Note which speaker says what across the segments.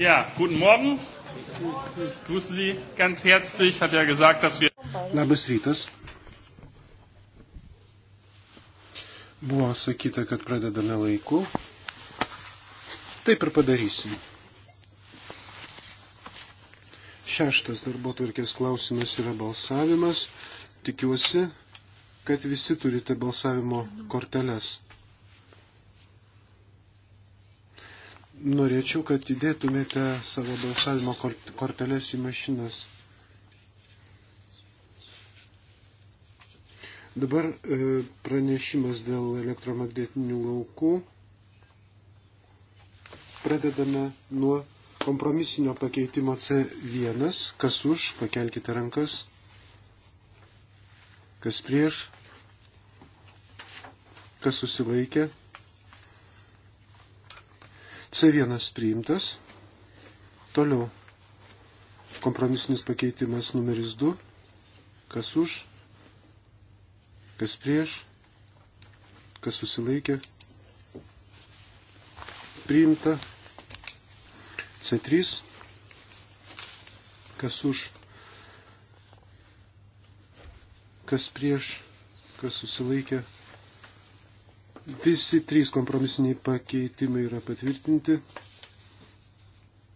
Speaker 1: Ja, guten Morgen. Ich grüße Sie ganz herzlich. Hat ja gesagt, dass wir.
Speaker 2: Labas rytas. Buvo sakyta, kad pradedame laiku. Taip ir padarysim. Šeštas darbo tvarkės klausimas yra balsavimas. Tikiuosi, kad visi turite balsavimo korteles. Norėčiau, kad įdėtumėte savo balsavimo korteles į mašinas. Dabar e, pranešimas dėl elektromagnetinių laukų. Pradedame nuo kompromisinio pakeitimo C1. Kas už, pakelkite rankas. Kas prieš. Kas susilaikė. C1 priimtas. Toliau kompromisinis pakeitimas numeris 2. Kas už, kas prieš, kas susilaikė. Priimta. C3. Kas už, kas prieš, kas susilaikė. Visi trys kompromisiniai pakeitimai yra patvirtinti.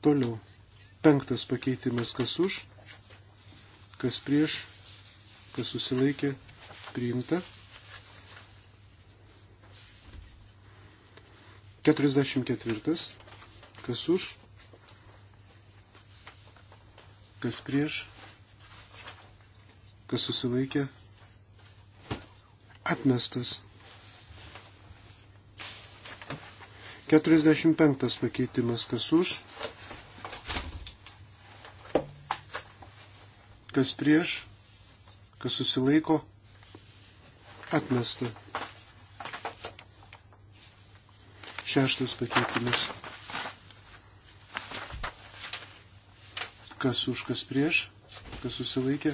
Speaker 2: Toliau. Penktas pakeitimas kas už, kas prieš, kas susilaikė, priimta. 44. Kas už, kas prieš, kas susilaikė, atmestas. 45 pakeitimas kas už, kas prieš, kas susilaiko, atmesta. Šeštas pakeitimas. Kas už, kas prieš, kas susilaikė,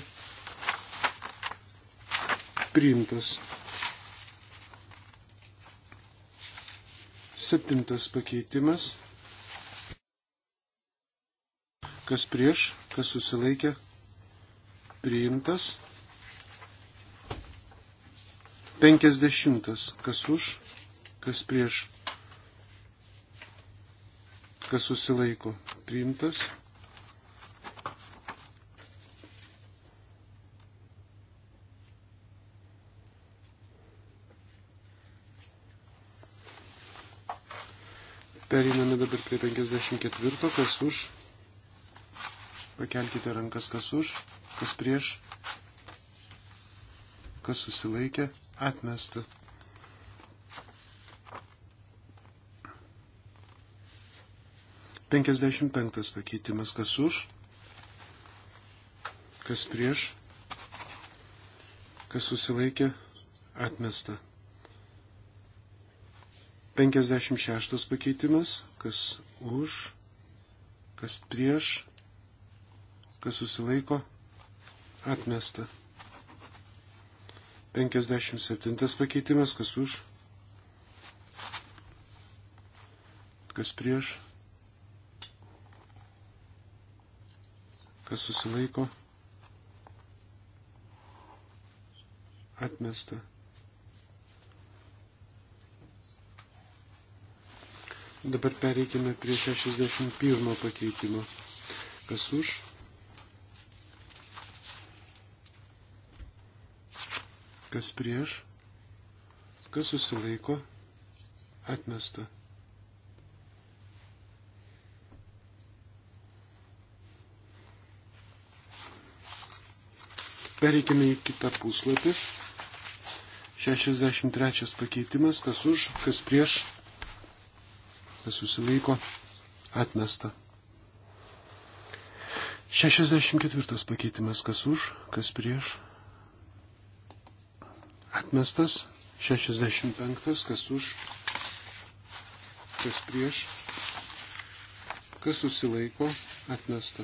Speaker 2: priimtas. Septintas pakeitimas. Kas prieš, kas susilaikė, priimtas. Penkisdešimtas. Kas už, kas prieš, kas susilaiko, priimtas. Periname dabar prie 54, kas už. Pakelkite rankas, kas už, kas prieš, kas susilaikė, atmesta. Penkiasdešimt penktas pakeitimas, kas už, kas prieš, kas susilaikė, atmesta. 56 pakeitimas, kas už, kas prieš, kas susilaiko, atmesta. 57 pakeitimas, kas už, kas prieš, kas susilaiko, atmesta. Dabar pereikime prie 61 pakeitimo. Kas už? Kas prieš? Kas susilaiko? Atmesta. Pereikime į kitą puslapį. 63 pakeitimas, kas už, kas prieš, kas susilaiko, atmesta. 64 pakeitimas, kas už, kas prieš, atmestas. 65, kas už, kas prieš, kas susilaiko, atmesta.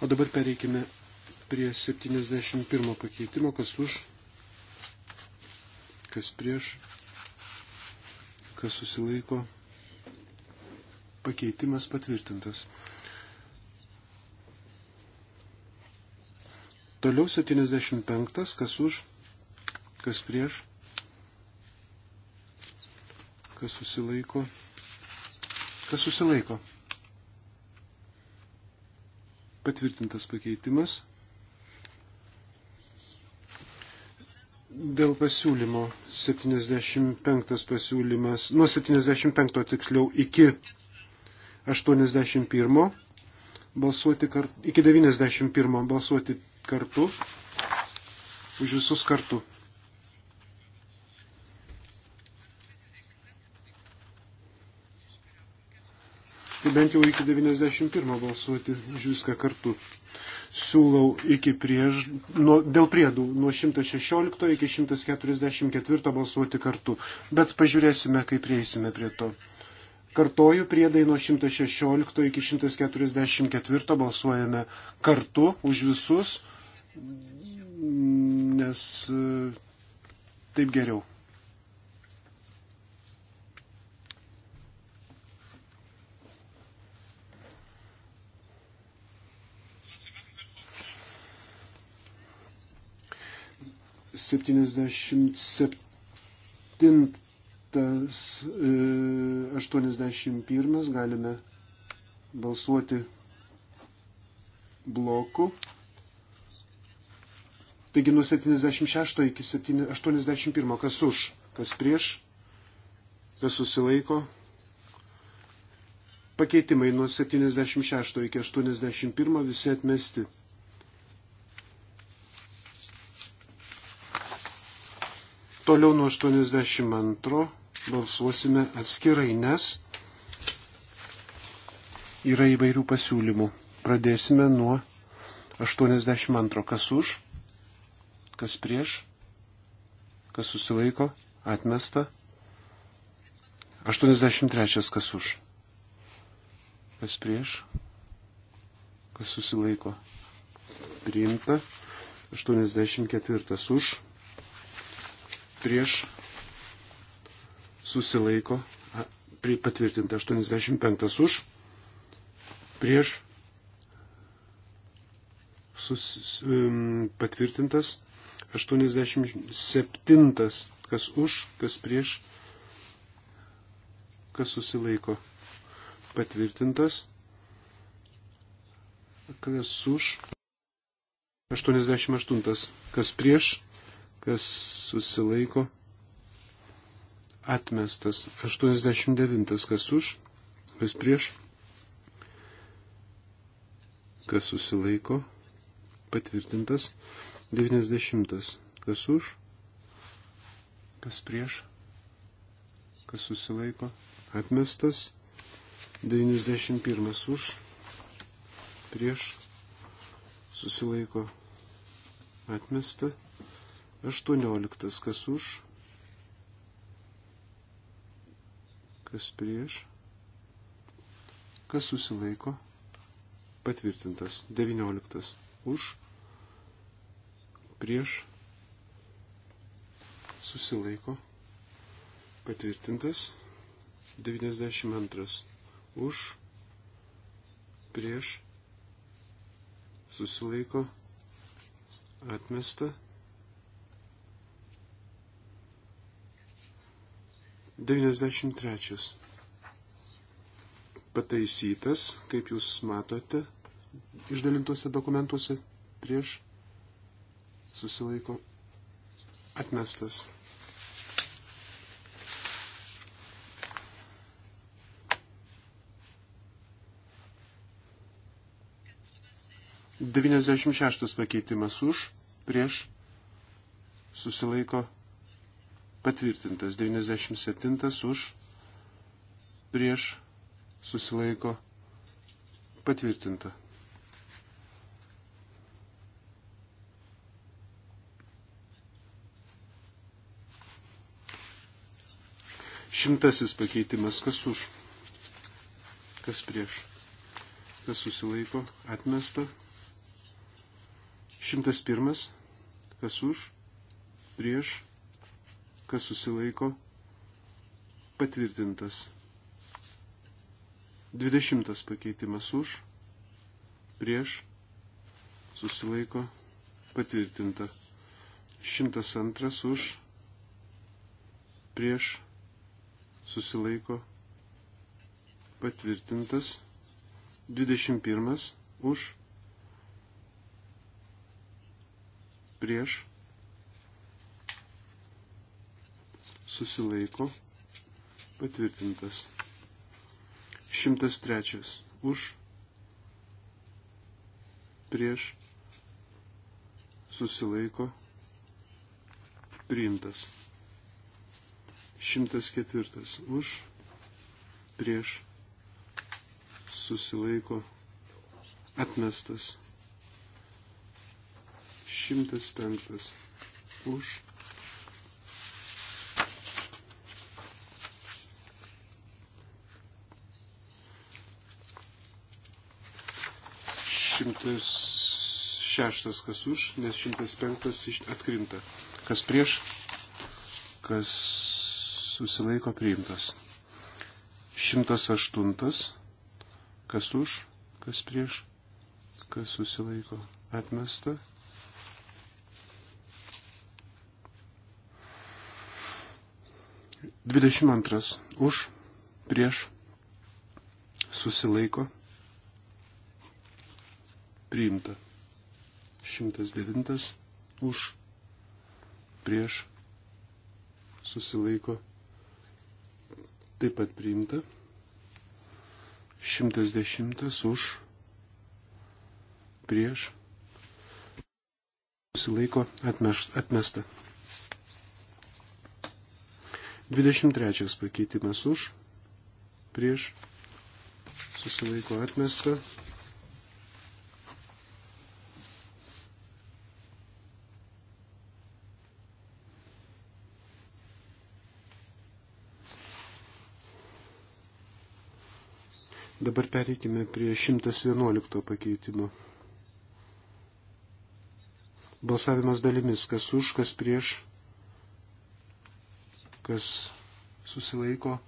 Speaker 2: O dabar pereikime prie 71 pakeitimo, kas už, kas prieš, kas susilaiko. Pakeitimas patvirtintas. Toliau 75, kas už, kas prieš, kas susilaiko, kas susilaiko. Patvirtintas pakeitimas. Dėl pasiūlymo 75 pasiūlymas, nuo 75 tiksliau iki 81 balsuoti kartu, iki 91 balsuoti kartu, už visus kartu. Tai bent jau iki 91 balsuoti už viską kartu siūlau iki prieš, nuo, dėl priedų nuo 116 iki 144 balsuoti kartu, bet pažiūrėsime, kaip prieisime prie to. Kartoju, priedai nuo 116 iki 144 balsuojame kartu už visus, nes taip geriau. 77, 81 e, galime balsuoti bloku. Taigi nuo 76 iki 81, kas už, kas prieš, kas susilaiko. Pakeitimai nuo 76 iki 81 visi atmesti. Toliau nuo 82 balsuosime atskirai, nes yra įvairių pasiūlymų. Pradėsime nuo 82. Kas už, kas prieš, kas susilaiko, atmesta. 83. Kas už, kas prieš, kas susilaiko, priimta. 84. Už, prieš susilaiko patvirtinta 85 už prieš sus, um, patvirtintas 87 kas už, kas prieš, kas susilaiko patvirtintas kas už 88 kas prieš kas susilaiko, atmestas. 89 kas už, kas prieš, kas susilaiko, patvirtintas. 90 kas už, kas prieš, kas susilaiko, atmestas. 91 už, prieš, susilaiko, atmestas. 18. Kas už? Kas prieš? Kas susilaiko? Patvirtintas. 19. Už? Prieš? Susilaiko? Patvirtintas. 92. Už? Prieš? Susilaiko? Atmesta. 93. Pataisytas, kaip jūs matote, išdalintuose dokumentuose prieš susilaiko atmestas. Devyniasdešimt šeštas pakeitimas už, prieš, susilaiko atmestas patvirtintas 97 už, prieš susilaiko patvirtinta. Šimtasis pakeitimas, kas už, kas prieš, kas susilaiko, atmesta. Šimtas pirmas, kas už, prieš, kas susilaiko, patvirtintas. 20 pakeitimas už, prieš, susilaiko, patvirtinta. 102 už, prieš, susilaiko, patvirtintas. 21 už, prieš, susilaiko, patvirtintas. 103 už, prieš, susilaiko, priimtas. 104 už, prieš, susilaiko, atmestas. 105 už, 106 kas už, nes 105 atkrinta. Kas prieš, kas susilaiko priimtas. 108 kas už, kas prieš, kas susilaiko atmesta. Dvidešimt antras. Už, prieš, susilaiko, priimta. 109 už prieš susilaiko taip pat priimta. 110 už prieš susilaiko atmesta. 23 pakeitimas už prieš susilaiko atmesta. Dabar pereikime prie 111 pakeitimo. Balsavimas dalimis, kas už, kas prieš, kas susilaiko.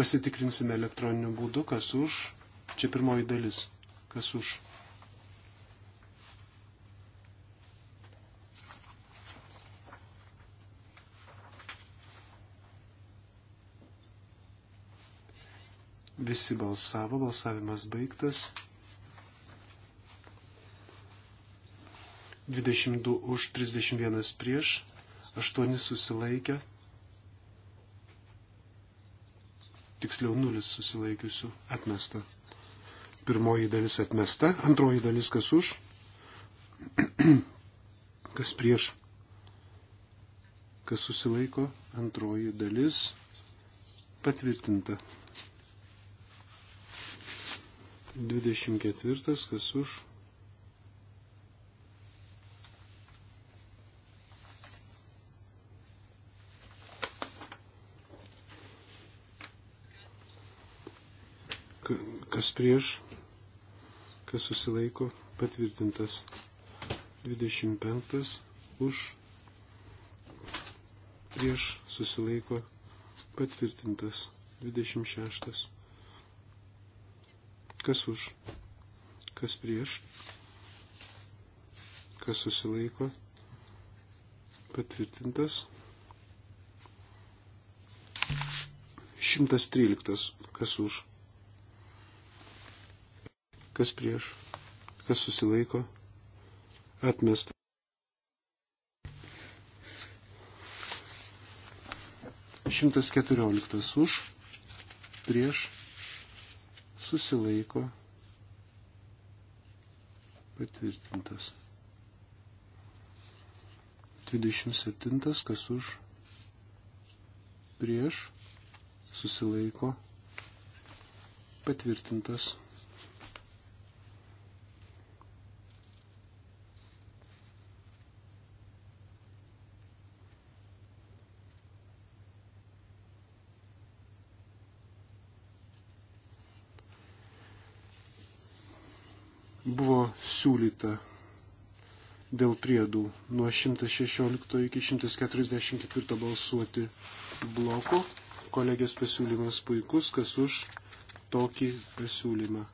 Speaker 2: Pasitikrinsime elektroniniu būdu, kas už. Čia pirmoji dalis, kas už. Visi balsavo, balsavimas baigtas. 22 už 31 prieš, 8 susilaikė, tiksliau 0 susilaikiusių atmesta. Pirmoji dalis atmesta, antroji dalis kas už, kas prieš, kas susilaiko, antroji dalis patvirtinta. 24, kas už. Kas prieš, kas susilaiko, patvirtintas. 25 už, prieš susilaiko, patvirtintas. 26. Kas už? Kas prieš? Kas susilaiko? Patvirtintas. 113. Kas už? Kas prieš? Kas susilaiko? Atmesta. Šimtas keturioliktas už, prieš, susilaiko patvirtintas. 27. Kas už prieš susilaiko patvirtintas. buvo siūlyta dėl priedų nuo 116 iki 144 balsuoti bloko. Kolegės pasiūlymas puikus, kas už tokį pasiūlymą.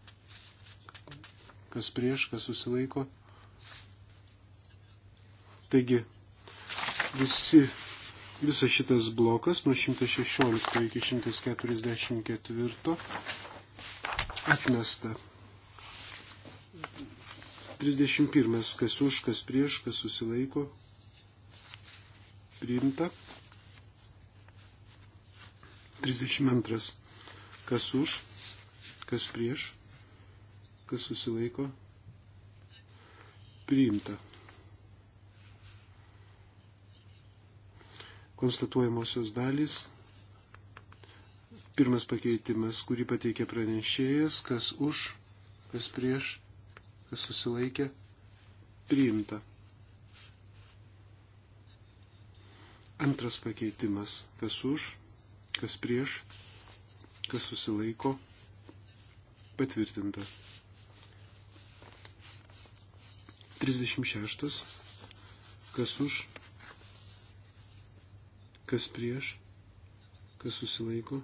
Speaker 2: Kas prieš, kas susilaiko. Taigi, visi, visas šitas blokas nuo 116 iki 144 atmesta. 31. Kas už, kas prieš, kas susilaiko. Priimta. 32. Kas už, kas prieš, kas susilaiko. Priimta. Konstatuojamosios dalys. Pirmas pakeitimas, kurį pateikė pranešėjas, kas už, kas prieš, kas susilaikė, priimta. Antras pakeitimas, kas už, kas prieš, kas susilaiko, patvirtinta. 36. Kas už, kas prieš, kas susilaiko,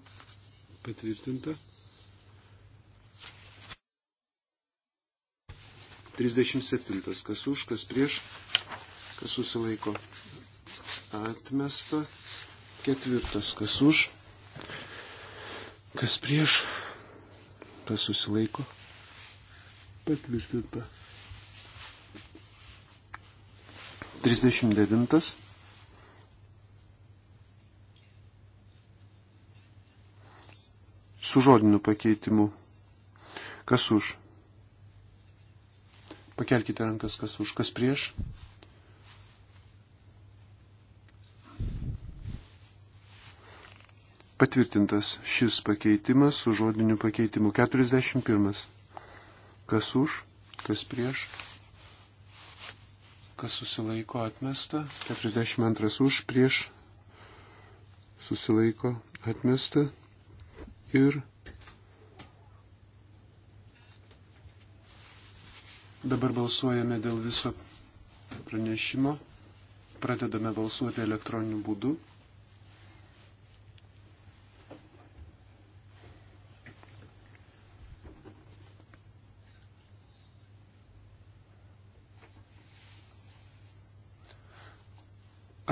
Speaker 2: patvirtinta. 37. Kas už, kas prieš, kas susilaiko atmesta. Ketvirtas, kas už, kas prieš, kas susilaiko patvirtinta. 39. Su žodiniu pakeitimu. Kas už? Pakelkite rankas, kas už, kas prieš. Patvirtintas šis pakeitimas su žodiniu pakeitimu 41. Kas už, kas prieš, kas susilaiko atmesta, 42 už, prieš, susilaiko atmesta ir Dabar balsuojame dėl viso pranešimo. Pradedame balsuoti elektroniniu būdu.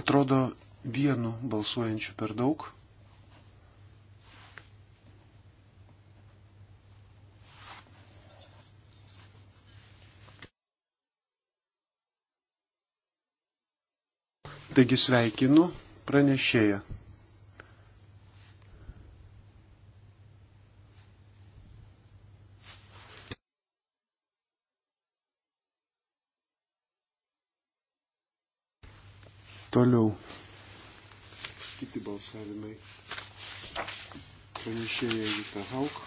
Speaker 2: Atrodo, vienu balsuojančiu per daug. Taigi sveikinu pranešėją. Toliau. Kiti balsavimai. Pranešėja Jutta Hauk.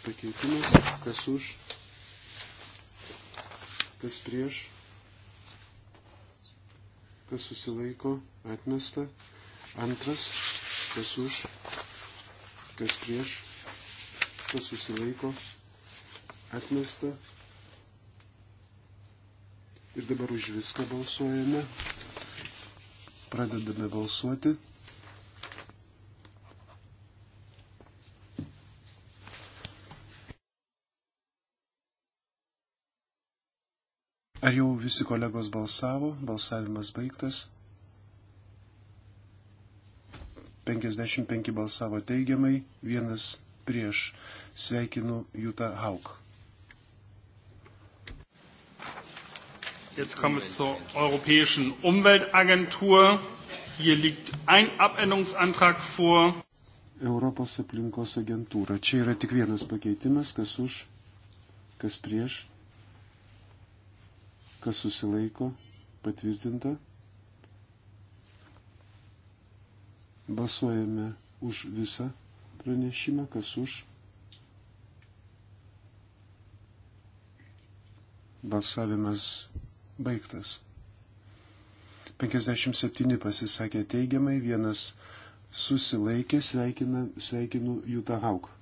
Speaker 2: 1 pakeitimas, kas už, kas prieš, kas susilaiko, atmesta. Antras, kas už, kas prieš, kas susilaiko, atmesta. Ir dabar už viską balsuojame. Pradedame balsuoti. Ar jau visi kolegos balsavo? Balsavimas baigtas. 55 balsavo teigiamai, vienas prieš. Sveikinu Jutą Hauk.
Speaker 1: Jetzt kommen wir zur Europäischen Umweltagentur. Hier liegt ein
Speaker 2: Abänderungsantrag vor. Europos aplinkos agentūra. Čia yra tik vienas pakeitimas, kas už, kas prieš, kas susilaiko, patvirtinta. Balsuojame už visą pranešimą, kas už. Balsavimas baigtas. 57 pasisakė teigiamai, vienas susilaikė, sveikina, sveikinu Jutą Hauką.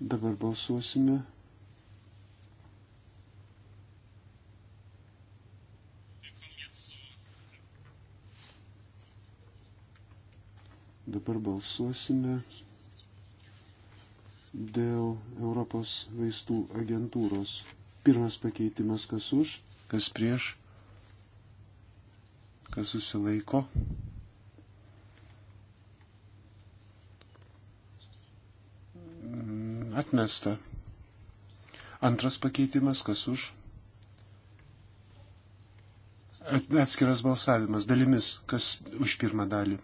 Speaker 2: Dabar balsuosime. Dabar balsuosime dėl Europos vaistų agentūros. Pirmas pakeitimas kas už, kas prieš, kas susilaiko atmesta. Antras pakeitimas, kas už? Atskiras balsavimas, dalimis, kas už pirmą dalį,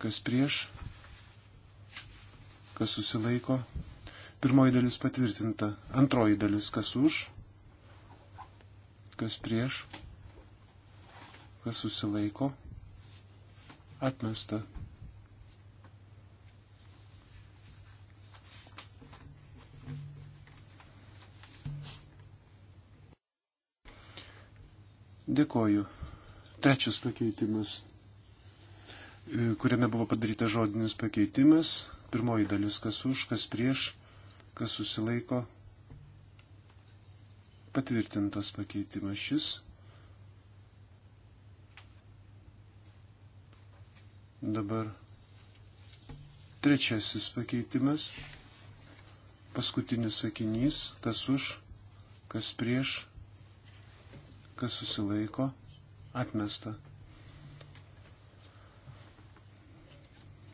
Speaker 2: kas prieš, kas susilaiko. Pirmoji dalis patvirtinta, antroji dalis, kas už, kas prieš, kas susilaiko, atmesta. Dėkoju. Trečias pakeitimas, e, kuriame buvo padarytas žodinis pakeitimas. Pirmoji dalis, kas už, kas prieš, kas susilaiko. Patvirtintas pakeitimas šis. Dabar trečiasis pakeitimas, paskutinis sakinys, kas už, kas prieš, kas susilaiko, atmesta.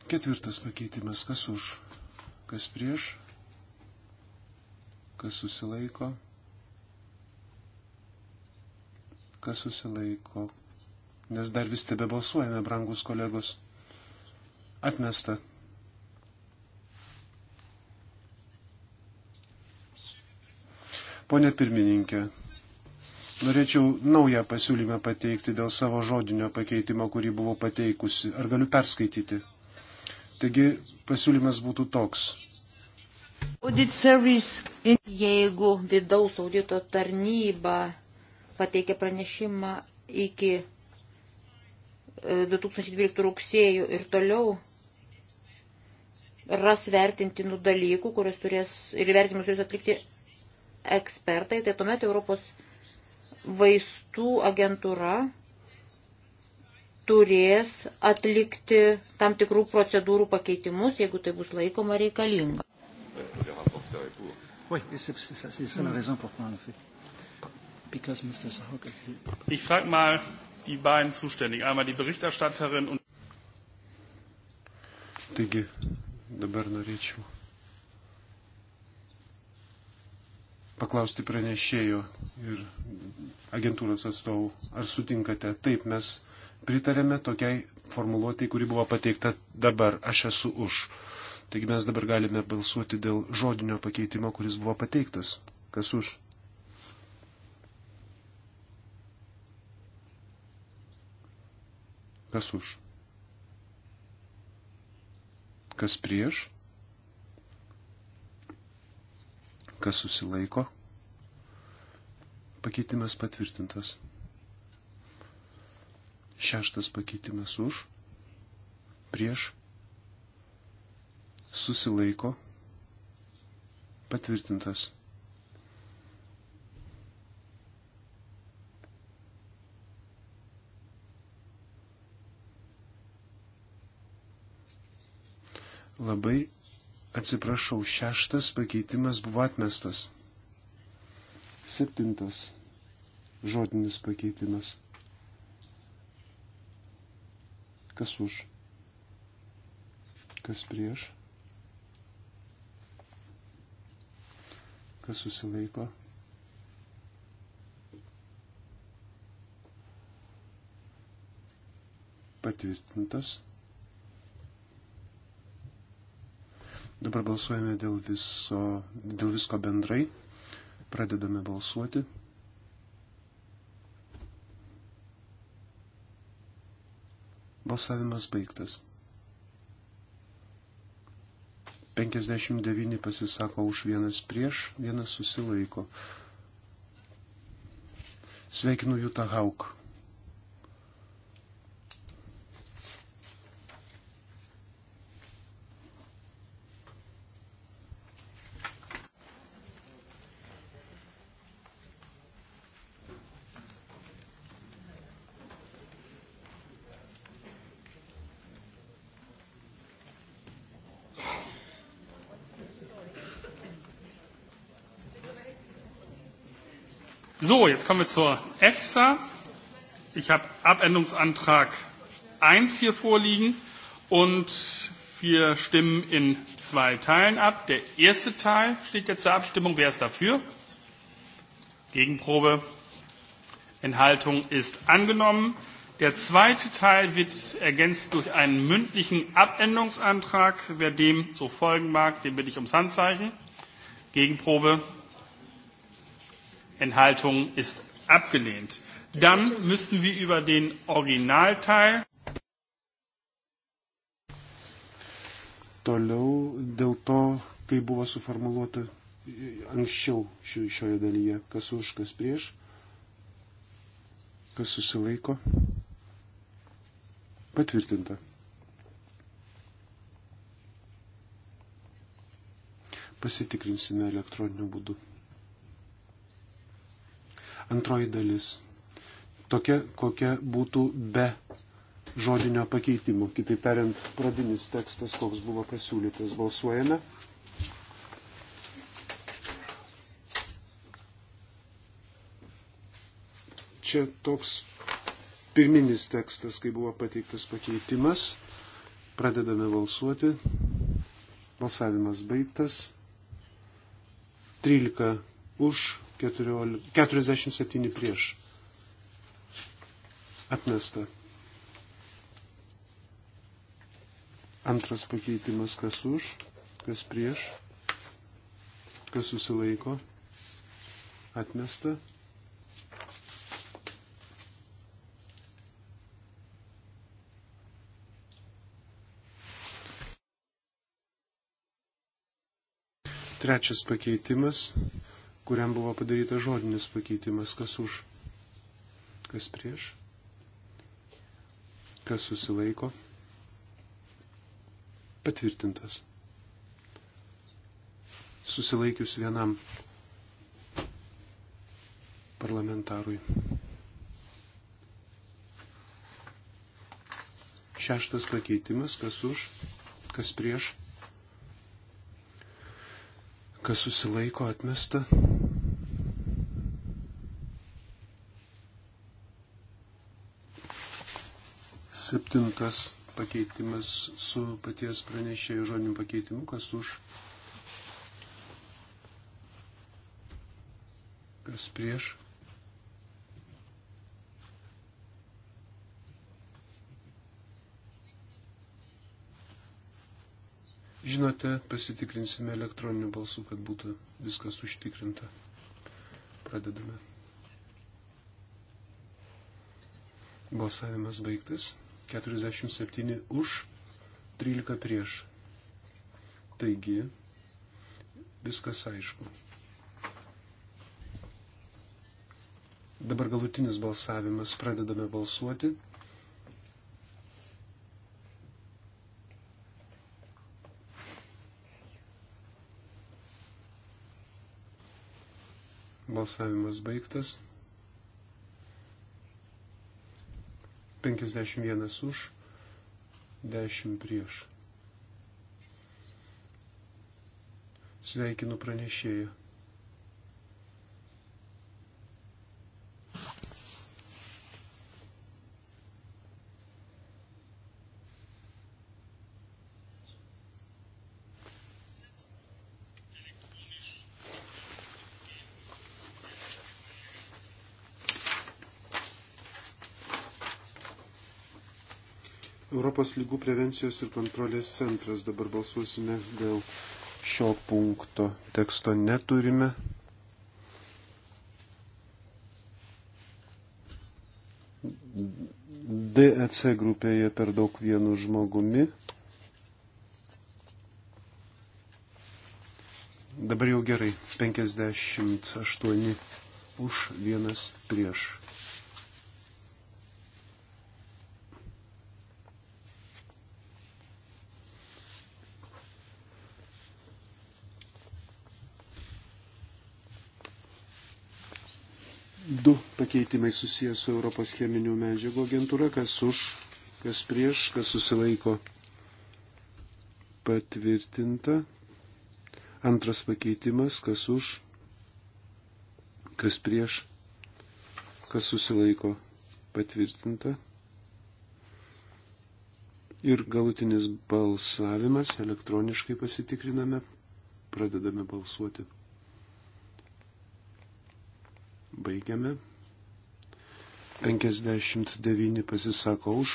Speaker 2: Ketvirtas pakeitimas, kas už, kas prieš, kas susilaiko, kas susilaiko, nes dar vis tebe balsuojame, brangus kolegos. Atmesta. Pone pirmininkė, Norėčiau naują pasiūlymą pateikti dėl savo žodinio pakeitimo, kurį buvau pateikusi. Ar galiu perskaityti? Taigi pasiūlymas būtų toks.
Speaker 3: Jeigu vidaus audito tarnyba pateikė pranešimą iki 2012 e, rugsėjų ir toliau ras vertintinų dalykų, kurios turės ir vertimus turės atlikti ekspertai, tai tuomet Europos vaistų agentūra turės atlikti tam tikrų procedūrų pakeitimus, jeigu tai bus laikoma reikalinga.
Speaker 2: Ich
Speaker 1: frage mal die beiden Zuständigen, einmal die Berichterstatterin und.
Speaker 2: Taigi, dabar norėčiau paklausti pranešėjo ir agentūros atstovų. Ar sutinkate? Taip, mes pritarėme tokiai formuluotėjai, kuri buvo pateikta dabar. Aš esu už. Taigi mes dabar galime balsuoti dėl žodinio pakeitimo, kuris buvo pateiktas. Kas už? Kas už? Kas prieš? Kas susilaiko? Pakeitimas patvirtintas. Šeštas pakeitimas už, prieš, susilaiko, patvirtintas. Labai atsiprašau, šeštas pakeitimas buvo atmestas. Septintas žodinis pakeitimas. Kas už? Kas prieš? Kas susilaiko? Patvirtintas. Dabar balsuojame dėl, viso, dėl visko bendrai. Pradedame balsuoti. Balsavimas baigtas. 59 pasisako už vienas prieš, vienas susilaiko. Sveikinu Jūta Hauk.
Speaker 1: So, jetzt kommen wir zur EFSA. Ich habe Abänderungsantrag 1 hier vorliegen und wir stimmen in zwei Teilen ab. Der erste Teil steht jetzt zur Abstimmung. Wer ist dafür? Gegenprobe. Enthaltung ist angenommen. Der zweite Teil wird ergänzt durch einen mündlichen Abänderungsantrag. Wer dem so folgen mag, den bitte ich ums Handzeichen. Gegenprobe. Enthaltungen ist abgelehnt. Dann müssen wir über den Originalteil.
Speaker 2: Toliau dėl to, kai buvo suformuoluota anksčiau šioje dalyje, kas už, kas prieš, kas susilaiko. Patvirtinta. Pasitikrinsime elektroniniu būdu. Antroji dalis. Tokia, kokia būtų be žodinio pakeitimo. Kitaip tariant, pradinis tekstas, koks buvo pasiūlytas. Balsuojame. Čia toks pirminis tekstas, kai buvo pateiktas pakeitimas. Pradedame balsuoti. Balsavimas baigtas. 13 už, 47 prieš. Atmesta. Antras pakeitimas, kas už, kas prieš, kas susilaiko. Atmesta. Trečias pakeitimas, kuriam buvo padarytas žodinis pakeitimas, kas už, kas prieš, kas susilaiko. Patvirtintas. Susilaikius vienam parlamentarui. Šeštas pakeitimas, kas už, kas prieš, kas susilaiko atmesta. Septintas pakeitimas su paties pranešėjo žodiniu pakeitimu, kas už, kas prieš. Žinote, pasitikrinsime elektroniniu balsu, kad būtų viskas užtikrinta. Pradedame. Balsavimas baigtas. 47 už, 13 prieš. Taigi, viskas aišku. Dabar galutinis balsavimas, pradedame balsuoti. Balsavimas baigtas. 51 už, 10 prieš. Sveikinu pranešėją. Europos lygų prevencijos ir kontrolės centras. Dabar balsuosime dėl šio punkto. Teksto neturime. DEC grupėje per daug vienu žmogumi. Dabar jau gerai. 58 už vienas prieš. pakeitimai susijęs su Europos cheminių medžiagų agentūra, kas už, kas prieš, kas susilaiko patvirtinta. Antras pakeitimas, kas už, kas prieš, kas susilaiko patvirtinta. Ir galutinis balsavimas elektroniškai pasitikriname, pradedame balsuoti baigiame. 59 pasisako už,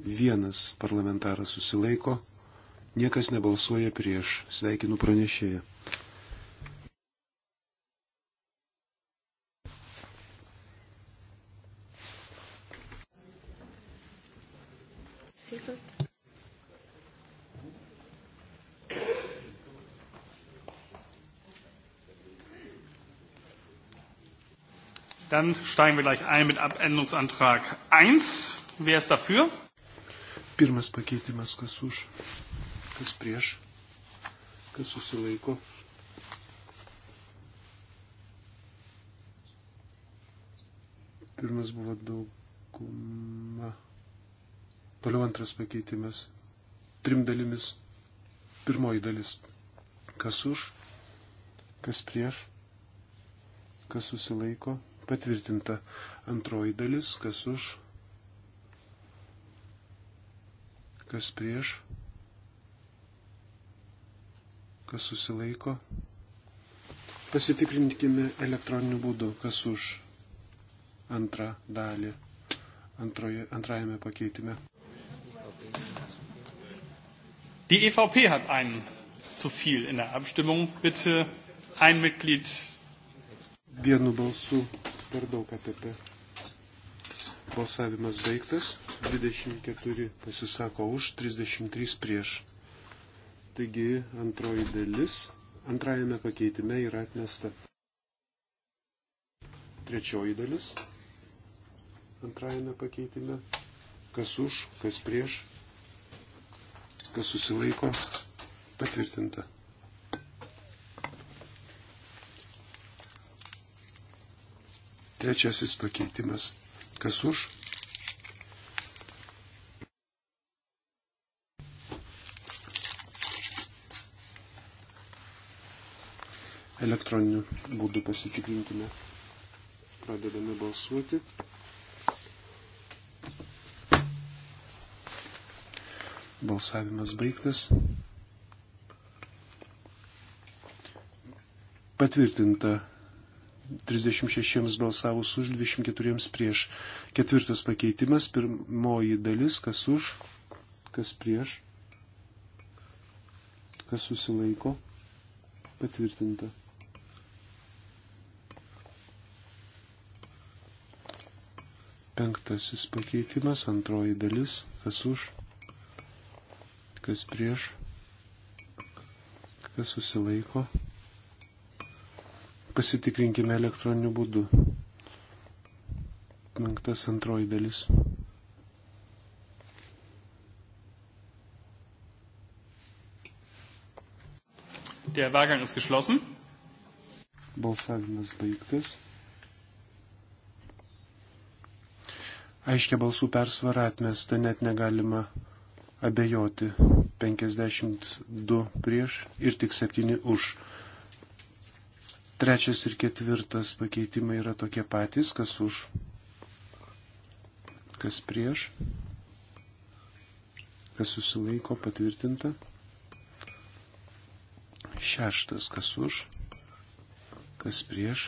Speaker 2: vienas parlamentaras susilaiko, niekas nebalsuoja prieš. Sveikinu pranešėją.
Speaker 1: Dann steigen wir gleich ein mit Abänderungsantrag 1. Wer ist dafür?
Speaker 2: Pirmas pakeitimas, kas už, kas prieš, kas susilaiko. Pirmas buvo dauguma. Toliau antras pakeitimas. Trim dalimis. Pirmoji dalis. Kas už, kas prieš, kas susilaiko. Patvirtinta antroji dalis, kas už, kas prieš, kas susilaiko. Pasitikrinkime elektroniniu būdu, kas už antrą dalį antroje, antrajame pakeitime.
Speaker 1: Die EVP hat einen zu viel in der Abstimmung. Bitte
Speaker 2: ein Mitglied. Vienu balsu per daug APP. Balsavimas baigtas. 24 pasisako už, 33 prieš. Taigi antroji dalis antrajame pakeitime yra atmesta. Trečioji dalis antrajame pakeitime. Kas už, kas prieš, kas susilaiko, patvirtinta. Trečiasis pakeitimas. Kas už? Elektroniniu būdu pasitikrinkime. Pradedame balsuoti. Balsavimas baigtas. Patvirtinta 36 balsavus už, 24 prieš. Ketvirtas pakeitimas, pirmoji dalis, kas už, kas prieš, kas susilaiko, patvirtinta. Penktasis pakeitimas, antroji dalis, kas už, kas prieš, kas susilaiko, Pasitikrinkime elektroniniu būdu. Penktas antroji dalis.
Speaker 1: Der Wahlgang ist geschlossen.
Speaker 2: Balsavimas baigtas. Aiškia balsų persvara atmesta, net negalima abejoti. 52 prieš ir tik 7 už. Trečias ir ketvirtas pakeitimai yra tokie patys, kas už, kas prieš, kas susilaiko patvirtinta. Šeštas, kas už, kas prieš.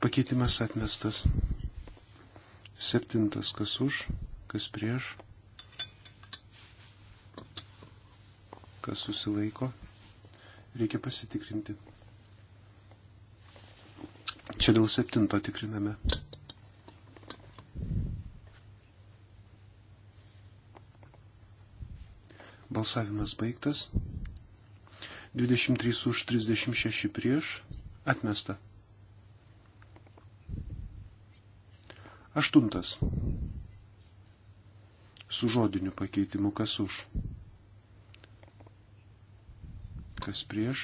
Speaker 2: Pakeitimas atmestas. Septintas, kas už, kas prieš kas susilaiko. Reikia pasitikrinti. Čia dėl septinto tikriname. Balsavimas baigtas. 23 už 36 prieš. Atmesta. Aštuntas. Su žodiniu pakeitimu kas už kas prieš.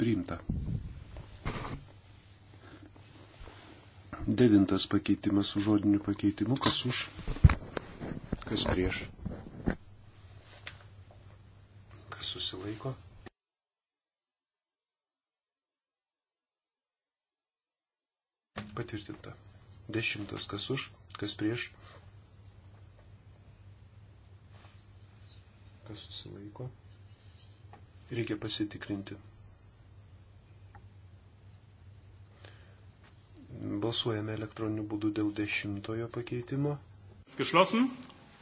Speaker 2: Priimta. Devintas pakeitimas su žodiniu pakeitimu, kas už, kas prieš, kas susilaiko. Patvirtinta. Dešimtas kas už, kas prieš, kas susilaiko. Reikia pasitikrinti. Balsuojame elektroniniu būdu dėl dešimtojo pakeitimo. Geschlossen.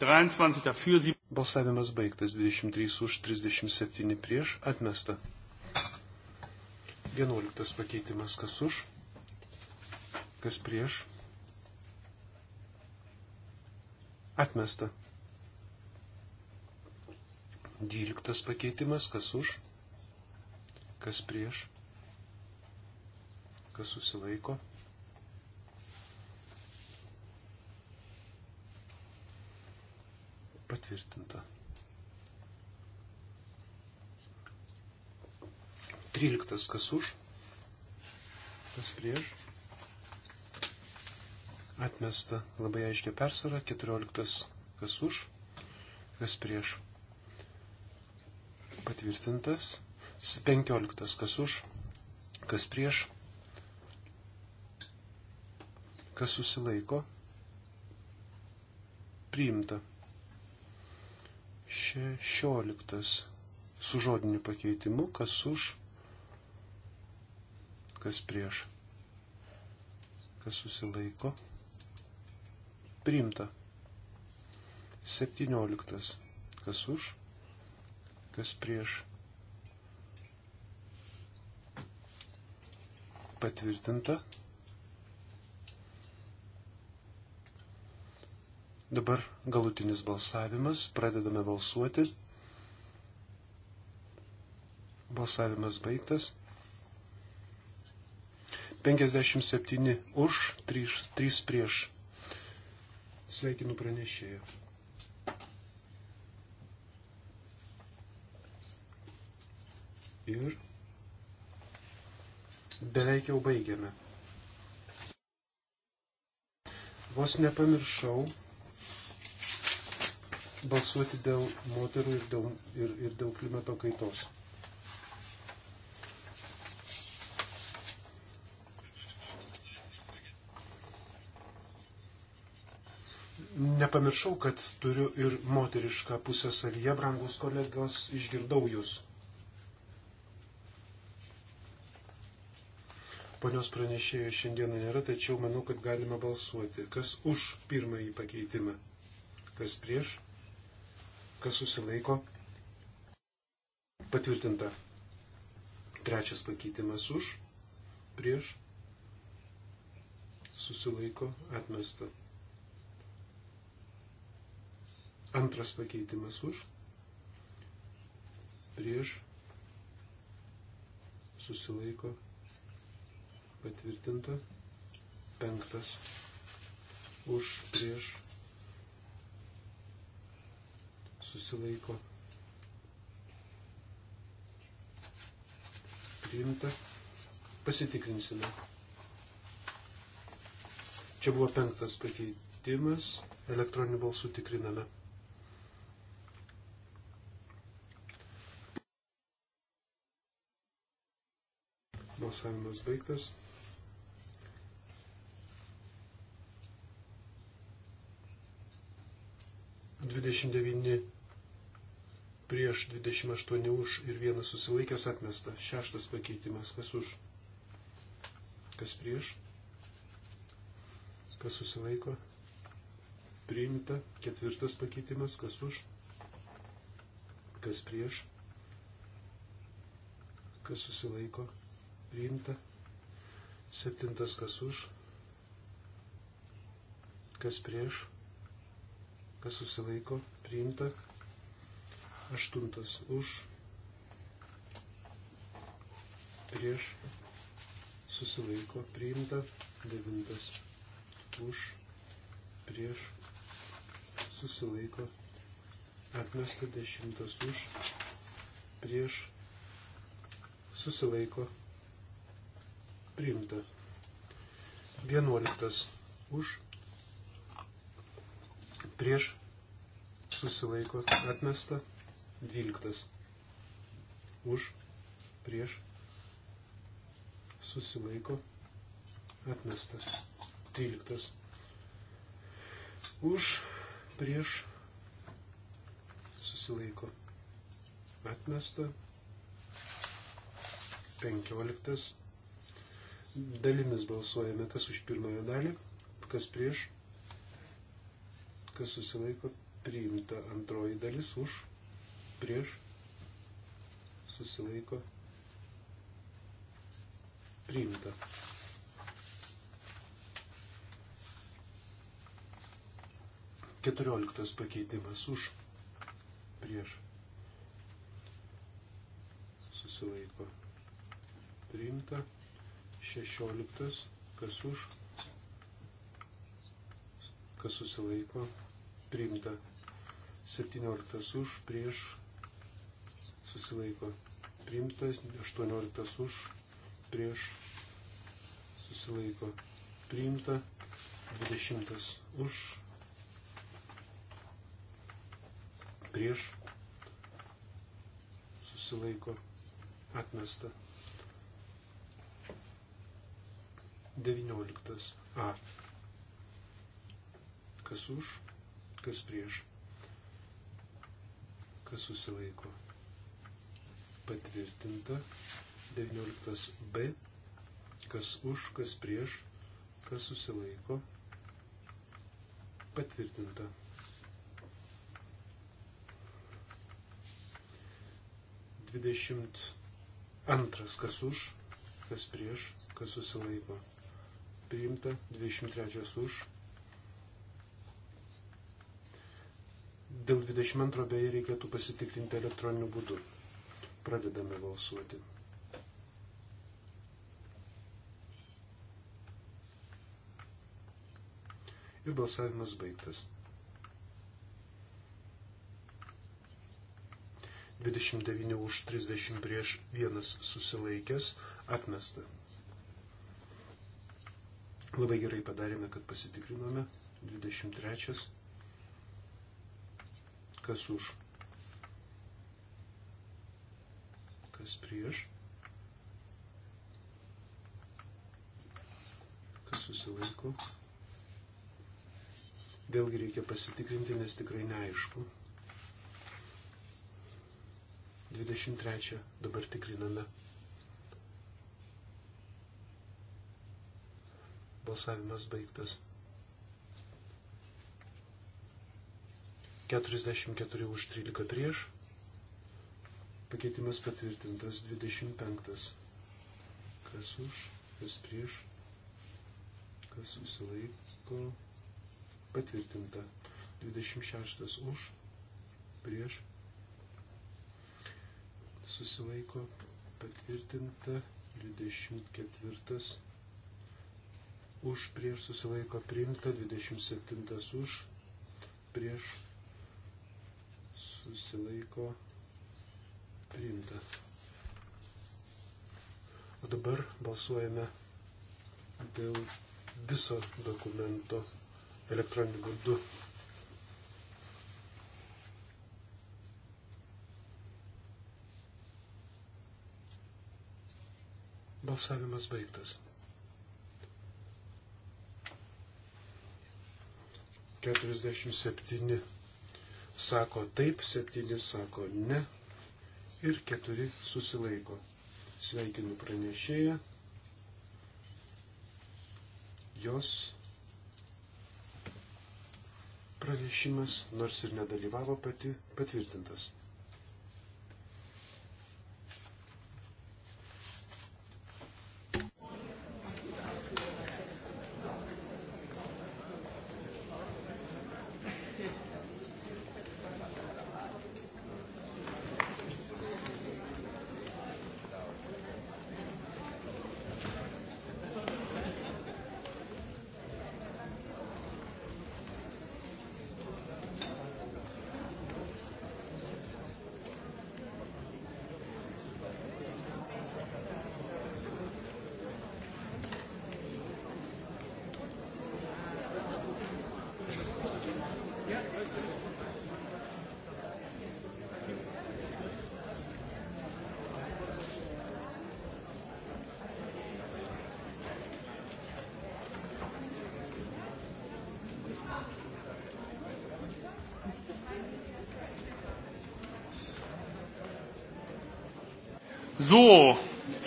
Speaker 2: 23 dafür, 7. Balsavimas baigtas 23 už 37 prieš atmesta. 11 pakeitimas kas už, kas prieš. Atmesta. Dvyliktas pakeitimas, kas už, kas prieš, kas susilaiko. Patvirtinta. Tryliktas, kas už, kas prieš. Atmesta labai aiškia persvara. Keturioliktas, kas už, kas prieš patvirtintas. 15 kas už, kas prieš, kas susilaiko, priimta. 16 su žodiniu pakeitimu, kas už, kas prieš, kas susilaiko, priimta. 17 kas už, kas prieš. Patvirtinta. Dabar galutinis balsavimas. Pradedame balsuoti. Balsavimas baigtas. 57 už, 3, 3 prieš. Sveikinu pranešėjų. ir beveik jau baigiame. Vos nepamiršau balsuoti dėl moterų ir dėl, ir, ir dėl klimato kaitos. Nepamiršau, kad turiu ir moterišką pusę savyje, brangus kolegos, išgirdau jūs. Ponios pranešėjo šiandieną nėra, tačiau manau, kad galime balsuoti. Kas už pirmąjį pakeitimą? Kas prieš? Kas susilaiko? Patvirtinta. Trečias pakeitimas už, prieš, susilaiko, atmesta. Antras pakeitimas už, prieš, susilaiko, atmesta patvirtinta. Penktas už prieš susilaiko priimta. Pasitikrinsime. Čia buvo penktas pakeitimas. Elektroniniu balsu tikriname. Balsavimas baigtas. 29 prieš 28 už ir vienas susilaikęs atmesta. Šeštas pakeitimas. Kas už? Kas prieš? Kas susilaiko? Priimta. Ketvirtas pakeitimas. Kas už? Kas prieš? Kas susilaiko? Priimta. Septintas. Kas už? Kas prieš? kas susilaiko, priimta. Aštuntas už, prieš, susilaiko, priimta. Devintas už, prieš, susilaiko, atmesta. Dešimtas už, prieš, susilaiko, priimta. Vienuoliktas už, prieš susilaiko atmesta, 12 už prieš susilaiko atmesta, 13 už prieš susilaiko atmesta, 15 dalimis balsuojame, kas už pirmąją dalį, kas prieš kas susilaiko priimta. Antroji dalis už, prieš, susilaiko priimta. Keturioliktas pakeitimas už, prieš, susilaiko priimta. Šešioliktas, kas už, kas susilaiko priimta priimta. 17 už, prieš, susilaiko priimtas, 18 už, prieš, susilaiko priimta, 20 už, prieš, susilaiko atmesta. 19 A. Kas už? kas prieš, kas susilaiko. Patvirtinta 19b, kas už, kas prieš, kas susilaiko. Patvirtinta. Dvidešimt antras, kas už, kas prieš, kas susilaiko. Priimta 23 už, Dėl 22 beje reikėtų pasitikrinti elektroniniu būdu. Pradedame balsuoti. Ir balsavimas baigtas. 29 už 30 prieš vienas susilaikęs atmesta. Labai gerai padarėme, kad pasitikrinome. 23. Kas už? Kas prieš? Kas susilaiko? Vėlgi reikia pasitikrinti, nes tikrai neaišku. 23 dabar tikriname. Balsavimas baigtas. 44 už 13 prieš. Pakeitimas patvirtintas 25. Kas už, kas prieš, kas susilaiko. Patvirtinta 26 už, prieš, susilaiko. Patvirtinta 24 už, prieš susilaiko priimta, 27 už, prieš susilaiko priimta. O dabar balsuojame dėl viso dokumento elektroniniu būdu. Balsavimas baigtas. 47 sako taip, septyni sako ne ir keturi susilaiko. Sveikinu pranešėją. Jos pranešimas, nors ir nedalyvavo pati, patvirtintas.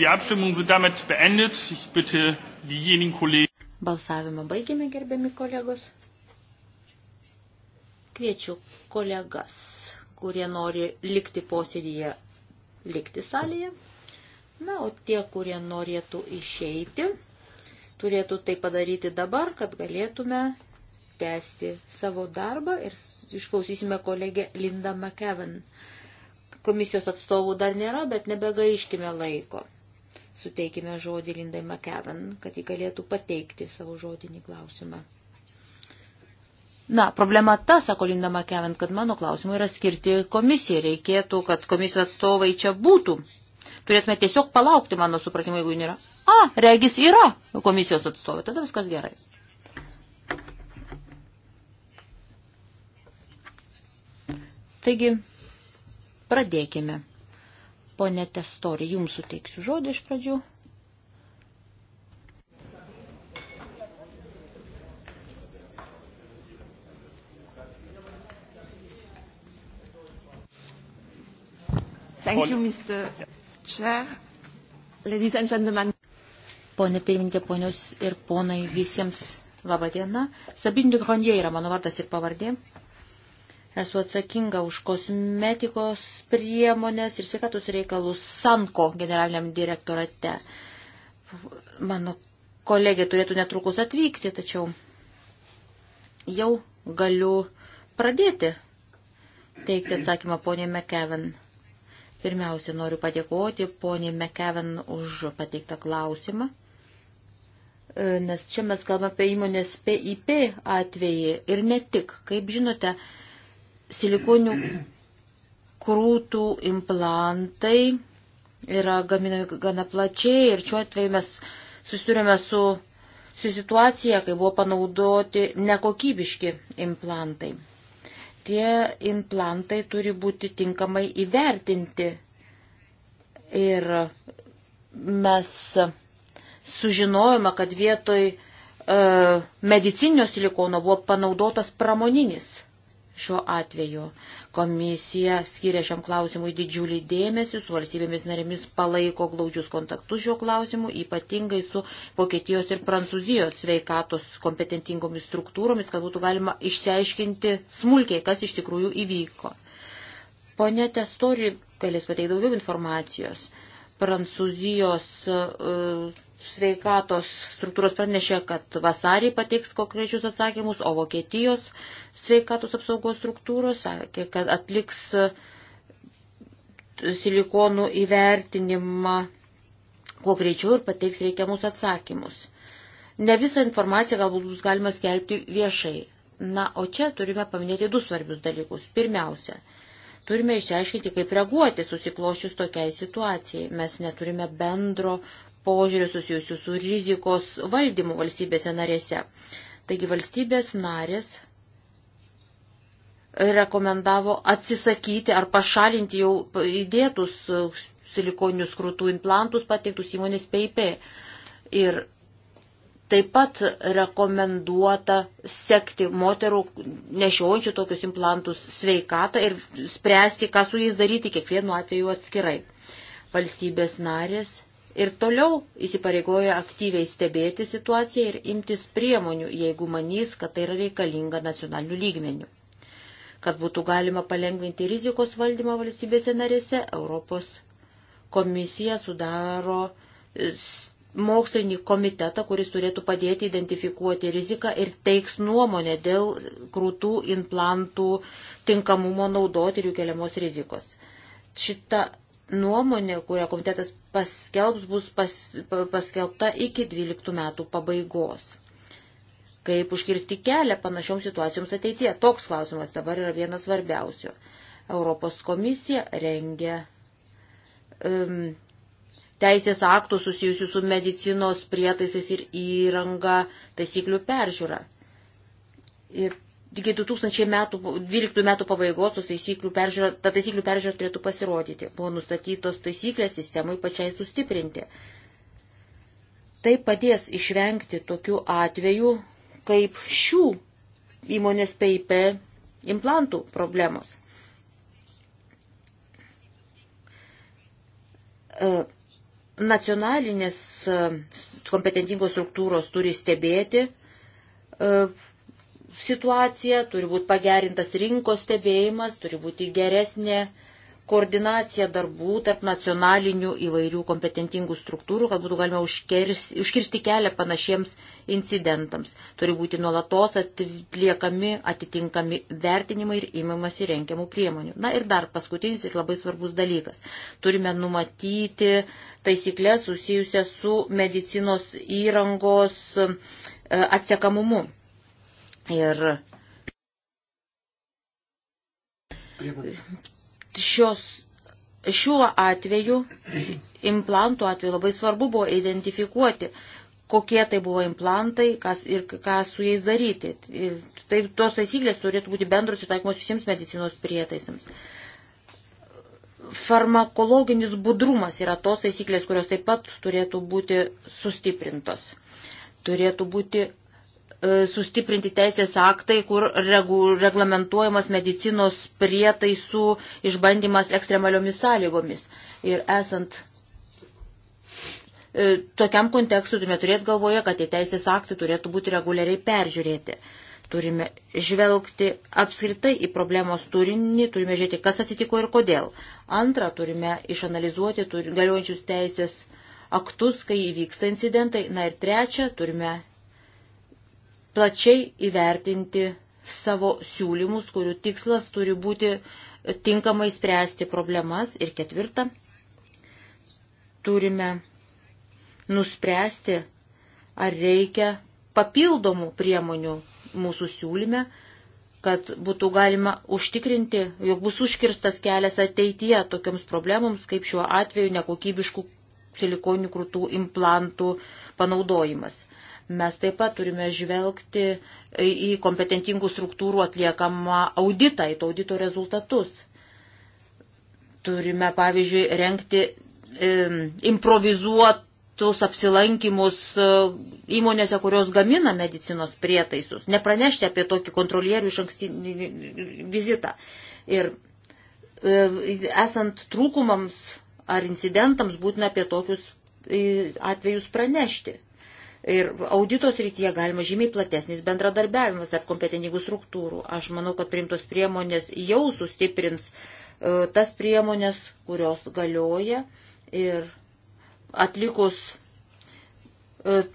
Speaker 1: Die Abstimmungen sind damit beendet. Ich bitte diejenigen Kollegen.
Speaker 3: Balsavimą baigėme, gerbiami kolegos. Kviečiu kolegas, kurie nori likti posėdėje, likti salėje. Na, o tie, kurie norėtų išeiti, turėtų tai padaryti dabar, kad galėtume tęsti savo darbą ir išklausysime kolegę Lindą McKevin. Komisijos atstovų dar nėra, bet nebegaiškime laiko suteikime žodį Lindai McEvan, kad ji galėtų pateikti savo žodinį klausimą. Na, problema ta, sako Linda McEvan, kad mano klausimai yra skirti komisijai. Reikėtų, kad komisijos atstovai čia būtų. Turėtume tiesiog palaukti mano supratimo, jeigu nėra. A, regis yra komisijos atstovai, tada viskas gerai. Taigi, pradėkime. Pone Testori, jums suteiksiu žodį iš pradžių.
Speaker 4: Thank you, Mr. Chair. Ladies and gentlemen.
Speaker 3: Pone pirmininkė, ponios ir ponai, visiems laba diena. Sabin Dukronje yra mano vardas ir pavardė. Esu atsakinga už kosmetikos priemonės ir sveikatos reikalus Sanko generaliniam direktorate. Mano kolegė turėtų netrukus atvykti, tačiau jau galiu pradėti teikti atsakymą poniai McKevin. Pirmiausia, noriu padėkoti poniai McKevin už pateiktą klausimą, e, nes čia mes kalbame apie įmonės PIP atvejį ir ne tik. Kaip žinote, silikonių krūtų implantai yra gaminami gana plačiai ir šiuo atveju mes susidurėme su situacija, kai buvo panaudoti nekokybiški implantai. Tie implantai turi būti tinkamai įvertinti ir mes sužinojome, kad vietoj e, medicinio silikono buvo panaudotas pramoninis Šiuo atveju komisija skiria šiam klausimui didžiulį dėmesį, su valstybėmis narėmis palaiko glaudžius kontaktus šiuo klausimu, ypatingai su Vokietijos ir Prancūzijos sveikatos kompetentingomis struktūromis, kad būtų galima išsiaiškinti smulkiai, kas iš tikrųjų įvyko. Pone Testori galės pateikti daugiau informacijos. Prancūzijos e, sveikatos struktūros pranešė, kad vasarį pateiks konkrečius atsakymus, o Vokietijos sveikatos apsaugos struktūros sakė, kad atliks e, silikonų įvertinimą kuo greičiau ir pateiks reikiamus atsakymus. Ne visą informaciją galbūt bus galima skelbti viešai. Na, o čia turime paminėti du svarbius dalykus. Pirmiausia, Turime išsiaiškinti, kaip reaguoti susiklošius tokiai situacijai. Mes neturime bendro požiūrių susijusių su rizikos valdymu valstybėse narėse. Taigi valstybės narės rekomendavo atsisakyti ar pašalinti jau įdėtus silikoninius krūtų implantus pateiktus įmonės PIP. Ir Taip pat rekomenduota sekti moterų nešiojančių tokius implantus sveikatą ir spręsti, ką su jais daryti kiekvienu atveju atskirai. Valstybės narės ir toliau įsipareigoja aktyviai stebėti situaciją ir imtis priemonių, jeigu manys, kad tai yra reikalinga nacionaliniu lygmeniu. Kad būtų galima palengvinti rizikos valdymą valstybėse narėse, Europos komisija sudaro mokslinį komitetą, kuris turėtų padėti identifikuoti riziką ir teiks nuomonę dėl krūtų implantų tinkamumo naudoti ir jų keliamos rizikos. Šita nuomonė, kurią komitetas paskelbs, bus pas, paskelbta iki 12 metų pabaigos. Kaip užkirsti kelią panašioms situacijoms ateityje? Toks klausimas dabar yra vienas svarbiausių. Europos komisija rengia um, teisės aktų susijusių su medicinos prietaisais ir įranga taisyklių peržiūra. Ir iki 2012 metų, metų pabaigos tos taisyklių peržiūra, ta taisyklių peržiūra turėtų pasirodyti. Buvo nustatytos taisyklės sistemai pačiai sustiprinti. Tai padės išvengti tokių atvejų, kaip šių įmonės PIP implantų problemos. Uh Nacionalinės e, kompetentingos struktūros turi stebėti e, situaciją, turi būti pagerintas rinkos stebėjimas, turi būti geresnė koordinacija darbų tarp nacionalinių įvairių kompetentingų struktūrų, kad būtų galima užkirsti, užkirsti kelią panašiems incidentams. Turi būti nuolatos atliekami atitinkami vertinimai ir įmamas įrenkiamų priemonių. Na ir dar paskutinis ir labai svarbus dalykas. Turime numatyti taisyklės susijusias su medicinos įrangos e, atsiekamumu. Ir šios, šiuo atveju, implantų atveju labai svarbu buvo identifikuoti, kokie tai buvo implantai kas, ir ką su jais daryti. Ir tai tos taisyklės turėtų būti bendros ir taikomos visiems medicinos prietaisams. Farmakologinis budrumas yra tos taisyklės, kurios taip pat turėtų būti sustiprintos. Turėtų būti E, sustiprinti teisės aktai, kur regu, reglamentuojamas medicinos prietaisų išbandymas ekstremaliomis sąlygomis. Ir esant e, tokiam kontekstui turime turėti galvoje, kad tie teisės aktai turėtų būti reguliariai peržiūrėti. Turime žvelgti apskritai į problemos turinį, turime žiūrėti, kas atsitiko ir kodėl. Antra, turime išanalizuoti turi, galiojančius teisės aktus, kai įvyksta incidentai. Na ir trečia, turime plačiai įvertinti savo siūlymus, kurių tikslas turi būti tinkamai spręsti problemas. Ir ketvirta, turime nuspręsti, ar reikia papildomų priemonių mūsų siūlyme, kad būtų galima užtikrinti, jog bus užkirstas kelias ateityje tokiams problemams, kaip šiuo atveju nekokybiškų silikonių krūtų implantų panaudojimas. Mes taip pat turime žvelgti į kompetentingų struktūrų atliekamą auditą, į to audito rezultatus. Turime, pavyzdžiui, renkti improvizuotus apsilankimus e, įmonėse, kurios gamina medicinos prietaisus, nepranešti apie tokį kontrolierių iš ankstinį vizitą. Ir e, esant trūkumams ar incidentams būtina apie tokius atvejus pranešti. Ir auditos rytyje galima žymiai platesnis bendradarbiavimas ar kompetentingų struktūrų. Aš manau, kad priimtos priemonės jau sustiprins uh, tas priemonės, kurios galioja ir atlikus uh,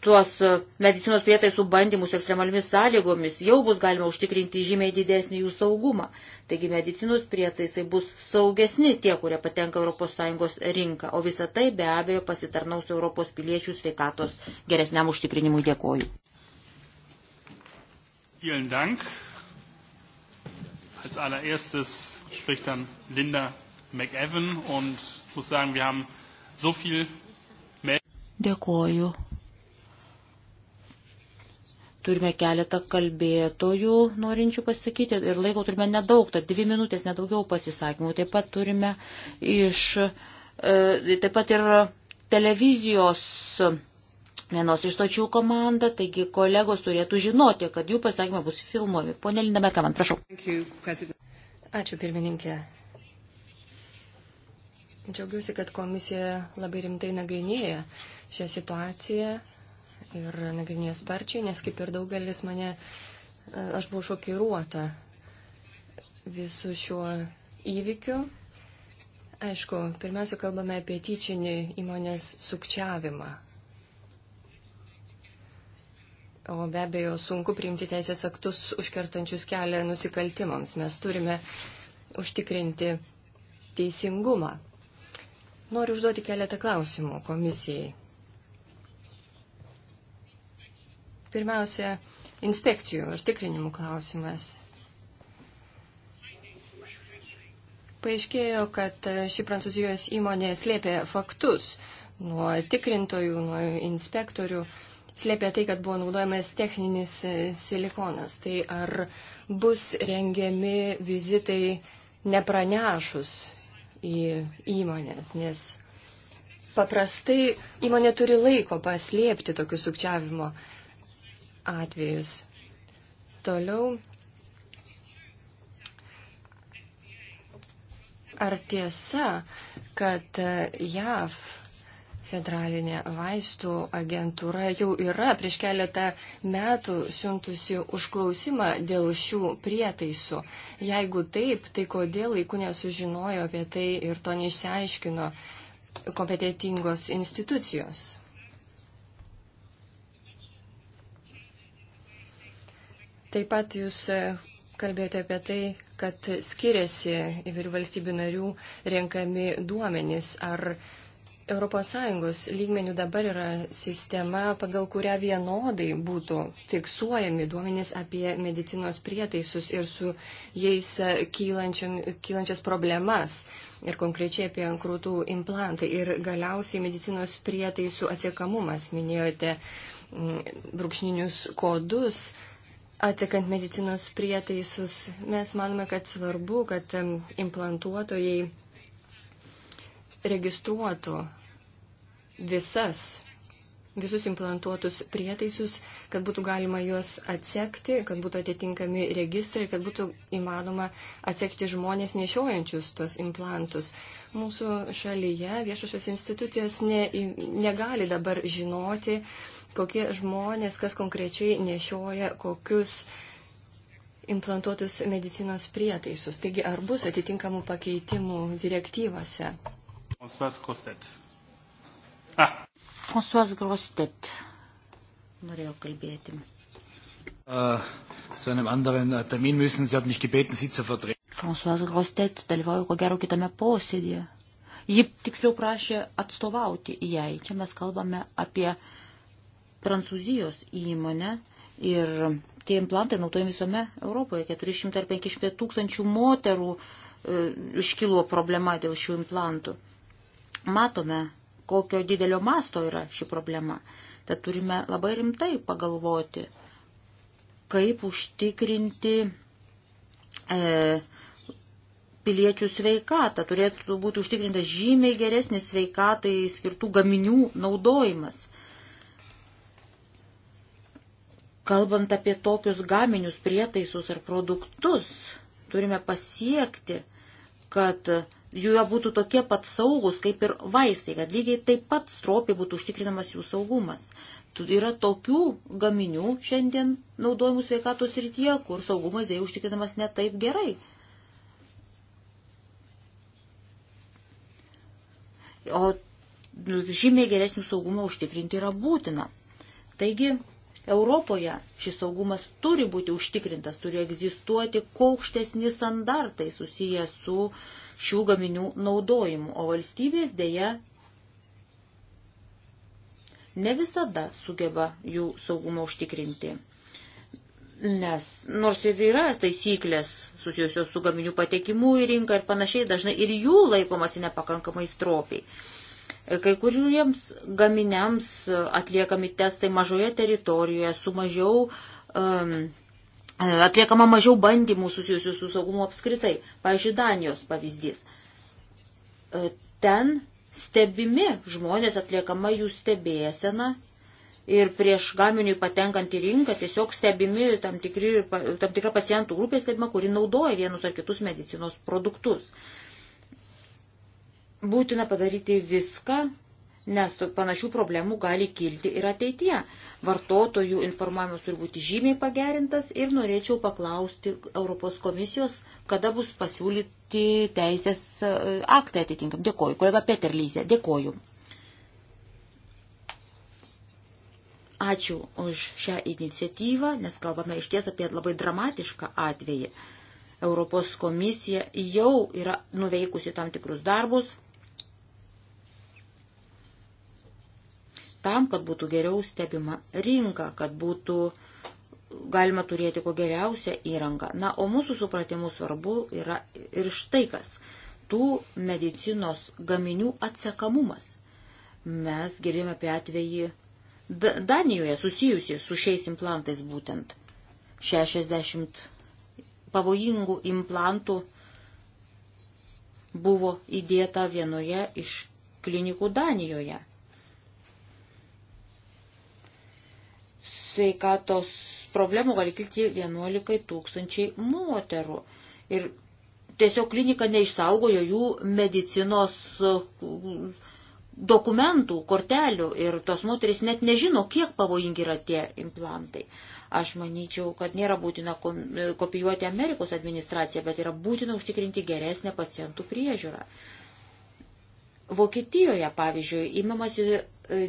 Speaker 3: tuos medicinos prietaisų bandymus ekstremaliomis sąlygomis jau bus galima užtikrinti žymiai didesnį jų saugumą. Taigi medicinos prietaisai bus saugesni tie, kurie patenka ES rinką, o visa tai be abejo pasitarnaus Europos piliečių sveikatos geresniam užtikrinimui. Dėkoju. Vielen
Speaker 1: Dank. Als allererstes spricht dann Linda McEwan und muss sagen, wir haben so viel
Speaker 3: Dėkoju. Turime keletą kalbėtojų norinčių pasakyti ir laiko turime nedaug, tad dvi minutės nedaugiau pasisakymų. Taip pat turime iš, e, taip pat ir televizijos vienos iš točių komanda, taigi kolegos turėtų žinoti, kad jų pasakymai bus filmuomi. Pone Linda Merkaman, prašau. Ačiū pirmininkė.
Speaker 5: Džiaugiuosi, kad komisija labai rimtai nagrinėja šią situaciją ir nagrinėję sparčiai, nes kaip ir daugelis mane, e, aš buvau šokiruota visų šiuo įvykiu. Aišku, pirmiausia, kalbame apie tyčinį įmonės sukčiavimą. O be abejo, sunku priimti teisės aktus užkertančius kelią nusikaltimams. Mes turime užtikrinti teisingumą. Noriu užduoti keletą klausimų komisijai. Pirmiausia, inspekcijų ir tikrinimų klausimas. Paaiškėjo, kad ši prancūzijos įmonė slėpė faktus nuo tikrintojų, nuo inspektorių, slėpė tai, kad buvo naudojamas techninis silikonas. Tai ar bus rengiami vizitai nepranešus į įmonės, nes paprastai įmonė turi laiko paslėpti tokius sukčiavimo atvejus. Toliau. Ar tiesa, kad JAV federalinė vaistų agentūra jau yra prieš keletą metų siuntusi užklausimą dėl šių prietaisų. Jeigu taip, tai kodėl laiku nesužinojo apie tai ir to neišsiaiškino kompetitingos institucijos? Taip pat jūs e, kalbėjote apie tai, kad skiriasi įvairių valstybių narių renkami duomenys. Ar ES lygmenių dabar yra sistema, pagal kurią vienodai būtų fiksuojami duomenys apie medicinos prietaisus ir su jais e, kylančias problemas ir konkrečiai apie krūtų implantai ir galiausiai medicinos prietaisų atsiekamumas, minėjote brūkšninius kodus Atsekant medicinos prietaisus, mes manome, kad svarbu, kad implantuotojai registruotų visas, visus implantuotus prietaisus, kad būtų galima juos atsekti, kad būtų atitinkami registrai, kad būtų įmanoma atsekti žmonės nešiojančius tos implantus. Mūsų šalyje viešosios institucijos ne, negali dabar žinoti, uh, kokie žmonės, kas konkrečiai nešioja kokius implantuotus medicinos prietaisus. Taigi, ar bus atitinkamų pakeitimų direktyvose?
Speaker 1: Konsuos Grostet.
Speaker 3: Ah. Konsuos Grostet. Norėjau kalbėti.
Speaker 4: Uh, zu einem anderen äh, Termin müssen. Sie hat mich gebeten, Sie zu vertreten.
Speaker 3: Françoise Grostet dalyvauja ko gero kitame posėdėje. Ji tiksliau prašė atstovauti jai. Čia mes kalbame apie uh, Prancūzijos įmonę ir tie implantai naudojami visame Europoje. 400 ar 500 tūkstančių moterų e, iškilo problema dėl šių implantų. Matome, kokio didelio masto yra ši problema. Tad turime labai rimtai pagalvoti, kaip užtikrinti e, piliečių sveikatą. Turėtų būti užtikrintas žymiai geresnis sveikatai skirtų gaminių naudojimas. Kalbant apie tokius gaminius, prietaisus ar produktus, turime pasiekti, kad jų būtų tokie pat saugus kaip ir vaistai, kad lygiai taip pat stropiai būtų užtikrinamas jų saugumas. Yra tokių gaminių šiandien naudojimų sveikatos rytyje, kur saugumas dėja užtikrinamas ne taip gerai. O žymiai geresnių saugumo užtikrinti yra būtina. Taigi, Europoje šis saugumas turi būti užtikrintas, turi egzistuoti kaukštesni standartai susiję su šių gaminių naudojimu, o valstybės dėja ne visada sugeba jų saugumą užtikrinti. Nes nors ir yra taisyklės susijusios su gaminių patekimu į rinką ir panašiai, dažnai ir jų laikomasi nepakankamai stropiai. Kai kuriems gaminiams atliekami testai mažoje teritorijoje, su mažiau, um, atliekama mažiau bandymų susijusių su saugumu apskritai. Pavyzdžiui, Danijos pavyzdys. E, ten stebimi žmonės atliekama jų stebėsena ir prieš gaminiui patenkant į rinką tiesiog stebimi tam, tikri, tam tikra pacientų grupė stebima, kuri naudoja vienus ar kitus medicinos produktus. Uh, būtina padaryti viską, nes panašių problemų gali kilti ir ateitie. Vartotojų informavimas turi būti žymiai pagerintas ir norėčiau paklausti Europos komisijos, kada bus pasiūlyti teisės e, aktai atitinkam. Dėkoju. Kolega Peterlyse, dėkoju. Ačiū už šią iniciatyvą, nes kalbame iš ties apie labai dramatišką atvejį. Europos komisija jau yra nuveikusi tam tikrus darbus, tam, kad būtų geriau stebima rinka, kad būtų galima turėti ko geriausią įrangą. Na, o mūsų supratimu svarbu yra ir štai kas - tų medicinos gaminių atsekamumas. Mes girdėjome apie atvejį Danijoje susijusi su šiais implantais būtent 60 pavojingų implantų buvo įdėta vienoje iš klinikų Danijoje. sveikatos problemų gali kilti 11 tūkstančiai moterų. Ir tiesiog klinika neišsaugojo jų medicinos uh, dokumentų, kortelių ir tos moteris net nežino, kiek pavojingi yra tie implantai. Aš manyčiau, kad nėra būtina kopijuoti Amerikos administraciją, bet yra būtina užtikrinti geresnę pacientų priežiūrą. Vokietijoje, pavyzdžiui, įmamasi uh,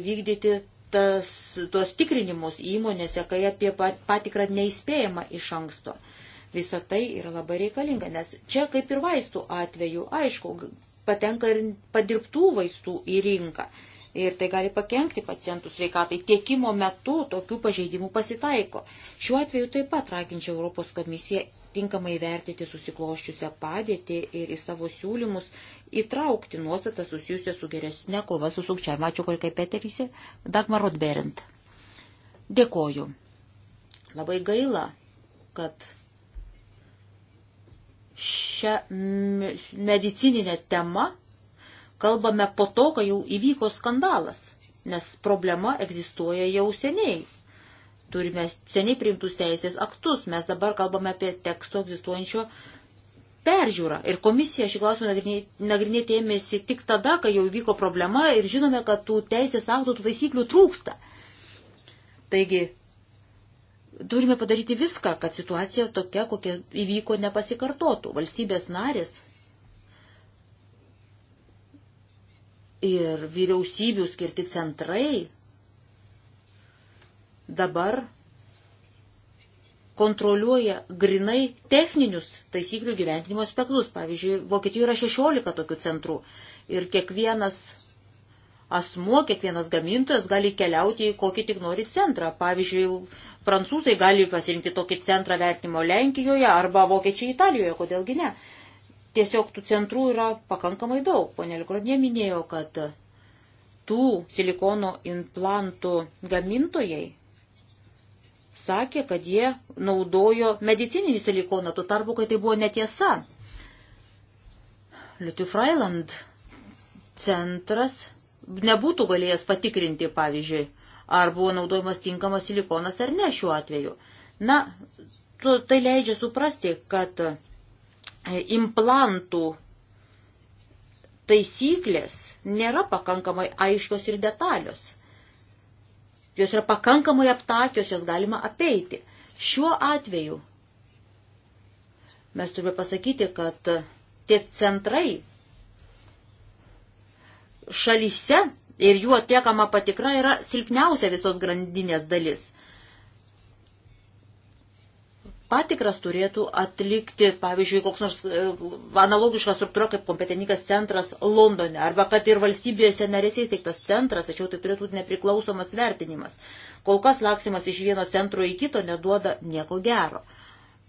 Speaker 3: vykdyti tas, tuos tikrinimus įmonėse, kai apie patikrą neįspėjama iš anksto. Visą tai yra labai reikalinga, nes čia kaip ir vaistų atveju, aišku, patenka ir padirbtų vaistų į rinką. Ir tai gali pakengti pacientų sveikatai. Tiekimo metu tokių pažeidimų pasitaiko. Šiuo atveju taip pat raginčiau Europos komisiją tinkamai vertinti susikloščiusią padėtį ir į savo siūlymus įtraukti nuostatą susijusią su geresnė kova su sukčiavimu. Ačiū, kokia Peterysi. Dagmar Rodberint. Dėkoju. Labai gaila, kad šią medicininę temą kalbame po to, kai jau įvyko skandalas, nes problema egzistuoja jau seniai turime seniai priimtus teisės aktus, mes dabar kalbame apie teksto egzistuojančio peržiūrą. Ir komisija šį klausimą nagrinėti ėmėsi tik tada, kai jau vyko problema ir žinome, kad tų teisės aktų, tų taisyklių trūksta. Taigi, turime padaryti viską, kad situacija tokia, kokia įvyko, nepasikartotų. Valstybės narės ir vyriausybių skirti centrai dabar kontroliuoja grinai techninius taisyklių gyventinimo aspektus. Pavyzdžiui, Vokietijoje yra 16 tokių centrų ir kiekvienas asmuo, kiekvienas gamintojas gali keliauti į kokį tik nori centrą. Pavyzdžiui, prancūzai gali pasirinkti tokį centrą vertimo Lenkijoje arba vokiečiai Italijoje, kodėlgi ne. Tiesiog tų centrų yra pakankamai daug. Pone Likrodnė minėjo, kad tų silikono implantų gamintojai sakė, kad jie naudojo medicininį silikoną, tuo tarpu, kad tai buvo netiesa. Lietuvių Freiland centras nebūtų galėjęs patikrinti, pavyzdžiui, ar buvo naudojamas tinkamas silikonas ar ne šiuo atveju. Na, tai leidžia suprasti, kad e, implantų taisyklės nėra pakankamai aiškios ir detalios. Jos yra pakankamai aptakios, jos galima apeiti. Šiuo atveju mes turime pasakyti, kad tie centrai šalyse ir jų atliekama patikra yra silpniausia visos grandinės dalis patikras turėtų atlikti, pavyzdžiui, koks nors e, analogiška struktūra kaip kompetentingas centras Londone, arba kad ir valstybėse narėse įsteigtas centras, tačiau tai turėtų būti nepriklausomas vertinimas. Kol kas laksimas iš vieno centro į kito neduoda nieko gero.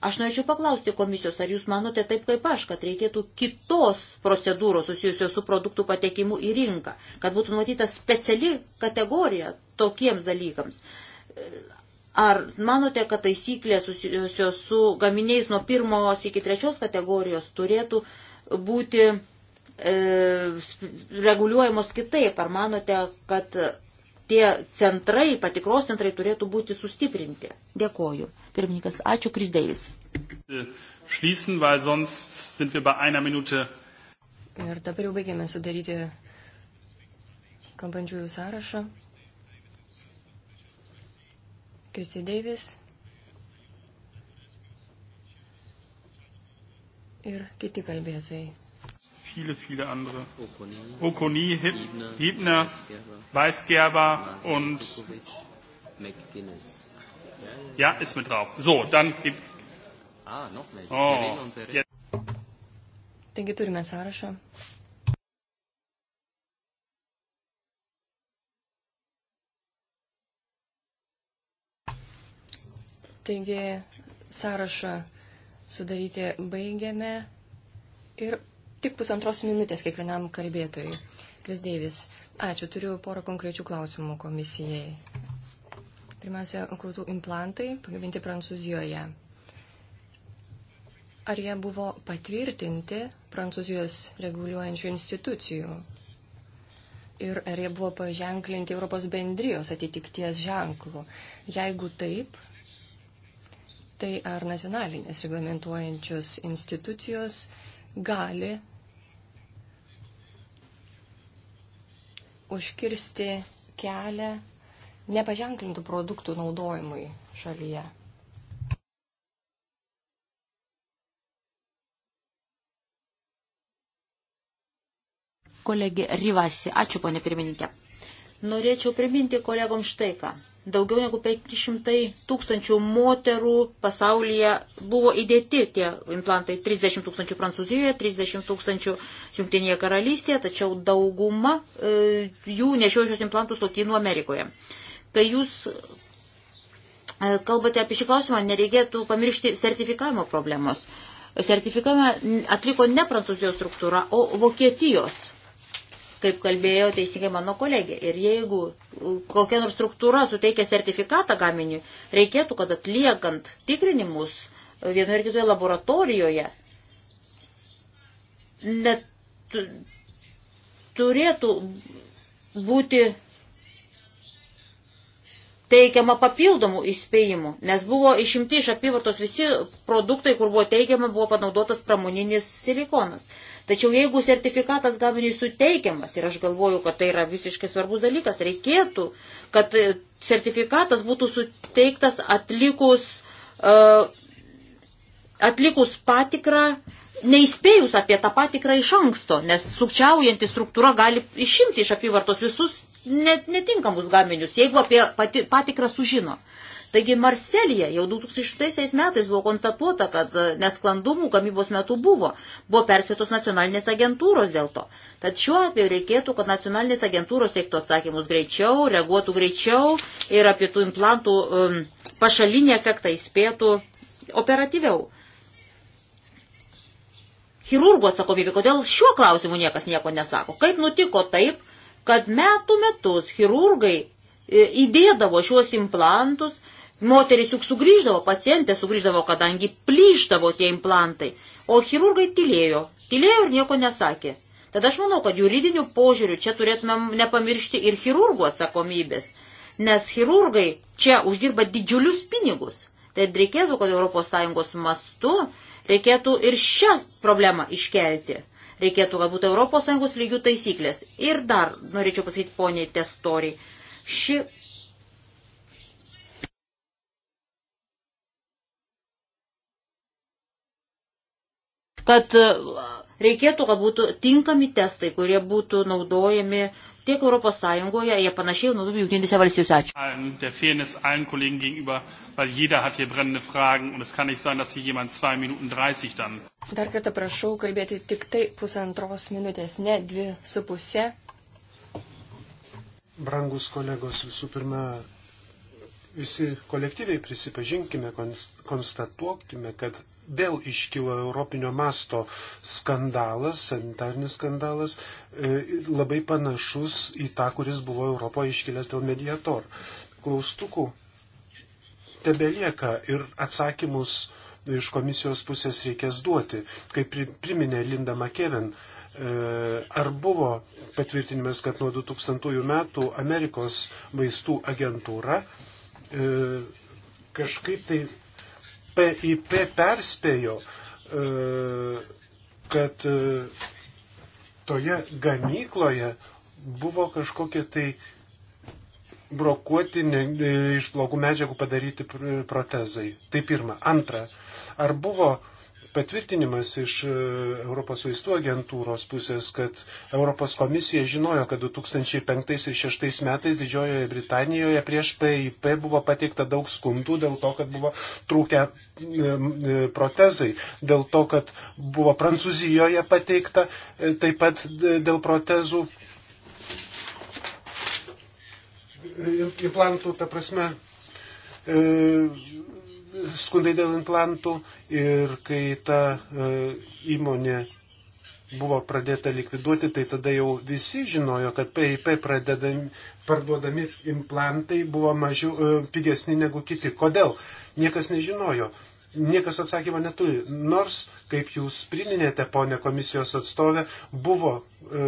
Speaker 3: Aš norėčiau paklausti komisijos, ar jūs manote taip kaip aš, kad reikėtų kitos procedūros susijusios su produktų patekimu į rinką, kad būtų numatyta speciali kategorija tokiems dalykams. Ar manote, kad taisyklės susijusios su gaminiais nuo pirmos iki trečios kategorijos turėtų būti e, reguliuojamos kitaip? Ar manote, kad tie centrai, patikros centrai turėtų būti sustiprinti? Dėkoju. Pirmininkas, ačiū Krisdėlis.
Speaker 1: Ir
Speaker 5: dabar jau baigėme sudaryti kalbančiųjų sąrašą. Kristi Deivis ir kiti kalbėtojai.
Speaker 1: Viele, viele andere. Okoni, Hibner, Weisgerber und. McGuinness. Ja, ist mit drauf. So, dann gibt. Ah, noch mehr. Oh.
Speaker 5: Taigi turime sąrašą. Taigi sąrašą sudaryti baigėme ir tik pusantros minutės kiekvienam kalbėtojui. Kris Deivis, ačiū, turiu porą konkrečių klausimų komisijai. Pirmiausia, krūtų implantai pagaminti Prancūzijoje. Ar jie buvo patvirtinti Prancūzijos reguliuojančių institucijų? Ir ar jie buvo paženklinti Europos bendrijos atitikties ženklų? Jeigu taip, tai ar nacionalinės reglamentuojančios institucijos gali užkirsti kelią nepaženklintų produktų naudojimui šalyje.
Speaker 3: Kolegė Rivasi, ačiū ponė pirmininkė. Norėčiau priminti kolegom štai ką. Daugiau negu 500 tūkstančių moterų pasaulyje buvo įdėti tie implantai. 30 tūkstančių Prancūzijoje, 30 tūkstančių Junktinėje karalystėje, tačiau dauguma e, jų nešiojusios implantus Lotynų Amerikoje. Kai jūs e, kalbate apie šį klausimą, nereikėtų pamiršti sertifikavimo problemos. Sertifikavimą atliko ne Prancūzijos struktūra, o Vokietijos kaip kalbėjo teisingai mano kolegė. Ir jeigu kokia nors struktūra suteikia sertifikatą gaminiui, reikėtų, kad atliekant tikrinimus vienoje ir kitoje laboratorijoje, net turėtų būti teikiama papildomų įspėjimų, nes buvo išimti iš apyvartos visi produktai, kur buvo teigiama, buvo panaudotas pramoninis silikonas. Tačiau jeigu sertifikatas gaminiui suteikiamas, ir aš galvoju, kad tai yra visiškai svarbus dalykas, reikėtų, kad e, sertifikatas būtų suteiktas atlikus, uh, atlikus patikrą, neįspėjus apie tą patikrą iš anksto, nes sukčiaujanti struktūra gali išimti iš apyvartos visus net netinkamus gaminius, jeigu apie pati, patikrą sužino. Uh, Taigi Marselėje jau 2006 metais buvo konstatuota, kad e, nesklandumų gamybos metu buvo. Buvo persvietos nacionalinės agentūros dėl to. Tad šiuo atveju reikėtų, kad nacionalinės agentūros teiktų atsakymus greičiau, reaguotų greičiau ir apie tų implantų um, pašalinį efektą įspėtų operatyviau. Chirurgo atsakomybė, kodėl šiuo klausimu niekas nieko nesako. Kaip nutiko taip, kad metų metus chirurgai e, įdėdavo šiuos implantus Moteris juk sugrįždavo, pacientė sugrįždavo, kadangi plyštavo tie implantai, o chirurgai tylėjo, tylėjo ir nieko nesakė. Tad aš manau, kad juridinių požiūrių čia turėtumėm nepamiršti ir chirurgų atsakomybės, nes chirurgai čia uždirba didžiulius pinigus. Tad reikėtų, kad ES mastu reikėtų ir šią problemą iškelti. Reikėtų, kad būtų ES lygių taisyklės. Ir dar norėčiau pasakyti poniai testoriai. Ši kad e, reikėtų, kad būtų tinkami testai, kurie būtų naudojami tiek Europos Sąjungoje, jie panašiai naudojami Junktinėse valstijose. Ačiū.
Speaker 5: Dar kartą prašau kalbėti tik tai pusantros minutės, ne dvi su pusė.
Speaker 2: Brangus kolegos, visų pirma, visi kolektyviai prisipažinkime, konstatuokime, kad vėl iškilo Europinio masto skandalas, sanitarnis skandalas, e, labai panašus į tą, kuris buvo Europoje iškilęs dėl mediator. Klaustukų tebelieka ir atsakymus iš komisijos pusės reikės duoti. Kaip priminė Linda McKevin, e, ar buvo patvirtinimas, kad nuo 2000 metų Amerikos vaistų agentūra e, kažkaip tai PIP perspėjo, e, kad e, toje gamykloje buvo kažkokie tai brokuoti e, iš blogų medžiagų padaryti protezai. Tai pirma. Antra, ar buvo patvirtinimas iš e, Europos vaistų agentūros pusės, kad Europos komisija žinojo, kad 2005 ir 2006 metais Didžiojoje Britanijoje prieš PIP buvo pateikta daug skundų dėl to, kad buvo trūkę e, e, protezai, dėl to, kad buvo Prancūzijoje pateikta taip pat dėl protezų implantų, ta prasme, skundai dėl implantų ir kai ta e, įmonė buvo pradėta likviduoti, tai tada jau visi žinojo, kad PIP pradedami, parduodami implantai buvo mažiau, e, pigesni negu kiti. Kodėl? Niekas nežinojo. Niekas atsakymo neturi. Nors, kaip jūs priminėte, ponė komisijos atstovė, buvo e,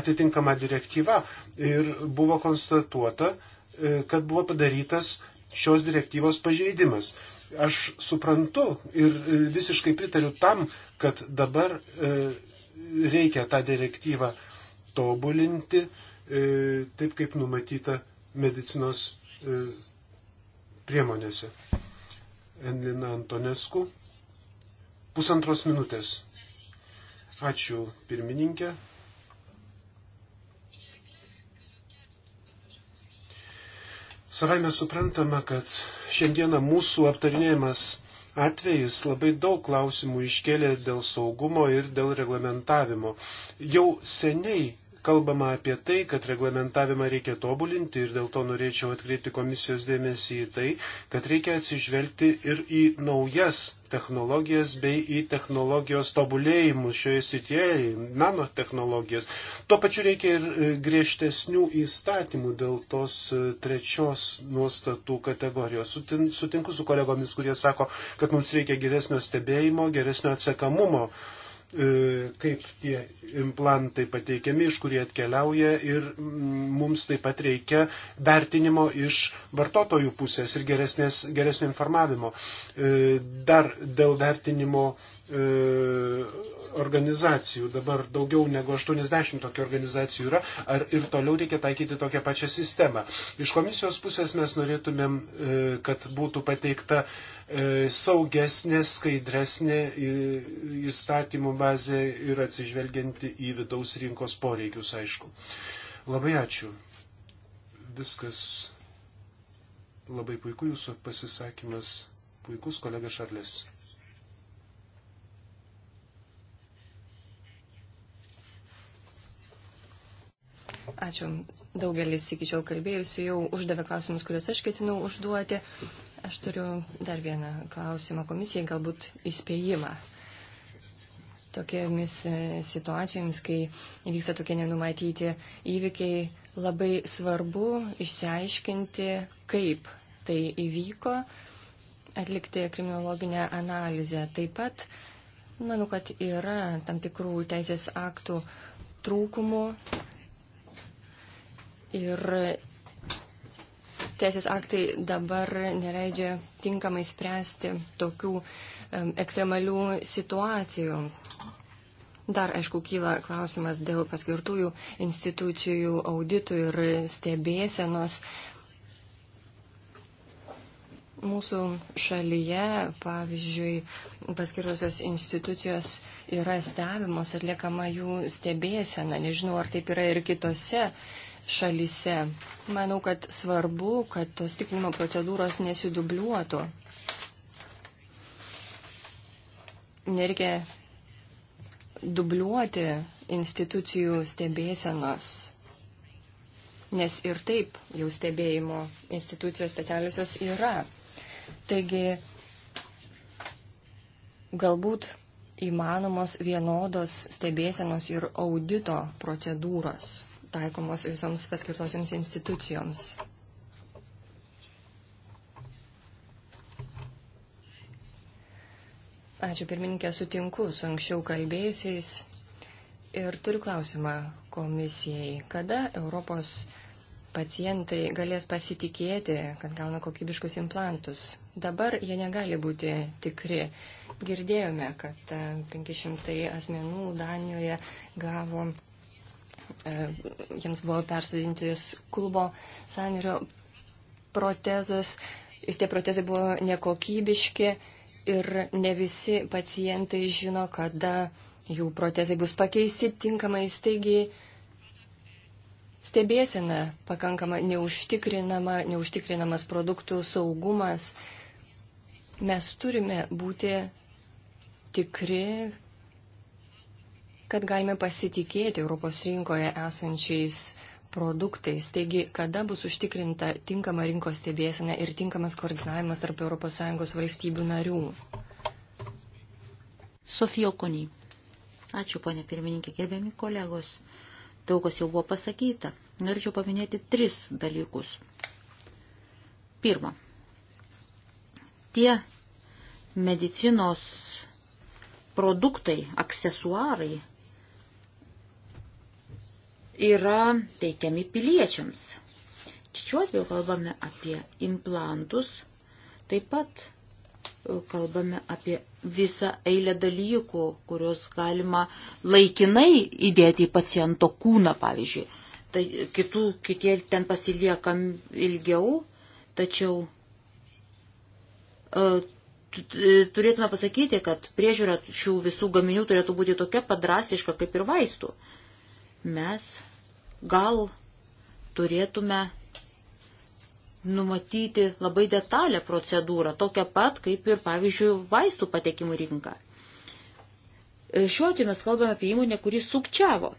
Speaker 2: atitinkama direktyva ir buvo konstatuota, e, kad buvo padarytas šios direktyvos pažeidimas. Aš suprantu ir visiškai pritariu tam, kad dabar e, reikia tą direktyvą tobulinti, e, taip kaip numatyta medicinos e, priemonėse. Enlina Antonesku. Pusantros minutės. Ačiū pirmininkė. Savai mes suprantame, kad šiandieną mūsų aptarinėjimas atvejis labai daug klausimų iškėlė dėl saugumo ir dėl reglamentavimo. Jau seniai kalbama apie tai, kad reglamentavimą reikia tobulinti ir dėl to norėčiau atkreipti komisijos dėmesį į tai, kad reikia atsižvelgti ir į naujas technologijas bei į technologijos tobulėjimus šioje srityje, nanotehnologijas. Tuo pačiu reikia ir e, griežtesnių įstatymų dėl tos e, trečios nuostatų kategorijos. Sutinku su kolegomis, kurie sako, kad mums reikia geresnio stebėjimo, geresnio atsekamumo E, kaip tie implantai pateikiami, iš kurie atkeliauja ir mm, mums taip pat reikia vertinimo iš vartotojų pusės ir geresnės, geresnio informavimo. E, dar dėl vertinimo e, organizacijų. Dabar daugiau negu 80 tokių organizacijų yra. Ar ir toliau reikia taikyti tokią pačią sistemą? Iš komisijos pusės mes norėtumėm, e, kad būtų pateikta e, saugesnė, skaidresnė įstatymų bazė ir atsižvelgianti į vidaus rinkos poreikius, aišku. Labai ačiū. Viskas labai puiku jūsų pasisakymas. Puikus kolega Šarlis.
Speaker 5: Ačiū. Daugelis iki šiol kalbėjusių jau uždavė klausimus, kuriuos aš ketinau užduoti. Aš turiu dar vieną klausimą komisijai, galbūt įspėjimą. Tokiamis e, situacijomis, kai įvyksta tokie nenumatyti įvykiai, labai svarbu išsiaiškinti, kaip tai įvyko, atlikti kriminologinę analizę. Taip pat manau, kad yra tam tikrų teisės aktų trūkumų Ir teisės aktai dabar neleidžia tinkamai spręsti tokių ekstremalių situacijų. Dar, aišku, kyla klausimas dėl paskirtųjų institucijų auditų ir stebėsenos. Mūsų šalyje, pavyzdžiui, paskirtosios institucijos yra stebimos, atliekama jų stebėsena. Nežinau, ar taip yra ir kitose uh, šalise. Manau, kad svarbu, kad tos tikrinimo procedūros nesidubliuotų. Nereikia dubliuoti institucijų stebėsenos, nes ir taip jau stebėjimo institucijos specialiusios yra. Taigi, galbūt įmanomos vienodos stebėsenos ir audito procedūros taikomos visoms paskirtosioms institucijoms. Ačiū pirmininkė, sutinku su anksčiau kalbėjusiais ir turiu klausimą komisijai. Kada Europos pacientai galės pasitikėti, kad gauna kokybiškus implantus? Dabar jie negali būti tikri. Girdėjome, kad 500 e, asmenų Danijoje gavo E, jiems buvo persodintis klubo sąnario protezas ir tie protezai buvo nekokybiški ir ne visi pacientai žino, kada jų protezai bus pakeisti tinkamai staigiai. Stebėsena pakankama neužtikrinama, neužtikrinamas produktų saugumas. Mes turime būti tikri, kad galime pasitikėti Europos rinkoje esančiais produktais. Taigi, kada bus užtikrinta tinkama rinkos stebėsena ir tinkamas koordinavimas tarp ES valstybių narių? Sofijo Konį. Ačiū, ponė pirmininkė, gerbiami kolegos.
Speaker 3: Daug kas jau buvo pasakyta. Norėčiau paminėti tris dalykus. Pirma, tie medicinos produktai, aksesuarai, yra teikiami piliečiams. Šiuo atveju kalbame apie implantus, taip pat e, kalbame apie visą eilę dalykų, kuriuos galima laikinai įdėti į paciento kūną, pavyzdžiui. Tai kitų, kitie ten pasiliekam ilgiau, tačiau e, e, turėtume pasakyti, kad priežiūra šių visų gaminių turėtų būti tokia padrastiška kaip ir vaistų. Mes gal turėtume numatyti labai detalę procedūrą, tokią pat kaip ir, pavyzdžiui, vaistų patekimų rinką. E, šiuo atveju mes kalbame apie įmonę, kuri sukčiavo.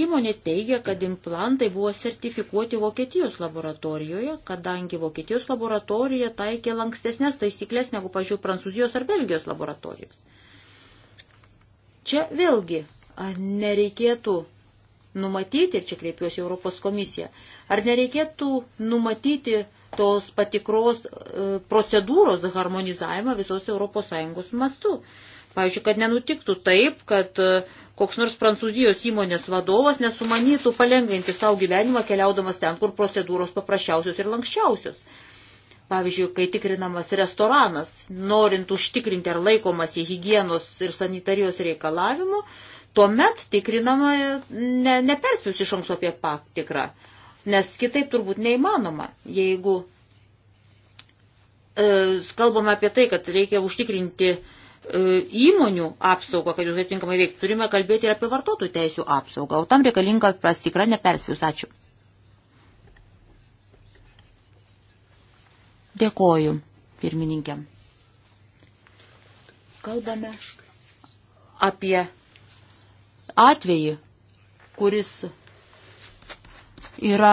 Speaker 3: Įmonė teigia, kad implantai buvo sertifikuoti Vokietijos laboratorijoje, kadangi Vokietijos laboratorija taikė lankstesnės taisyklės negu, pažiūrėjau, Prancūzijos ar Belgijos laboratorijos. Čia vėlgi nereikėtų numatyti, ir čia kreipiuosi Europos komisiją, ar nereikėtų numatyti tos patikros e, procedūros harmonizavimą visos ES mastu. Pavyzdžiui, kad nenutiktų taip, kad e, koks nors prancūzijos įmonės vadovas nesumanytų palengvinti savo gyvenimą keliaudamas ten, kur procedūros paprasčiausios ir lankščiausios. Pavyzdžiui, kai tikrinamas restoranas, norint užtikrinti ar laikomasi hygienos ir sanitarijos reikalavimų, tuomet tikrinama ne, neperspėjus iš anksto apie patikrą, nes kitaip turbūt neįmanoma, jeigu e, kalbame apie tai, kad reikia užtikrinti e, įmonių apsaugą, kad jūs atitinkamai veiktų, turime kalbėti ir apie vartotojų teisų apsaugą, o tam reikalinga prasikra neperspėjus. Ačiū. Dėkoju, pirmininkė. Kalbame apie atvejį, kuris yra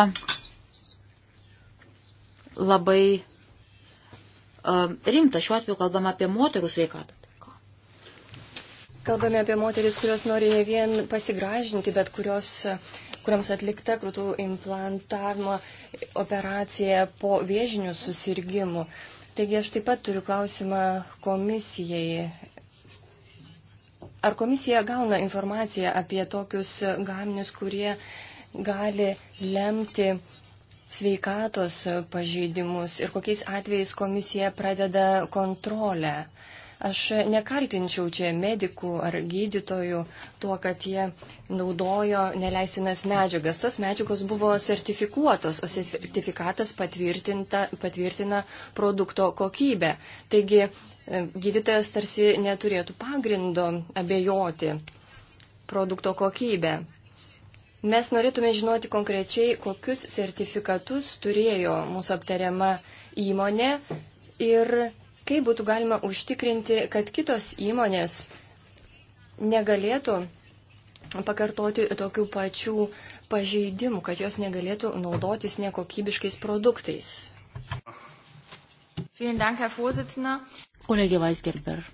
Speaker 3: labai um, rimtas. Šiuo atveju kalbame apie moterų sveikatą.
Speaker 5: Kalbame apie moteris, kurios nori ne vien pasigražinti, bet kurios, kuriams atlikta krūtų implantavimo operacija po vėžinių susirgymų. Taigi aš taip pat turiu klausimą komisijai Ar komisija gauna informaciją apie tokius gaminius, kurie gali lemti sveikatos pažeidimus ir kokiais atvejais komisija pradeda kontrolę? Aš nekaltinčiau čia medikų ar gydytojų tuo, kad jie naudojo neleisinas medžiagas. Tos medžiagos buvo sertifikuotos, o sertifikatas patvirtina produkto kokybę. Taigi e, gydytojas tarsi neturėtų pagrindo abejoti produkto kokybę. Mes norėtume žinoti konkrečiai, kokius sertifikatus turėjo mūsų aptariama įmonė ir Kaip būtų galima užtikrinti, kad kitos įmonės negalėtų pakartoti tokių pačių pažeidimų, kad jos negalėtų naudotis nekokybiškais produktais. Dank,
Speaker 3: Kolegė Weisgerber.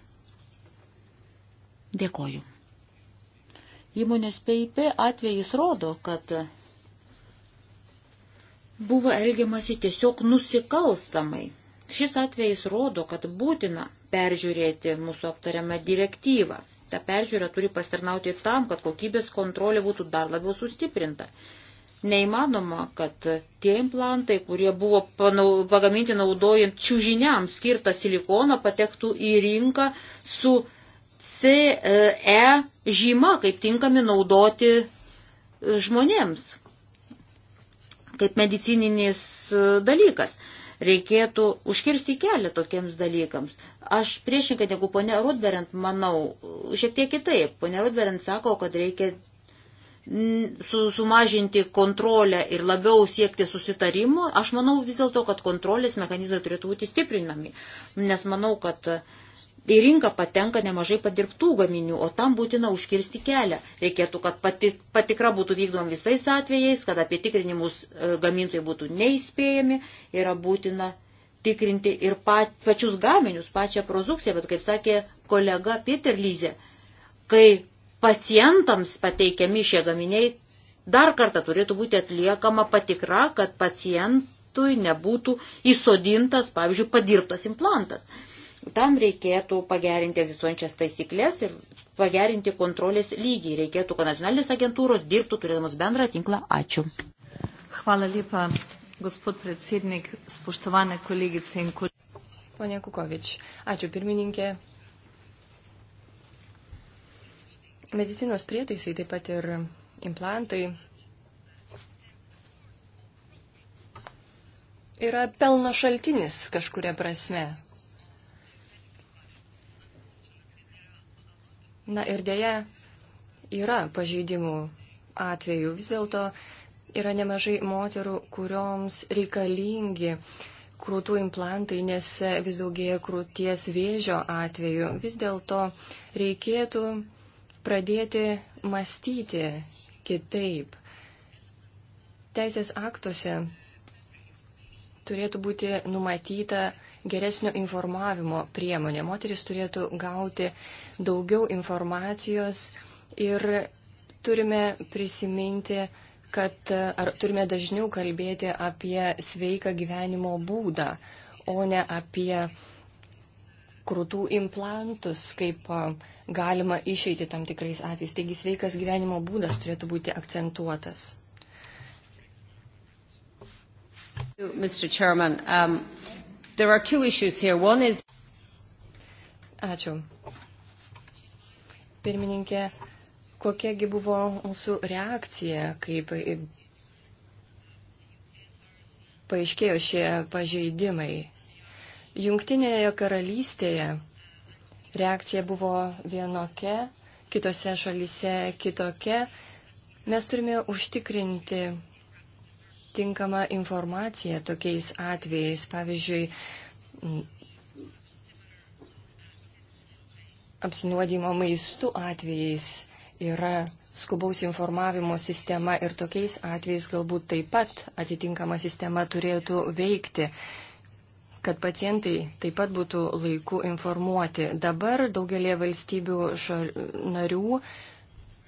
Speaker 3: Dėkoju. Įmonės PIP atvejais rodo, kad buvo elgiamasi tiesiog nusikalstamai. Šis atvejis rodo, kad būtina peržiūrėti mūsų aptariamą direktyvą. Ta peržiūra turi pasirnauti tam, kad kokybės kontrolė būtų dar labiau sustiprinta. Neįmanoma, kad tie implantai, kurie buvo panau, pagaminti naudojant čiūžiniam skirtą silikoną, patektų į rinką su CE žyma, kaip tinkami naudoti e, žmonėms, kaip medicininis e, dalykas reikėtų užkirsti kelią tokiems dalykams. Aš priešinkai negu ponia Rudberent manau, šiek tiek kitaip. Ponia Rudberent sako, kad reikia sumažinti kontrolę ir labiau siekti susitarimų, aš manau vis dėlto, kad kontrolės mechanizmai turėtų būti stiprinami, nes manau, kad uh, į rinką patenka nemažai padirbtų gaminių, o tam būtina užkirsti kelią. Reikėtų, kad pati, patikra būtų vykdom visais atvejais, kad apie tikrinimus e, gamintojai būtų neįspėjami, yra būtina tikrinti ir pat, pačius gaminius, pačią produkciją, bet kaip sakė kolega Peter Lyze, kai pacientams pateikiami šie gaminiai, dar kartą turėtų būti atliekama patikra, kad pacientui nebūtų įsodintas, pavyzdžiui, padirbtas implantas. Tam reikėtų pagerinti egzistuojančias taisyklės ir pagerinti kontrolės lygį. Reikėtų, kad nacionalinės agentūros
Speaker 5: dirbtų turėdamos bendrą tinklą. Ačiū. Hvala lepa, gospod predsednik, spoštovane kolegice in kolegice. Pone Kukovič, ačiū pirmininkė. Medicinos prietaisai, taip pat ir implantai yra pelno šaltinis kažkuria prasme. Na ir dėja, yra pažeidimų atvejų. Vis dėlto yra nemažai moterų, kurioms reikalingi krūtų implantai, nes vis daugėja krūties vėžio atvejų. Vis dėlto reikėtų pradėti mąstyti kitaip. Teisės aktuose turėtų būti numatyta geresnio informavimo priemonė. Moteris turėtų gauti daugiau informacijos ir turime prisiminti, kad ar turime dažniau kalbėti apie sveiką gyvenimo būdą, o ne apie krūtų implantus, kaip galima išeiti tam tikrais atvejais. Taigi sveikas gyvenimo būdas turėtų būti akcentuotas. Mr. Chairman, um, There are two issues here. One is. Ačiū. Pirmininkė, kokiagi buvo mūsų reakcija, kaip paaiškėjo šie pažeidimai. Jungtinėje karalystėje reakcija buvo vienokia, kitose šalyse kitokia. Mes turime užtikrinti tinkamą informaciją tokiais atvejais. Pavyzdžiui, apsinuodimo maistu atvejais yra skubaus informavimo sistema ir tokiais atvejais galbūt taip pat atitinkama sistema turėtų veikti, kad pacientai taip pat būtų laiku informuoti. Dabar daugelie valstybių šal, narių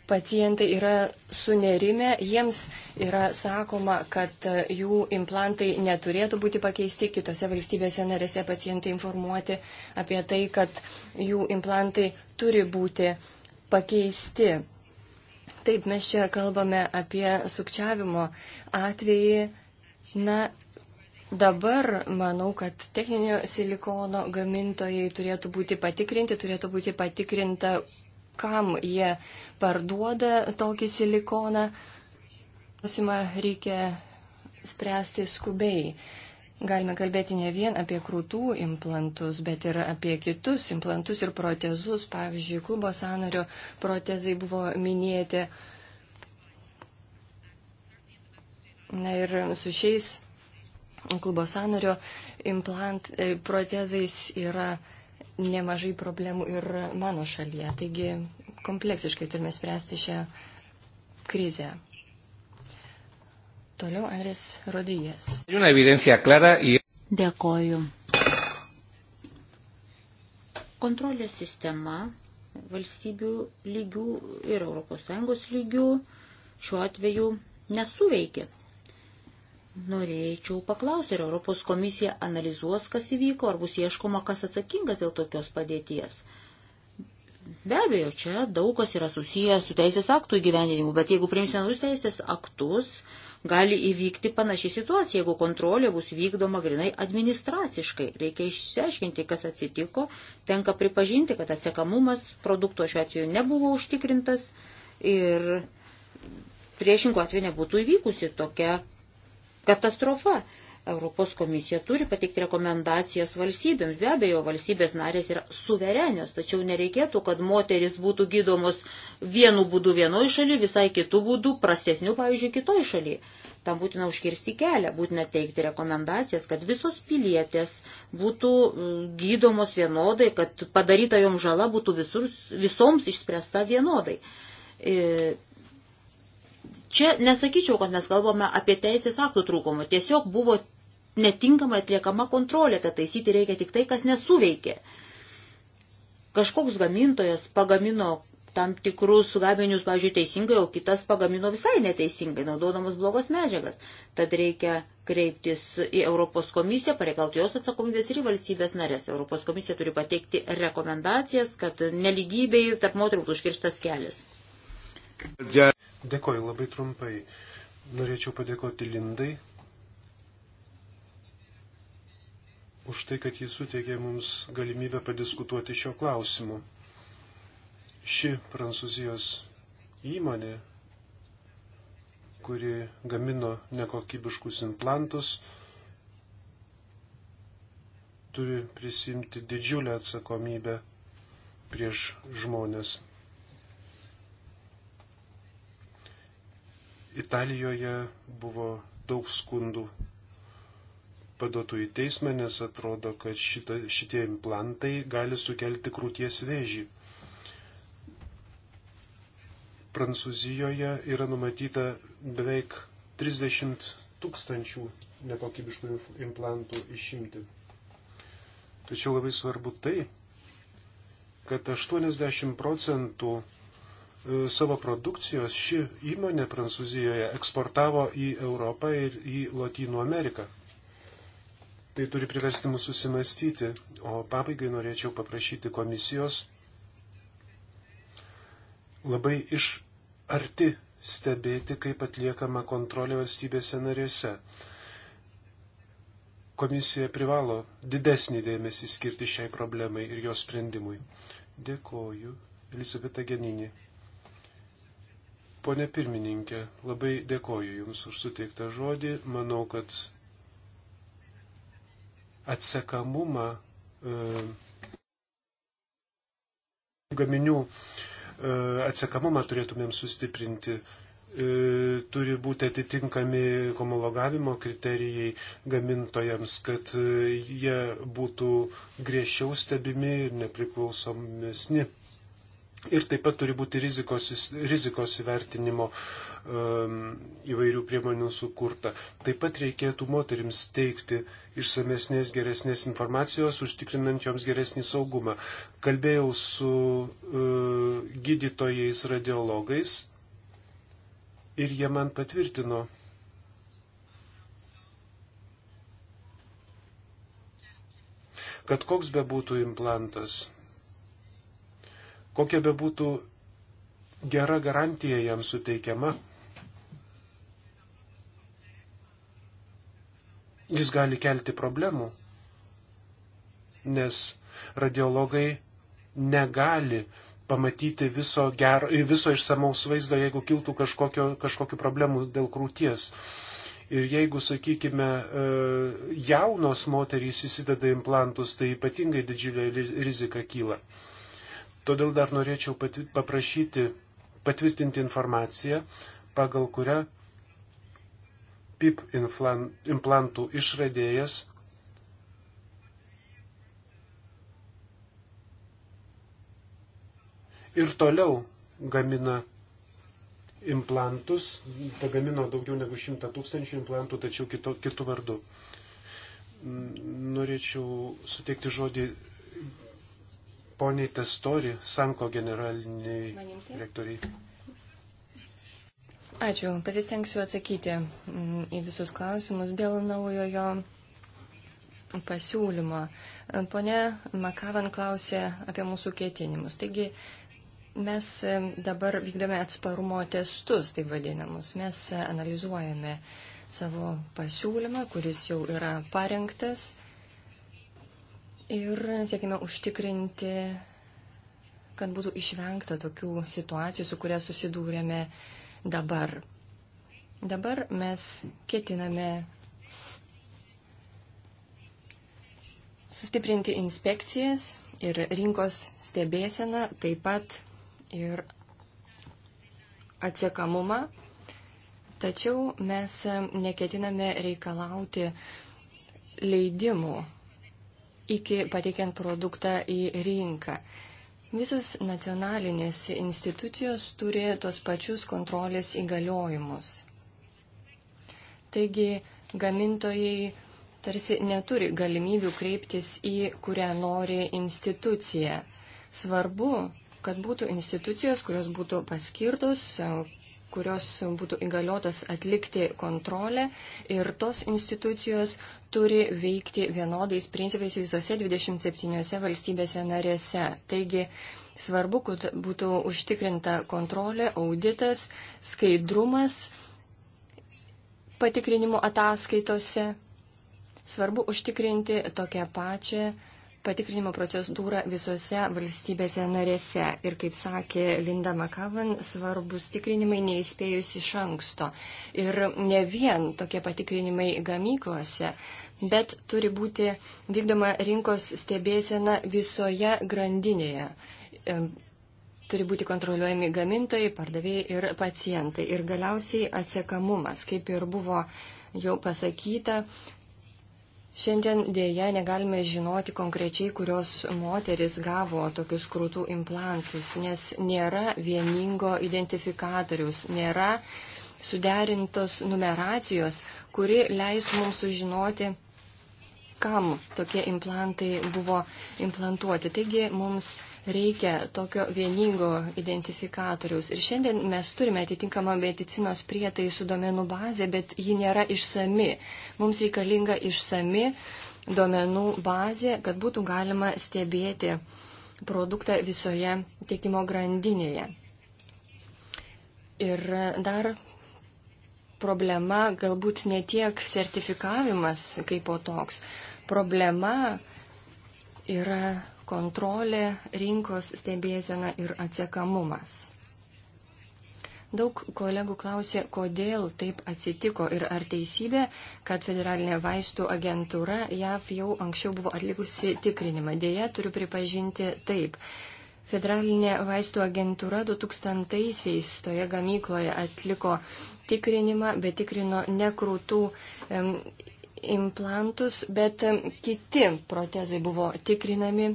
Speaker 5: pacientai yra sunerime, jiems yra sakoma, kad e, jų implantai neturėtų būti pakeisti, kitose valstybėse narėse pacientai informuoti apie tai, kad jų implantai turi būti pakeisti. Taip, mes čia kalbame apie sukčiavimo atvejį. Na, Dabar manau, kad techninio silikono gamintojai turėtų būti patikrinti, turėtų būti patikrinta kam jie parduoda tokį silikoną. Klausimą reikia spręsti skubiai. Galime kalbėti ne vien apie krūtų implantus, bet ir apie kitus implantus ir protezus. Pavyzdžiui, klubo sanario protezai buvo minėti. Na ir su šiais klubo sanario implant, e, protezais yra nemažai problemų ir mano šalyje. Taigi kompleksiškai turime spręsti šią krizę. Toliau Andrės Rodijas. Dėkoju. Kontrolės sistema
Speaker 3: valstybių lygių ir ES lygių šiuo atveju nesuveikė. Norėčiau paklausti, ar Europos komisija analizuos, kas įvyko, ar bus ieškoma, kas atsakingas dėl tokios padėties. Be abejo, čia daug kas yra susijęs su teisės aktų įgyvendinimu, bet jeigu priimsime naujus teisės aktus, gali įvykti panaši situacija, jeigu kontrolė bus vykdoma grinai administraciškai. Reikia išsiaiškinti, kas atsitiko, tenka pripažinti, kad atsekamumas produkto šiuo atveju nebuvo užtikrintas ir priešingų atveju nebūtų įvykusi tokia katastrofa. Europos komisija turi pateikti rekomendacijas valstybėms. Be abejo, valstybės narės yra suverenios, tačiau nereikėtų, kad moteris būtų gydomos vienu būdu vienoje šalyje, visai kitų būdų, prastesnių, pavyzdžiui, kitoje šalyje. Tam būtina užkirsti kelią, būtina teikti rekomendacijas, kad visos pilietės būtų e, gydomos vienodai, kad padaryta jom žala būtų visur, visoms išspręsta vienodai. E, Čia nesakyčiau, kad mes kalbame apie teisės aktų trūkumų. Tiesiog buvo netinkamai atliekama kontrolė, tad taisyti reikia tik tai, kas nesuveikė. Kažkoks gamintojas pagamino tam tikrus gaminius, pavyzdžiui, teisingai, o kitas pagamino visai neteisingai, naudodamas blogas medžiagas. Tad reikia kreiptis į Europos komisiją, pareikalti jos atsakomybės ir į valstybės narės. Europos komisija turi pateikti rekomendacijas, kad neligybei tarp moterų užkirstas kelias.
Speaker 2: Dėkoju labai trumpai. Norėčiau padėkoti Lindai už tai, kad jis suteikė mums galimybę padiskutuoti šio klausimu. Ši prancūzijos įmonė, kuri gamino nekokybiškus implantus, turi prisimti didžiulę atsakomybę prieš žmonės. Italijoje buvo daug skundų paduotų į teismą, nes atrodo, kad šita, šitie implantai gali sukelti krūties vėžį. Prancūzijoje yra numatyta beveik 30 tūkstančių nekokybiškų implantų išimti. Tačiau labai svarbu tai, kad 80 procentų E, savo produkcijos ši įmonė Prancūzijoje eksportavo į Europą ir į Lotynų Ameriką. Tai turi priversti mus susimastyti, o pabaigai norėčiau paprašyti komisijos labai iš arti stebėti, kaip atliekama kontrolė valstybėse narėse. Komisija privalo didesnį dėmesį skirti šiai problemai ir jos sprendimui. Dėkoju. Elisabeta Geninė. Pone pirmininkė, labai dėkoju Jums už suteiktą žodį. Manau, kad atsekamumą e, gaminių e, atsekamumą turėtumėm sustiprinti e, turi būti atitinkami homologavimo kriterijai gamintojams, kad e, jie būtų griežčiau stebimi ir nepriklausomesni. Ir taip pat turi būti rizikos, rizikos įvertinimo um, įvairių priemonių sukurta. Taip pat reikėtų moterims teikti išsamesnės, geresnės informacijos, užtikrinant joms geresnį saugumą. Kalbėjau su uh, gydytojais radiologais ir jie man patvirtino. kad koks bebūtų implantas, kokia be būtų gera garantija jam suteikiama, jis gali kelti problemų, nes radiologai negali pamatyti viso, gero, viso išsamaus vaizdo, jeigu kiltų kažkokio, kažkokių problemų dėl krūties. Ir jeigu, sakykime, e, jaunos moterys įsideda implantus, tai ypatingai didžiulė rizika kyla. Todėl dar norėčiau pati, paprašyti patvirtinti informaciją, pagal kurią PIP implantų išradėjas ir toliau gamina implantus, pagamino daugiau negu 100 tūkstančių implantų, tačiau kito, kitų vardų. Norėčiau suteikti žodį poniai Testori, Sanko generaliniai rektoriai.
Speaker 5: Ačiū. Pasistengsiu atsakyti mm, į visus klausimus dėl naujojo pasiūlymo. Pone Makavan klausė apie mūsų ketinimus. Taigi, mes mm, dabar vykdome atsparumo testus, taip vadinamus. Mes analizuojame savo pasiūlymą, kuris jau yra parengtas ir siekime užtikrinti, kad būtų išvengta tokių situacijų, su kuria susidūrėme dabar. Dabar mes ketiname sustiprinti inspekcijas ir rinkos stebėseną, taip pat ir atsiekamumą, tačiau mes neketiname reikalauti leidimų iki pateikiant produktą į rinką. Visos nacionalinės institucijos turi tos pačius kontrolės įgaliojimus. Taigi gamintojai tarsi neturi galimybių kreiptis į kurią nori instituciją. Svarbu, kad būtų institucijos, kurios būtų paskirtos, kurios būtų įgaliotas atlikti kontrolę ir tos institucijos turi veikti vienodais principais visose 27 valstybėse narėse. Taigi svarbu, kad būtų užtikrinta kontrolė, auditas, skaidrumas patikrinimo ataskaitose. Svarbu užtikrinti tokią pačią patikrinimo procedūrą visose valstybėse narėse. Ir kaip sakė Linda Makavan, svarbus tikrinimai neįspėjus iš anksto. Ir ne vien tokie patikrinimai gamyklose, bet turi būti vykdoma rinkos stebėsena visoje grandinėje. Turi būti kontroliuojami gamintojai, pardavėjai ir pacientai. Ir galiausiai atsiekamumas, kaip ir buvo jau pasakyta, Šiandien dėja negalime žinoti konkrečiai, kurios moteris gavo tokius krūtų implantus, nes nėra vieningo identifikatorius, nėra suderintos numeracijos, kuri leis mums sužinoti, kam tokie implantai buvo implantuoti. Taigi mums reikia tokio vieningo identifikatoriaus. Ir šiandien mes turime atitinkamą medicinos prietaisų duomenų bazę, bet ji nėra išsami. Mums reikalinga išsami duomenų bazė, kad būtų galima stebėti produktą visoje tiekimo grandinėje. Ir dar problema galbūt ne tiek sertifikavimas kaip po toks, problema yra kontrolė, rinkos stebėsena ir atsiekamumas. Daug kolegų klausė, kodėl taip atsitiko ir ar teisybė, kad federalinė vaistų agentūra JAV jau anksčiau buvo atlikusi tikrinimą. Dėja, turiu pripažinti taip. Federalinė vaistų agentūra 2000-aisiais toje gamykloje atliko tikrinimą, bet tikrino nekrūtų implantus, bet kiti protezai buvo tikrinami.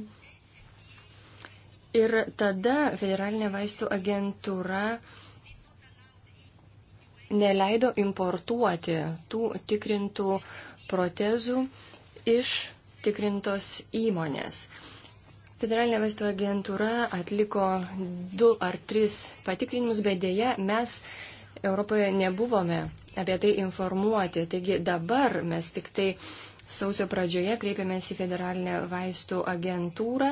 Speaker 5: Ir tada federalinė vaistų agentūra neleido importuoti tų tikrintų protezų iš tikrintos įmonės. Federalinė vaistų agentūra atliko du ar tris patikrinimus, bet dėja mes Europoje nebuvome apie tai informuoti. Taigi dabar mes tik tai Sausio pradžioje kreipėmės į federalinę vaistų agentūrą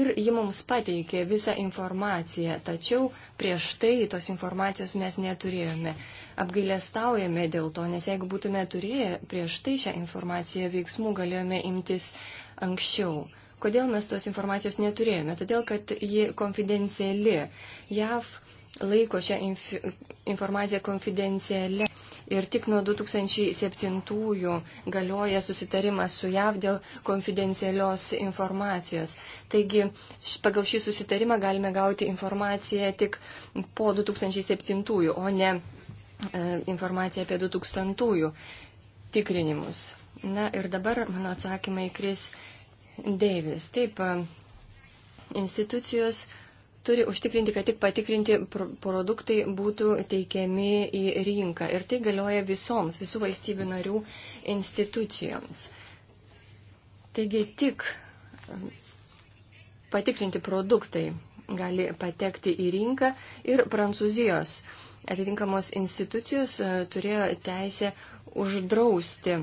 Speaker 5: ir ji mums pateikė visą informaciją, tačiau prieš tai tos informacijos mes neturėjome. Apgailėstaujame dėl to, nes jeigu būtume turėję prieš tai šią informaciją veiksmų, galėjome imtis anksčiau. Kodėl mes tos informacijos neturėjome? Todėl, kad ji konfidenciali. JAV laiko šią inf informaciją konfidencialią. Ir tik nuo 2007-ųjų galioja susitarimas su JAV dėl konfidencialios informacijos. Taigi pagal šį susitarimą galime gauti informaciją tik po 2007-ųjų, o ne e, informaciją apie 2000-ųjų tikrinimus. Na ir dabar mano atsakymai Kris Deivis. Taip, e, institucijos turi užtikrinti, kad tik patikrinti produktai būtų teikiami į rinką. Ir tai galioja visoms, visų valstybių narių institucijoms. Taigi tik um, patikrinti produktai gali patekti į rinką ir Prancūzijos atitinkamos institucijos uh, turėjo teisę uždrausti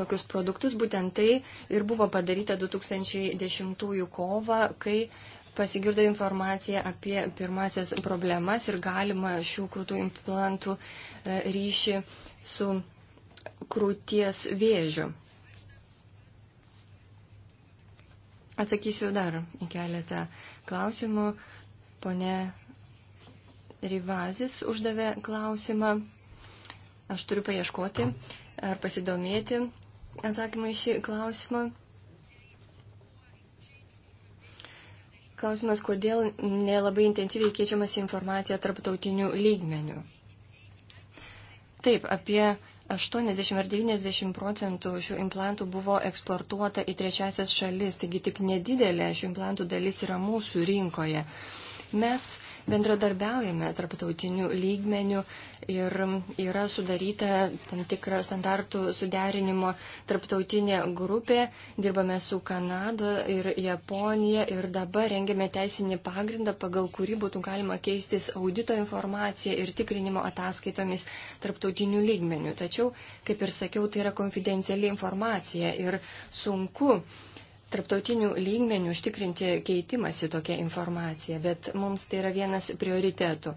Speaker 5: tokius produktus. Būtent tai ir buvo padaryta 2010 kovą, kai pasigirdo informacija apie pirmasias problemas ir galima šių krūtų implantų e, ryšį su krūties vėžiu. Atsakysiu dar į keletą klausimų. Pone Rivazis uždavė klausimą. Aš turiu paieškoti ar pasidomėti atsakymą į šį klausimą. Klausimas, kodėl nelabai intensyviai keičiamas informacija tarptautinių lygmenių. Taip, apie 80 ar 90 procentų šių implantų buvo eksportuota į trečiasias šalis, taigi tik nedidelė šių implantų dalis yra mūsų rinkoje. Mes bendradarbiaujame tarptautiniu lygmeniu ir yra sudaryta tam tikra standartų suderinimo tarptautinė grupė. Dirbame su Kanada ir Japonija ir dabar rengiame teisinį pagrindą, pagal kurį būtų galima keistis audito informacija ir tikrinimo ataskaitomis tarptautiniu lygmeniu. Tačiau, kaip ir sakiau, tai yra konfidenciali informacija ir sunku tarptautinių lygmenių užtikrinti keitimąsi tokią informaciją, bet mums tai yra vienas prioritetų.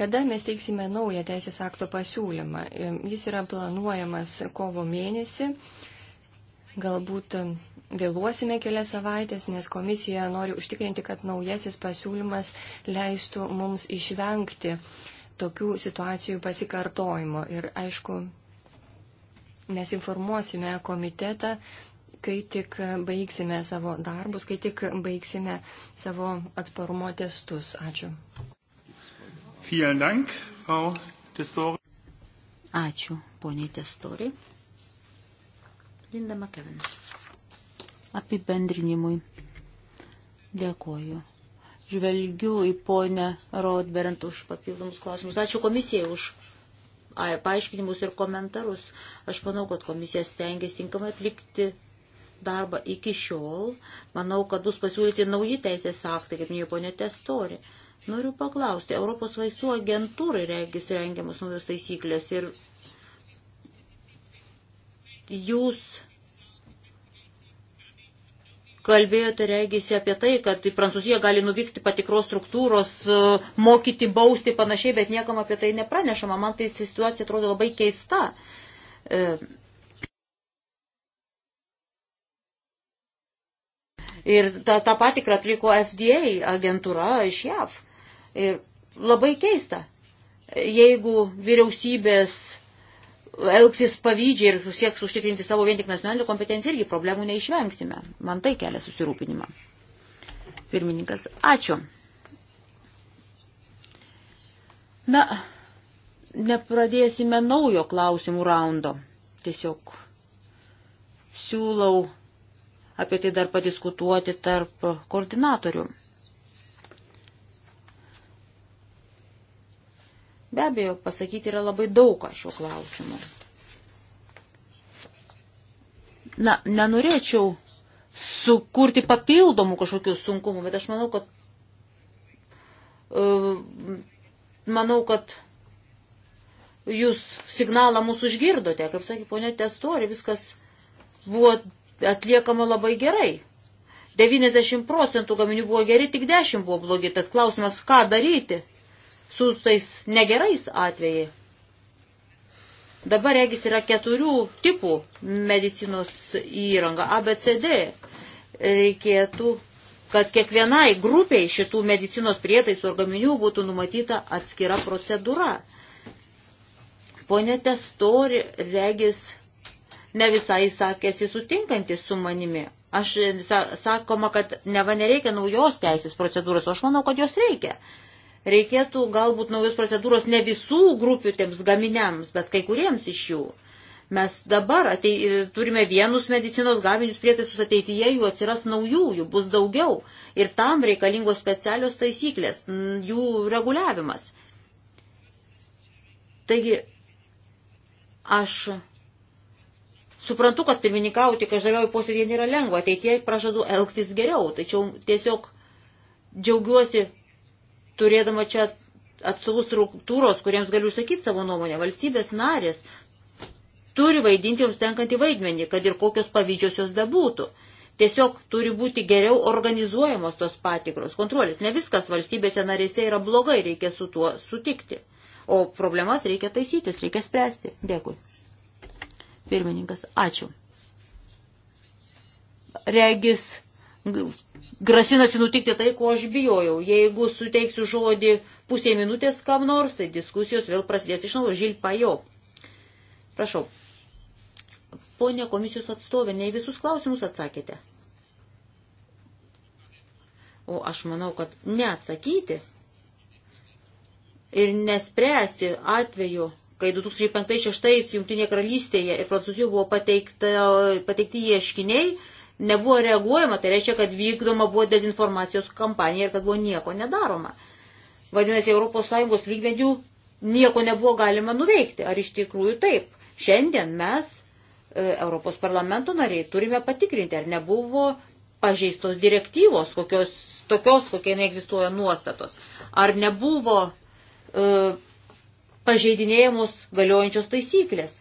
Speaker 5: Kada mes teiksime naują teisės akto pasiūlymą? Jis yra planuojamas kovo mėnesį. Galbūt vėluosime kelias savaitės, nes komisija nori užtikrinti, kad naujasis pasiūlymas leistų mums išvengti tokių situacijų pasikartojimo. Ir aišku, mes informuosime komitetą kai tik baigsime savo darbus, kai tik baigsime savo atsparumo testus. Ačiū.
Speaker 1: Dank, Frau
Speaker 5: Ačiū, poniai Testori. Linda McKevin.
Speaker 3: Apibendrinimui. Dėkoju. Žvelgiu į ponę Rodberant už papildomus klausimus. Ačiū komisijai už paaiškinimus ir komentarus. Aš manau, kad komisija stengiasi tinkamai atlikti darbą iki šiol, manau, kad bus pasiūlyti nauji teisės aktai, kaip minėjo ponė Testori. Noriu paklausti, Europos vaistų agentūrai regis rengiamus naujos taisyklės ir jūs kalbėjote regisi apie tai, kad į Prancūziją gali nuvykti patikros struktūros, e, mokyti, bausti panašiai, bet niekam apie tai nepranešama. Man tai situacija atrodo labai keista. E, Ir tą, tą patikrą atliko FDA agentūra iš JAV. Ir labai keista, jeigu vyriausybės elgsis pavydžiai ir sieks užtikrinti savo vien tik nacionalinę kompetenciją, irgi problemų neišvengsime. Man tai kelia susirūpinimą. Pirmininkas, ačiū. Na, nepradėsime naujo klausimų raundo. Tiesiog siūlau apie tai dar padiskutuoti tarp koordinatorių. Be abejo, pasakyti yra labai daug šiuo klausimu. Na, nenorėčiau sukurti papildomų kažkokių sunkumų, bet aš manau, kad e, manau, kad jūs signalą mūsų išgirdote, kaip sakė ponė Testori, viskas buvo atliekama labai gerai. 90 procentų gaminių buvo geri, tik 10 buvo blogi. Tad klausimas, ką daryti su tais negerais atvejai. Dabar regis yra keturių tipų medicinos įranga ABCD. Reikėtų, kad kiekvienai grupiai šitų medicinos prietaisų ar gaminių būtų numatyta atskira procedūra. Pone Testori regis ne visai sakėsi sutinkantis su manimi. Aš sakoma, kad neva nereikia naujos teisės procedūros, o aš manau, kad jos reikia. Reikėtų galbūt naujos procedūros ne visų grupių tiems gaminiams, bet kai kuriems iš jų. Mes dabar atei, turime vienus medicinos gaminius prietaisus, ateityje jų atsiras naujų, jų bus daugiau. Ir tam reikalingos specialios taisyklės, jų reguliavimas. Taigi, aš Suprantu, kad pirmininkauti každaviau posėdėje nėra lengva, ateitie pražadu elgtis geriau, tačiau tiesiog džiaugiuosi turėdama čia atstovų struktūros, kuriems galiu išsakyti savo nuomonę, valstybės narės turi vaidinti joms tenkantį vaidmenį, kad ir kokios pavydžios jos bebūtų. Tiesiog turi būti geriau organizuojamos tos patikros, kontrolės. Ne viskas valstybėse narėse yra blogai, reikia su tuo sutikti. O problemas reikia taisytis, reikia spręsti. Dėkui. Pirmininkas, ačiū. Regis grasinasi nutikti tai, ko aš bijojau. Jeigu suteiksiu žodį pusė minutės kam nors, tai diskusijos vėl prasidės iš naujo. Žil pajo. Prašau. Pone komisijos atstovė, ne visus klausimus atsakėte. O aš manau, kad neatsakyti ir nespręsti atveju kai 2005-2006 Junktinėje karalystėje ir Prancūzijoje buvo pateikta, pateikti ieškiniai, nebuvo reaguojama, tai reiškia, kad vykdoma buvo dezinformacijos kampanija ir kad buvo nieko nedaroma. Vadinasi, ES lygmenių nieko nebuvo galima nuveikti. Ar iš tikrųjų taip? Šiandien mes, e, Europos parlamento nariai, turime patikrinti, ar nebuvo pažeistos direktyvos, kokios, tokios, kokie neegzistuoja nuostatos. Ar nebuvo e, pažeidinėjamos galiojančios taisyklės.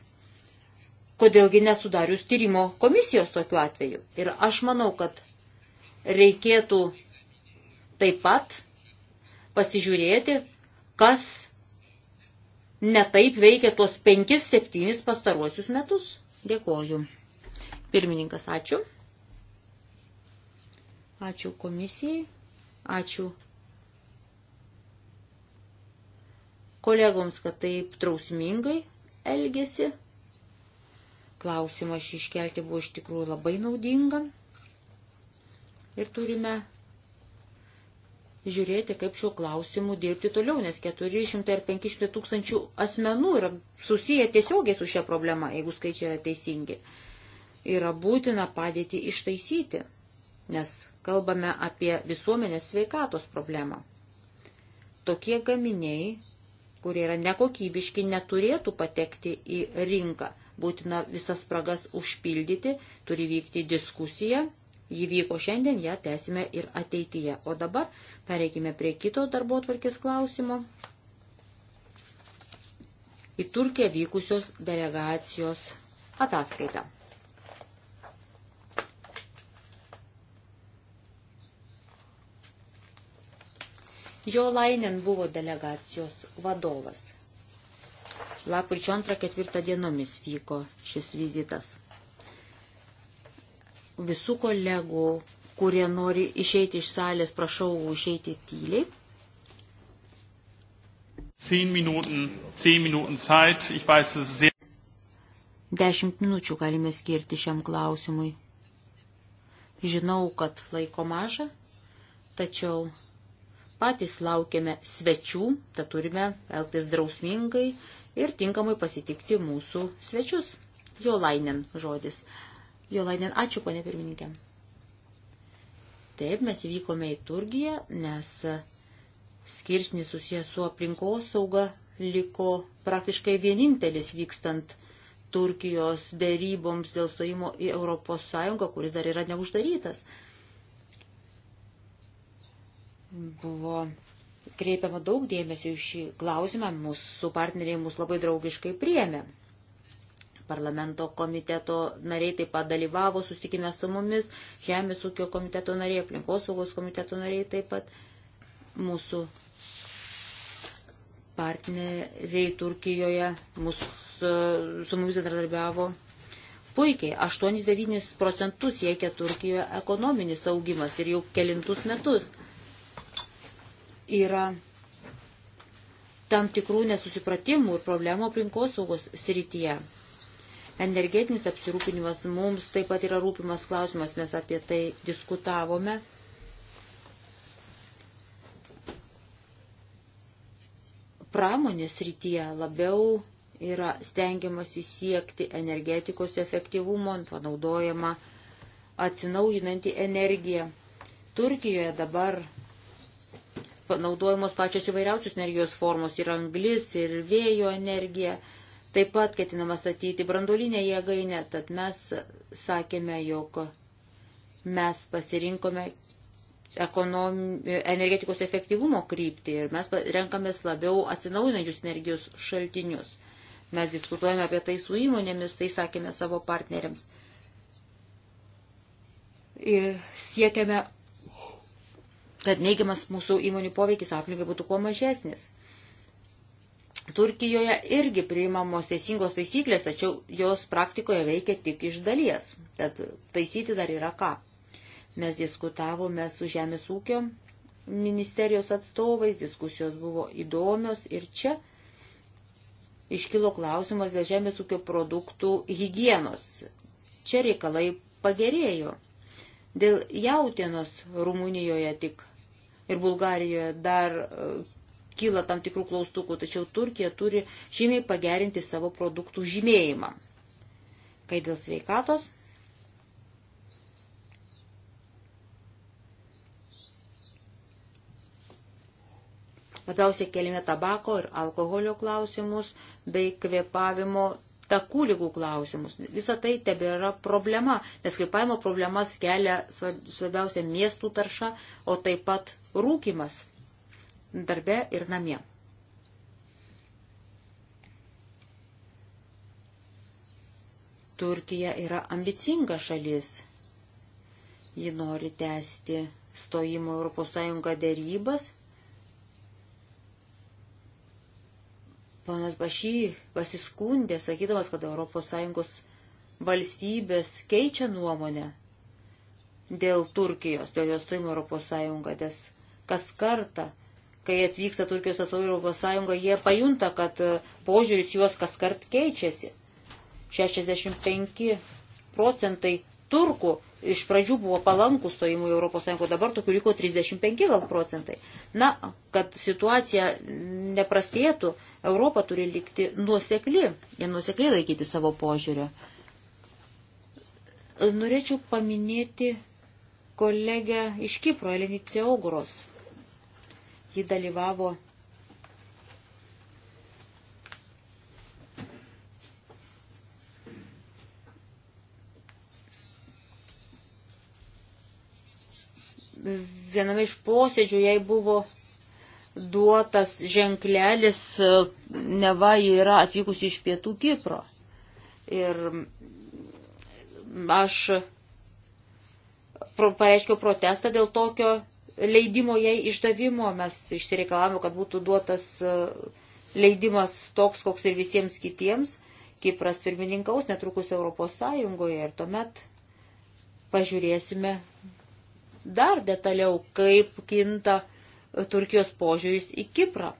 Speaker 3: Kodėlgi nesudarius tyrimo komisijos tokiu atveju. Ir aš manau, kad reikėtų taip pat pasižiūrėti, kas netaip veikia tuos penkis, septynis pastaruosius metus. Dėkoju. Pirmininkas, ačiū. Ačiū komisijai, ačiū kolegoms, kad taip trausmingai elgesi. Klausimas iškelti buvo iš tikrųjų labai naudinga. Ir turime žiūrėti, kaip šiuo klausimu dirbti toliau, nes 400 ar 500 tūkstančių asmenų yra susiję tiesiogiai su šia problema, jeigu skaičiai yra teisingi. Yra būtina padėti ištaisyti, nes kalbame apie visuomenės sveikatos problemą. Tokie gaminiai kurie yra nekokybiški, neturėtų patekti į rinką. Būtina visas spragas užpildyti, turi vykti diskusija. Ji vyko šiandien, ją tęsime ir ateityje. O dabar pereikime prie kito darbo tvarkės klausimo. Į Turkiją vykusios delegacijos ataskaitą. Jo Lainen buvo delegacijos vadovas. Lapkričio 2-4 dienomis vyko šis vizitas. Visų kolegų, kurie nori išeiti iš salės, prašau išeiti tyliai.
Speaker 1: 10 minuten, 10 minuten Zeit. Ich weiß, es ist sehr.
Speaker 3: Dešimt minučių galime skirti šiam klausimui. Žinau, kad laiko maža, tačiau patys laukiame svečių, tad turime elgtis drausmingai ir tinkamai pasitikti mūsų svečius. Jo lainen žodis. Jo lainen, ačiū, ponė pirmininkė. Taip, mes įvykome į Turgiją, nes skirsnis susijęs su aplinkosauga liko praktiškai vienintelis vykstant Turkijos dėryboms dėl stojimo į Europos Sąjungą, kuris dar yra neuždarytas. Buvo kreipiama daug dėmesio į šį klausimą, mūsų partneriai mus labai draugiškai priemė. Parlamento komiteto nariai taip pat dalyvavo susitikime su mumis, Žemės ūkio komiteto nariai, aplinkosaugos komiteto nariai taip pat mūsų partneriai Turkijoje mus, su mumis atradarbiavo puikiai. 8-9 procentus siekia Turkijoje ekonominis augimas ir jau kelintus metus yra tam tikrų nesusipratimų ir problemų aplinkosaugos srityje. Energetinis apsirūpinimas mums taip pat yra rūpimas klausimas, mes apie tai diskutavome. Pramonės srityje labiau yra stengiamas įsiekti energetikos efektyvumo, panaudojama atsinaujinanti energija. Turkijoje dabar naudojamos pačios įvairiausios energijos formos ir anglis, ir vėjo energija. Taip pat ketinama statyti brandolinę jėgainę, tad mes sakėme, jog mes pasirinkome ekonom... energetikos efektyvumo kryptį ir mes renkamės labiau atsinaujinančius energijos šaltinius. Mes diskutuojame apie tai su įmonėmis, tai sakėme savo partneriams. Ir siekiame kad neigiamas mūsų įmonių poveikis aplinkai būtų kuo mažesnis. Turkijoje irgi priimamos teisingos taisyklės, tačiau jos praktikoje veikia tik iš dalies. Tad taisyti dar yra ką. Mes diskutavome su Žemės ūkio ministerijos atstovais, diskusijos buvo įdomios ir čia iškilo klausimas dėl žemės ūkio produktų hygienos. Čia reikalai pagerėjo. Dėl jautienos Rumunijoje tik ir Bulgarijoje dar e, kyla tam tikrų klaustukų, tačiau Turkija turi žymiai pagerinti savo produktų žymėjimą. Kai dėl sveikatos. Labiausiai kelime tabako ir alkoholio klausimus bei kvėpavimo takų lygų klausimus. Visa tai tebėra problema, nes kvėpavimo problemas kelia svarbiausia miestų tarša, o taip pat rūkimas darbe ir namie. Turkija yra ambicinga šalis. Ji nori tęsti stojimo Europos Sąjungą dėrybas. Ponas Bašy pasiskundė, sakydamas, kad Europos Sąjungos valstybės keičia nuomonę dėl Turkijos, dėl jos stojimo Europos Sąjungą, nes kas kartą, kai atvyksta Turkijos atstovai Europos Sąjunga, jie pajunta, kad e, požiūris juos kas kart keičiasi. 65 procentai turkų iš pradžių buvo palankų stojimų į Europos Sąjungą, dabar tokių liko 35 gal procentai. Na, kad situacija neprastėtų, Europa turi likti nuosekli ir nuosekliai laikyti savo požiūrio. Norėčiau paminėti kolegę iš Kipro, Elenice Ogros. Ji dalyvavo viename iš posėdžių jai buvo duotas ženklelis, neva ji yra atvykusi iš pietų Kipro. Ir aš pareiškiau protestą dėl tokio leidimo jai išdavimo, mes išsireikalavome, kad būtų duotas e, leidimas toks, koks ir visiems kitiems. Kipras pirmininkaus netrukus Europos Sąjungoje ir tuomet pažiūrėsime dar detaliau, kaip kinta Turkijos požiūris į Kiprą.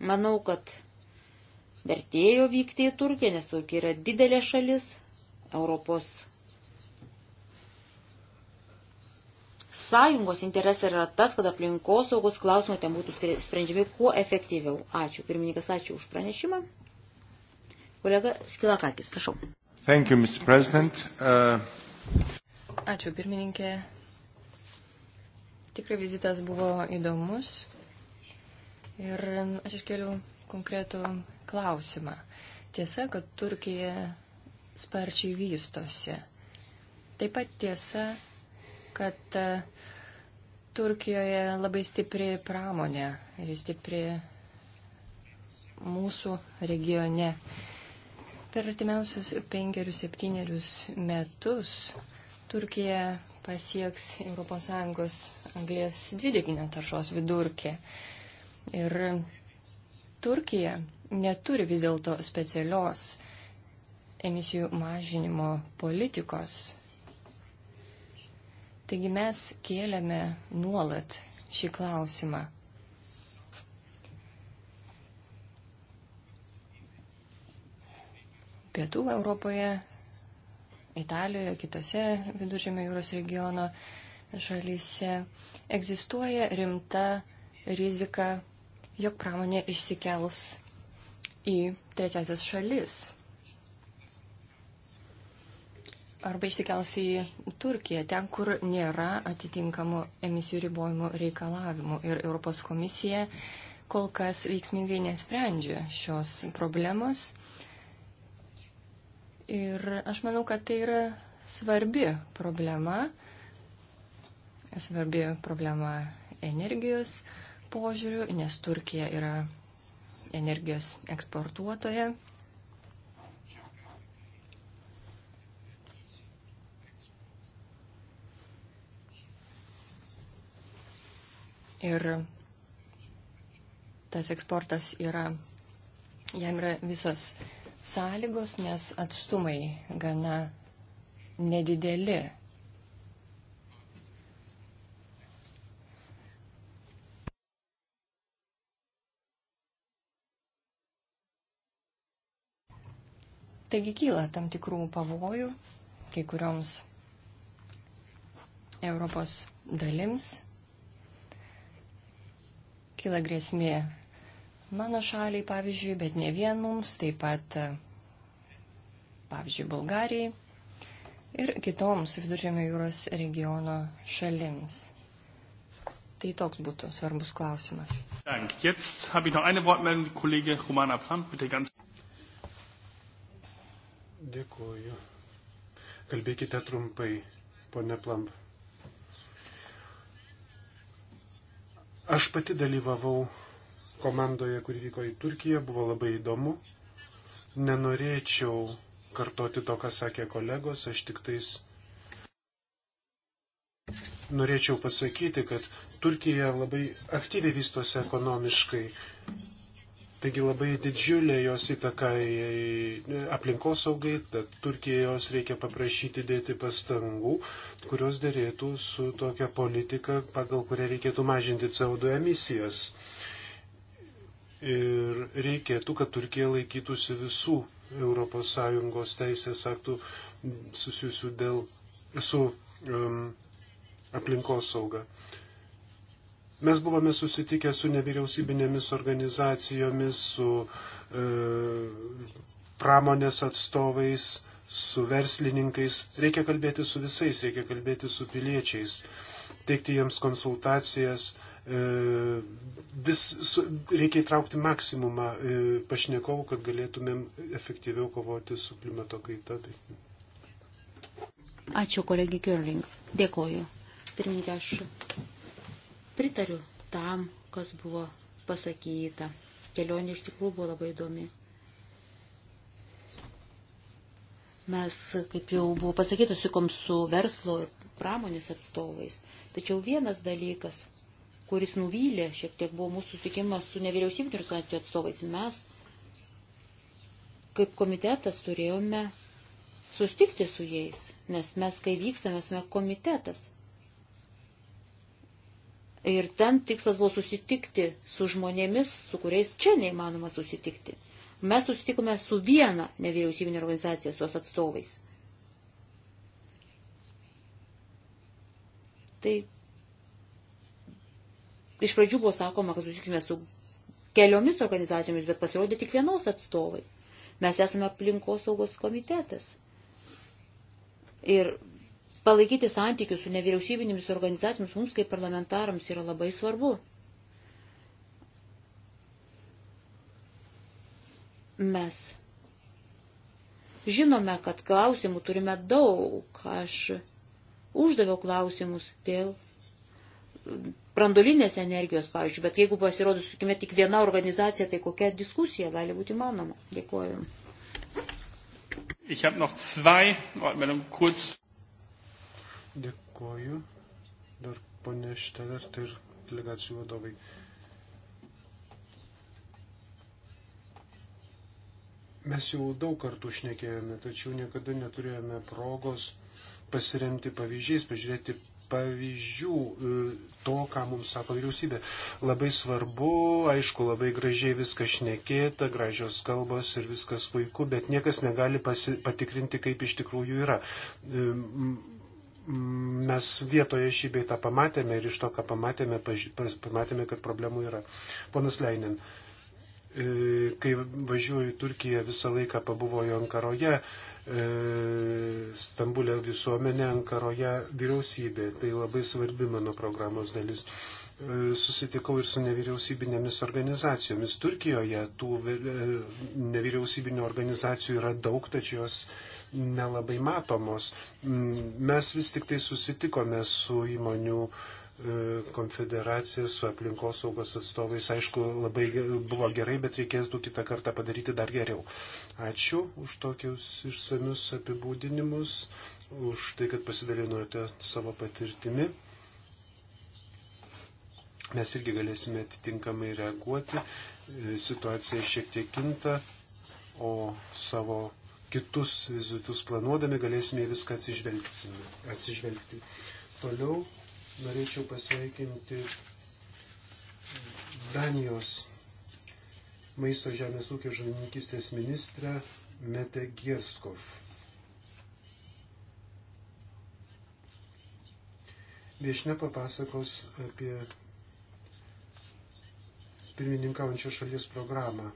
Speaker 3: Manau, kad vertėjo vykti į Turkiją, nes Turkija yra didelė šalis, Europos ES interesai yra tas, kad aplinkosaugos klausimai ten būtų sprendžiami kuo efektyviau. Ačiū. Pirmininkas, ačiū už pranešimą.
Speaker 5: Kolega Skilakakis, prašau.
Speaker 2: Thank you, Mr. President. Uh...
Speaker 5: Ačiū, pirmininkė. Tikrai vizitas buvo įdomus. Ir aš iškeliu konkretų klausimą. Tiesa, kad Turkija sparčiai vystosi. Taip pat tiesa, kad Turkijoje labai stipri pramonė ir stipri mūsų regione. Per artimiausius penkerius, septynerius metus Turkija pasieks ES anglės dvideginio taršos vidurkį. Ir Turkija neturi vis dėlto specialios emisijų mažinimo politikos. Taigi mes kėlėme nuolat šį klausimą. Pietų Europoje, Italijoje, kitose viduržėmio jūros regiono šalyse egzistuoja rimta rizika, jog pramonė išsikels į trečiasis šalis arba išsikels į Turkiją, ten, kur nėra atitinkamų emisijų ribojimų reikalavimų. Ir Europos komisija kol kas veiksmingai nesprendžia šios problemos. Ir aš manau, kad tai yra svarbi problema, svarbi problema energijos požiūrių, nes Turkija yra energijos eksportuotoja ir tas eksportas yra, jam yra visos sąlygos, nes atstumai gana nedideli. Taigi kyla tam tikrų pavojų kai kurioms Europos dalims kyla grėsmė mano šaliai, pavyzdžiui, bet ne vien mums, taip pat, pavyzdžiui, Bulgarijai ir kitoms Viduržėmio jūros regiono šalims. Tai toks būtų svarbus klausimas.
Speaker 2: Dėkuoju. Kalbėkite trumpai, ponė Plamp. Aš pati dalyvavau komandoje, kuri vyko į Turkiją, buvo labai įdomu. Nenorėčiau kartoti to, ką sakė kolegos, aš tik tais norėčiau pasakyti, kad Turkija labai aktyviai vystosi ekonomiškai Taigi labai didžiulė jos įtaka aplinkosaugai, tad Turkijos reikia paprašyti dėti pastangų, kurios dėrėtų su tokia politika, pagal kurią reikėtų mažinti CO2 emisijas. Ir reikėtų, kad Turkija laikytųsi visų ES teisės aktų susijusių dėl, su um, aplinkosauga. sauga. Mes buvome susitikę su nevyriausybinėmis organizacijomis, su e, pramonės atstovais, su verslininkais. Reikia kalbėti su visais, reikia kalbėti su piliečiais, teikti jiems konsultacijas. E, vis, su, reikia įtraukti maksimumą e, pašnekovų, kad galėtumėm efektyviau kovoti su klimato kaita.
Speaker 3: Ačiū, kolegi Kirling. Dėkoju. Pirmininkė, aš Pritariu tam, kas buvo pasakyta. Kelionė iš tikrųjų buvo labai įdomi. Mes, kaip jau buvo pasakyta, sukom su verslo ir pramonės atstovais. Tačiau vienas dalykas, kuris nuvylė, šiek tiek buvo mūsų susitikimas su nevyriausybinių organizacijų atstovais. Mes, kaip komitetas, turėjome sustikti su jais, nes mes, kai vykstame, mes komitetas. Ir ten tikslas buvo susitikti su žmonėmis, su kuriais čia neįmanoma susitikti. Mes susitikome su viena nevyriausybinė organizacija, su jos atstovais. Tai iš pradžių buvo sakoma, kad susitikime su keliomis organizacijomis, bet pasirodė tik vienos atstovai. Mes esame aplinkosaugos komitetas. Ir palaikyti santykius su nevyriausybinėmis organizacijomis mums kaip parlamentarams yra labai svarbu. Mes žinome, kad klausimų turime daug. Aš uždaviau klausimus dėl brandolinės energijos, pavyzdžiui, bet jeigu pasirodys, sakykime, tik viena organizacija, tai kokia diskusija gali būti manoma. Dėkuoju.
Speaker 1: Ich habe noch zwei Wortmeldungen kurz
Speaker 2: Dėkoju dar ponė Štelert tai ir delegacijų vadovai. Mes jau daug kartų šnekėjome, tačiau niekada neturėjome progos pasiremti pavyzdžiais, pažiūrėti pavyzdžių e, to, ką mums sako vyriausybė. Labai svarbu, aišku, labai gražiai viskas šnekėta, gražios kalbos ir viskas puiku, bet niekas negali patikrinti, kaip iš tikrųjų yra. E, mes vietoje šį beitą pamatėme ir iš to, ką pamatėme, pamatėme, kad problemų yra. Ponas Leinin, e, kai važiuoju į Turkiją, visą laiką pabuvoju Ankaroje, e, Stambulė visuomenė, Ankaroje vyriausybė. Tai labai svarbi mano programos dalis. E, susitikau ir su nevyriausybinėmis organizacijomis. Turkijoje tų nevyriausybinių organizacijų yra daug, tačiau jos nelabai matomos. Mes vis tik tai susitikome su įmonių e, konfederacija, su aplinkosaugos atstovais. Aišku, labai buvo gerai, bet reikėtų kitą kartą padaryti dar geriau. Ačiū už tokius išsamius apibūdinimus, už tai, kad pasidalinote savo patirtimi mes irgi galėsime atitinkamai reaguoti. E, situacija šiek tiek kinta, o savo kitus vizitus planuodami galėsime viską atsižvelgti. atsižvelgti. Toliau norėčiau pasveikinti Danijos maisto žemės ūkio žuvininkistės ministrą Mete Gieskov. Viešne papasakos apie pirmininkaujančios šalies programą.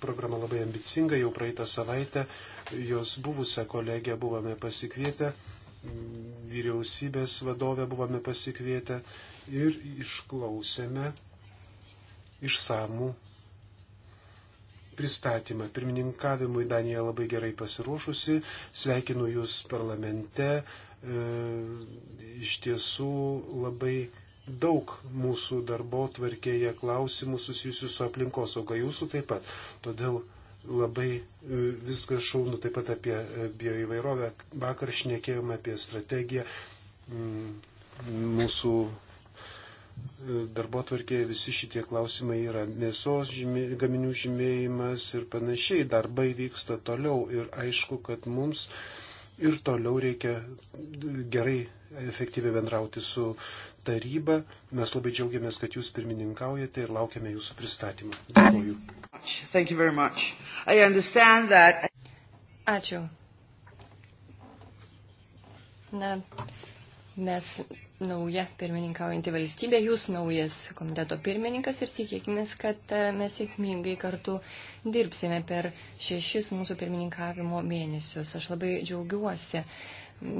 Speaker 2: Programa labai ambicinga, jau praeitą savaitę uh, jos buvusią kolegę buvome pasikvietę, vyriausybės vadovę buvome pasikvietę ir išklausėme išsamų pristatymą. Pirmininkavimui Danija labai gerai pasiruošusi, sveikinu Jūs parlamente, e, iš tiesų labai daug mūsų darbo tvarkėje klausimų susijusių su aplinkosauga, jūsų taip pat. Todėl labai e, viskas šaunu taip pat apie e, bioįvairovę. Vakar šnekėjome apie strategiją. Mm, mūsų e, darbo tvarkėje visi šitie klausimai yra mėsos žymė, gaminių žymėjimas ir panašiai. Darbai vyksta toliau ir aišku, kad mums uh, ir toliau reikia gerai, efektyviai bendrauti su taryba. Mes labai džiaugiamės, kad jūs pirmininkaujate ir laukiame jūsų pristatymą. Dėkuoju.
Speaker 5: Ačiū. Na, mes nauja pirmininkaujanti valstybė, jūs naujas komiteto pirmininkas ir tikėkime, kad e, mes sėkmingai kartu dirbsime per šešis mūsų pirmininkavimo mėnesius. Aš labai džiaugiuosi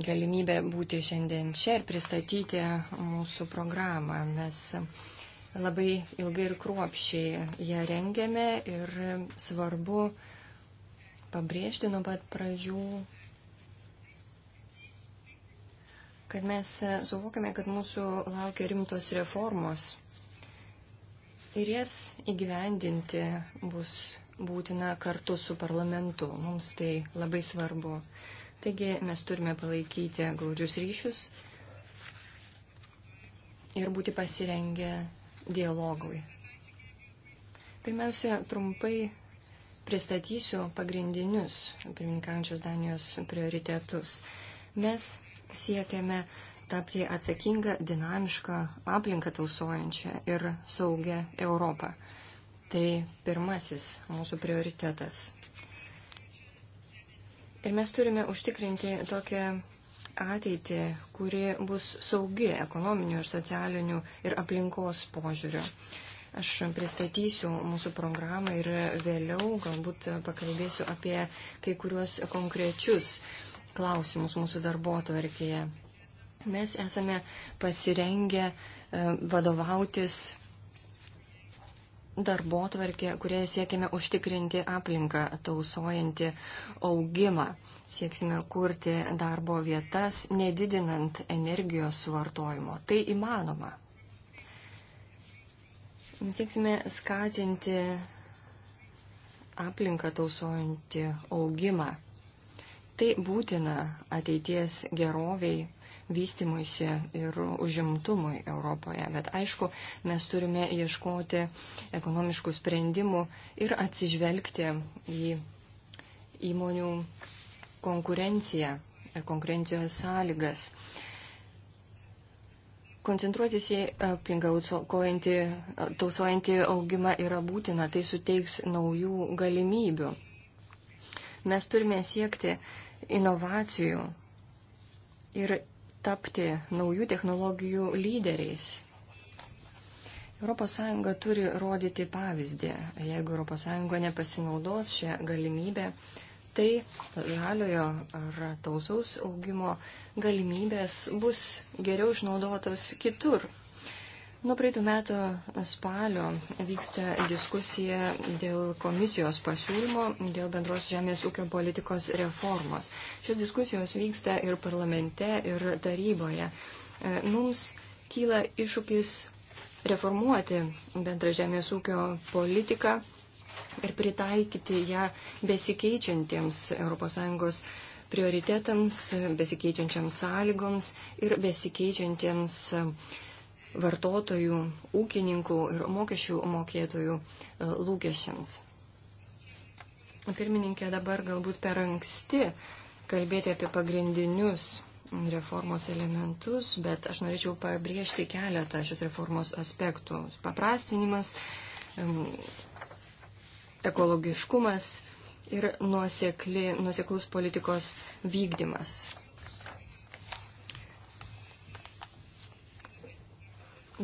Speaker 5: galimybę būti šiandien čia ir pristatyti mūsų programą. Mes labai ilgai ir kruopščiai ją rengėme ir svarbu pabrėžti nuo pat pradžių, kad mes e, suvokiame, kad mūsų laukia rimtos reformos ir jas įgyvendinti bus būtina kartu su parlamentu. Mums tai labai svarbu. Taigi mes turime palaikyti glaudžius ryšius ir būti pasirengę dialogui. Pirmiausia, trumpai pristatysiu pagrindinius pirmininkaujančios Danijos prioritetus. Mes siekiame tapti atsakingą, dinamišką, aplinką tausojančią ir saugę Europą. Tai pirmasis mūsų prioritetas. Ir mes turime užtikrinti tokią ateitį, kuri bus saugi ekonominių ir socialinių ir aplinkos požiūrių. Aš pristatysiu mūsų programą ir vėliau galbūt pakalbėsiu apie kai kuriuos konkrečius klausimus mūsų darbo atvarkėje. Mes esame pasirengę e, vadovautis darbo atvarkė, kurioje siekime užtikrinti aplinką tausojantį augimą. Sieksime kurti darbo vietas, nedidinant energijos suvartojimo. Tai įmanoma. Sieksime skatinti aplinką tausojantį augimą. Tai būtina ateities geroviai, vystimuisi ir užimtumui Europoje. Bet aišku, mes turime ieškoti ekonomiškų sprendimų ir atsižvelgti į įmonių konkurenciją ir konkurencijos sąlygas. Koncentruotis į aplinką tausojantį augimą yra būtina, tai suteiks naujų galimybių. Mes turime siekti, inovacijų ir tapti naujų technologijų lyderiais. ES turi rodyti pavyzdį. Jeigu ES nepasinaudos šią galimybę, tai žaliojo ar tausaus augimo galimybės bus geriau išnaudotos kitur. Nuo praeitų metų spalio vyksta diskusija dėl komisijos pasiūlymo dėl bendros žemės ūkio politikos reformos. Šios diskusijos vyksta ir parlamente, ir taryboje. E, mums kyla iššūkis reformuoti bendrą žemės ūkio politiką ir pritaikyti ją besikeičiantiems ES prioritetams, besikeičiančiams sąlygoms ir besikeičiantiems vartotojų, ūkininkų ir mokesčių mokėtojų e, lūkesčiams. Pirmininkė dabar galbūt per anksti kalbėti apie pagrindinius reformos elementus, bet aš norėčiau pabrėžti keletą šios reformos aspektų. Paprastinimas, ekologiškumas ir nuosekli, nuoseklus politikos vykdymas.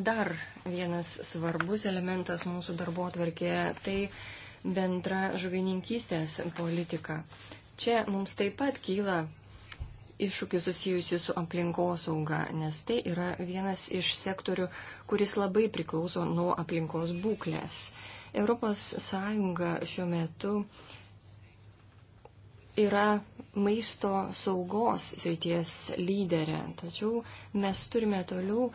Speaker 5: Dar vienas svarbus elementas mūsų darbo atvarkėje - tai bendra žuvininkystės politika. Čia mums taip pat kyla iššūkių susijusių su aplinkosauga, nes tai yra vienas iš sektorių, kuris labai priklauso nuo aplinkos būklės. ES šiuo metu yra maisto saugos srities lyderė, tačiau mes turime toliau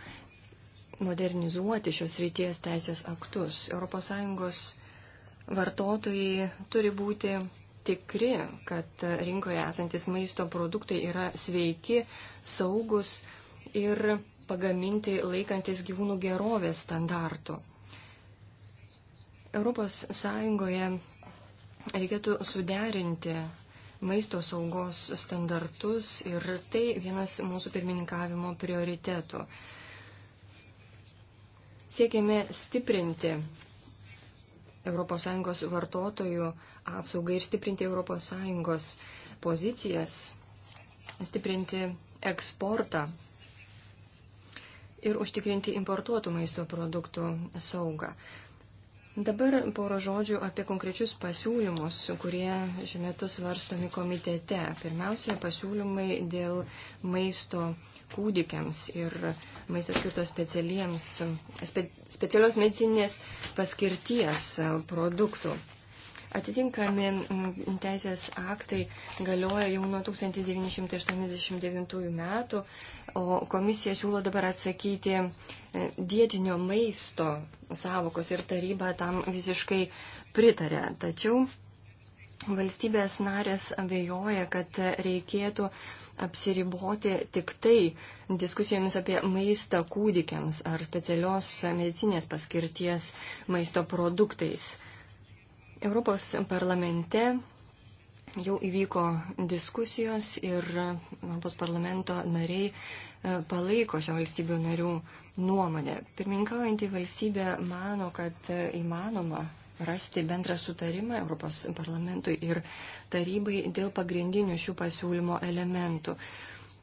Speaker 5: modernizuoti šios ryties teisės aktus. ES vartotojai turi būti tikri, kad rinkoje esantis maisto produktai yra sveiki, saugus ir pagaminti laikantis gyvūnų gerovės standartų. ES reikėtų suderinti maisto saugos standartus ir tai vienas mūsų pirmininkavimo prioritetų. Siekiame stiprinti ES vartotojų apsaugą ir stiprinti ES pozicijas, stiprinti eksportą ir užtikrinti importuotų maisto produktų saugą. Dabar porą žodžių apie konkrečius pasiūlymus, kurie šiuo metu svarstomi komitete. Pirmiausia, pasiūlymai dėl maisto kūdikiams ir maistas skirtos specialiems, spe, specialios medicinės paskirties produktų. Atitinkami mm, teisės aktai galioja jau nuo 1989 metų, o komisija siūlo dabar atsakyti e, dietinio maisto savokos ir taryba tam visiškai pritarė. Tačiau Valstybės narės abejoja, kad reikėtų apsiriboti tik tai diskusijomis apie maistą kūdikiams ar specialios medicinės paskirties maisto produktais. Europos parlamente jau įvyko diskusijos ir Europos parlamento nariai e, palaiko šio valstybių narių nuomonę. Pirminkaujantį valstybę mano, kad e, įmanoma rasti bendrą sutarimą Europos parlamentui ir tarybai dėl pagrindinių šių pasiūlymo elementų.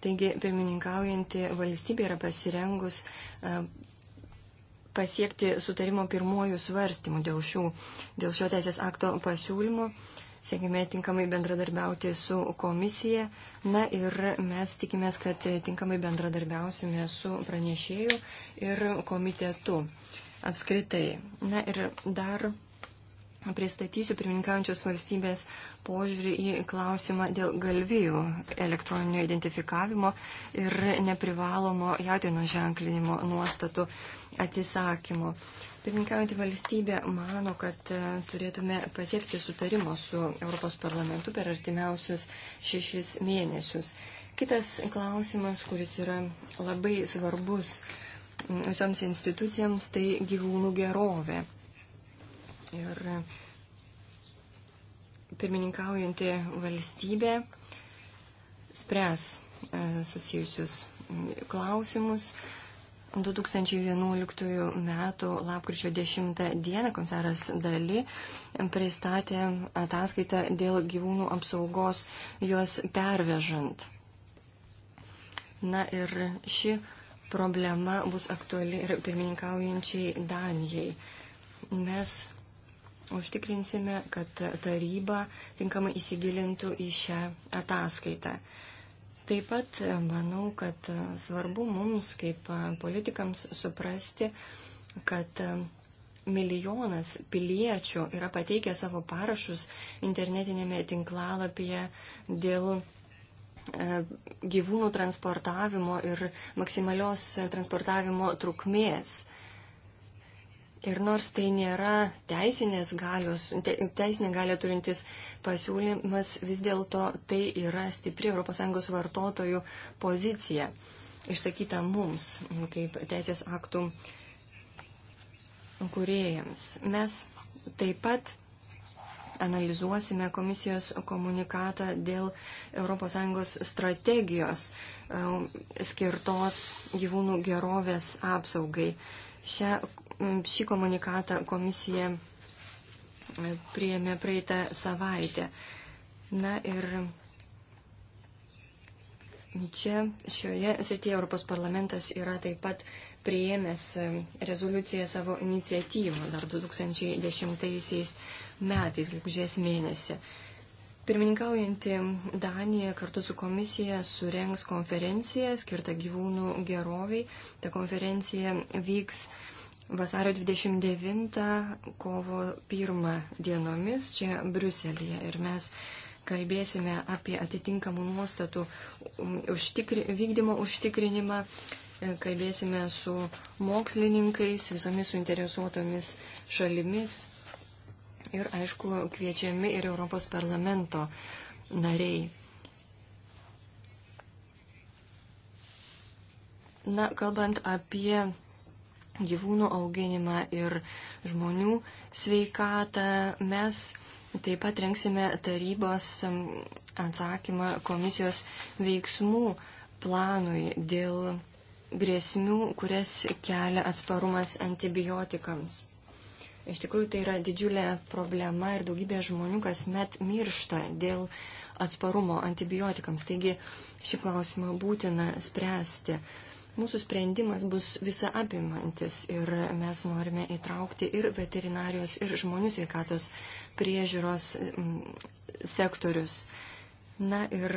Speaker 5: Taigi, pirmininkaujanti valstybė yra pasirengus e, pasiekti sutarimo pirmojų svarstymų dėl, šių, dėl šio teisės akto pasiūlymo. Siekime tinkamai bendradarbiauti su komisija. Na ir mes tikimės, kad tinkamai bendradarbiausime su pranešėju ir komitetu apskritai. Na ir dar pristatysiu pirmininkaujančios valstybės požiūrį į klausimą dėl galvijų elektroninio identifikavimo ir neprivalomo jautino ženklinimo nuostatų atsisakymo. Pirmininkaujantį valstybę mano, kad e, turėtume pasiekti sutarimo su Europos parlamentu per artimiausius šešis mėnesius. Kitas klausimas, kuris yra labai svarbus visoms institucijams, tai gyvūnų gerovė. Ir pirmininkaujanti valstybė spręs e, susijusius klausimus. 2011 m. lapkričio 10 d. komisaras Dali pristatė ataskaitą dėl gyvūnų apsaugos juos pervežant. Na ir ši problema bus aktuali ir pirmininkaujančiai Danijai. Mes užtikrinsime, kad taryba tinkamai įsigilintų į šią ataskaitą. Taip pat e, manau, kad e, svarbu mums kaip e, politikams suprasti, kad milijonas piliečių yra pateikę savo parašus internetinėme tinklalapyje dėl gyvūnų transportavimo ir maksimalios transportavimo trukmės. Ir nors tai nėra teisinės galios, te, teisinė galia turintis pasiūlymas, vis dėlto tai yra stipri ES vartotojų pozicija, išsakyta mums, kaip teisės aktų kuriejams. Mes taip pat analizuosime komisijos komunikatą dėl ES strategijos um, skirtos gyvūnų gerovės apsaugai. Šią šį komunikatą komisija e, priėmė praeitą savaitę. Na ir čia šioje srityje Europos parlamentas yra taip pat priėmęs e, rezoliuciją savo iniciatyvą dar 2010 metais, gegužės mėnesį. Pirmininkaujanti Danija kartu su komisija surengs konferenciją skirtą gyvūnų geroviai. Ta konferencija vyks vasario 29, kovo 1 dienomis čia Bruselėje. Ir mes kalbėsime apie atitinkamų nuostatų um, užtikri, vykdymo užtikrinimą, e, kalbėsime su mokslininkais, visomis suinteresuotomis šalimis ir, aišku, kviečiami ir Europos parlamento nariai. Na, kalbant apie gyvūnų auginimą ir žmonių sveikatą. Mes taip pat renksime tarybos atsakymą komisijos veiksmų planui dėl grėsmių, kurias kelia atsparumas antibiotikams. Iš tikrųjų, tai yra didžiulė problema ir daugybė žmonių kasmet miršta dėl atsparumo antibiotikams. Taigi šį klausimą būtina spręsti. Mūsų sprendimas bus visa apimantis ir mes norime įtraukti ir veterinarijos, ir žmonių sveikatos priežiūros sektorius. Na ir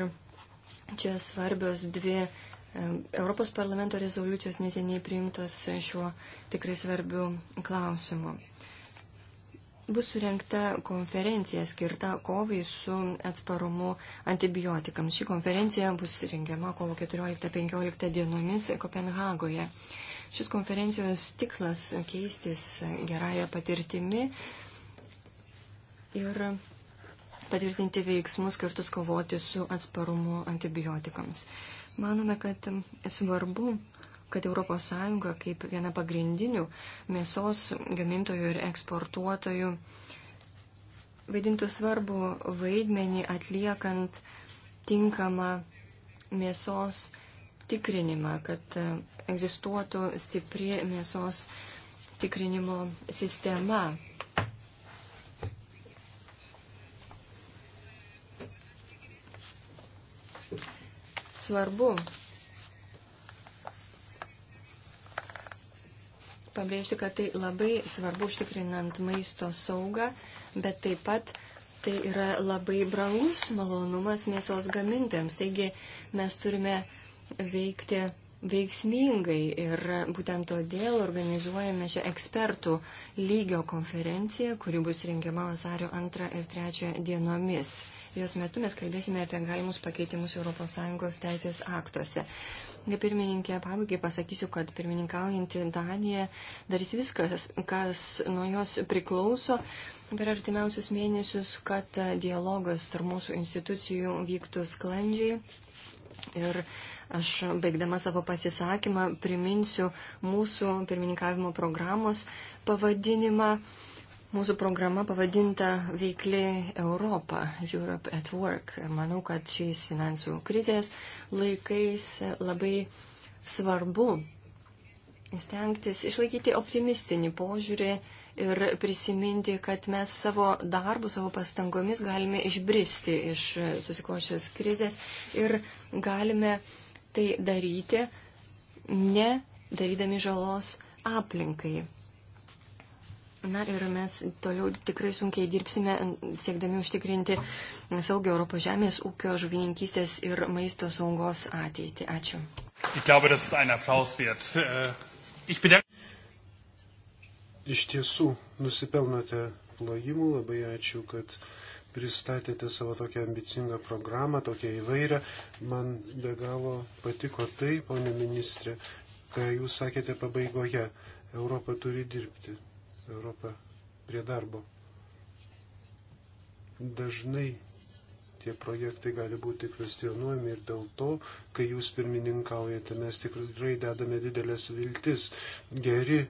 Speaker 5: čia svarbios dvi e, Europos parlamento rezoliucijos neseniai priimtos šiuo tikrai svarbiu klausimu bus surinkta konferencija skirta kovai su atsparumu antibiotikams. Ši konferencija bus rengiama kovo 14-15 dienomis Kopenhagoje. Šis konferencijos tikslas keistis gerąją patirtimi ir patvirtinti veiksmus skirtus kovoti su atsparumu antibiotikams. Manome, kad svarbu kad ES kaip viena pagrindinių mėsos gamintojų ir eksportuotojų vaidintų svarbu vaidmenį atliekant tinkamą mėsos tikrinimą, kad e, egzistuotų stipri mėsos tikrinimo sistema. Svarbu, pabrėžti, kad tai labai svarbu užtikrinant maisto saugą, bet taip pat tai yra labai brangus malonumas mėsos gamintojams. Taigi mes turime veikti veiksmingai ir būtent todėl organizuojame šią ekspertų lygio konferenciją, kuri bus rengiama vasario 2 ir 3 dienomis. Jos metu mes kalbėsime apie galimus pakeitimus ES teisės aktuose. Ne pirmininkė, pabaigai pasakysiu, kad pirmininkaujantį Daniją darys viskas, kas nuo jos priklauso per artimiausius mėnesius, kad dialogas tarp mūsų institucijų vyktų sklandžiai Ir aš baigdama savo pasisakymą priminsiu mūsų pirmininkavimo programos pavadinimą. Mūsų programa pavadinta veikli Europa, Europe at Work. Ir manau, kad šiais finansų krizės laikais labai svarbu stengtis išlaikyti optimistinį požiūrį ir prisiminti, kad mes savo darbu, savo pastangomis galime išbristi iš susiklošęs krizės ir galime tai daryti, ne darydami žalos aplinkai. Na ir mes toliau tikrai sunkiai dirbsime, siekdami užtikrinti saugio Europos žemės ūkio, žuvininkystės ir maisto saugos ateitį. Ačiū.
Speaker 1: Ich glaube,
Speaker 2: das ist ein Applaus wert. Äh, ich bedanke iš tiesų nusipelnote plojimų. Labai ačiū, kad pristatėte savo tokią ambicingą programą, tokią įvairią. Man be galo patiko tai, ponė ministrė, ką jūs sakėte pabaigoje. Europa turi dirbti. Europa prie darbo. Dažnai tie projektai gali būti kvestionuojami ir dėl to, kai jūs pirmininkaujate, mes tikrai dedame didelės viltis. Geri e,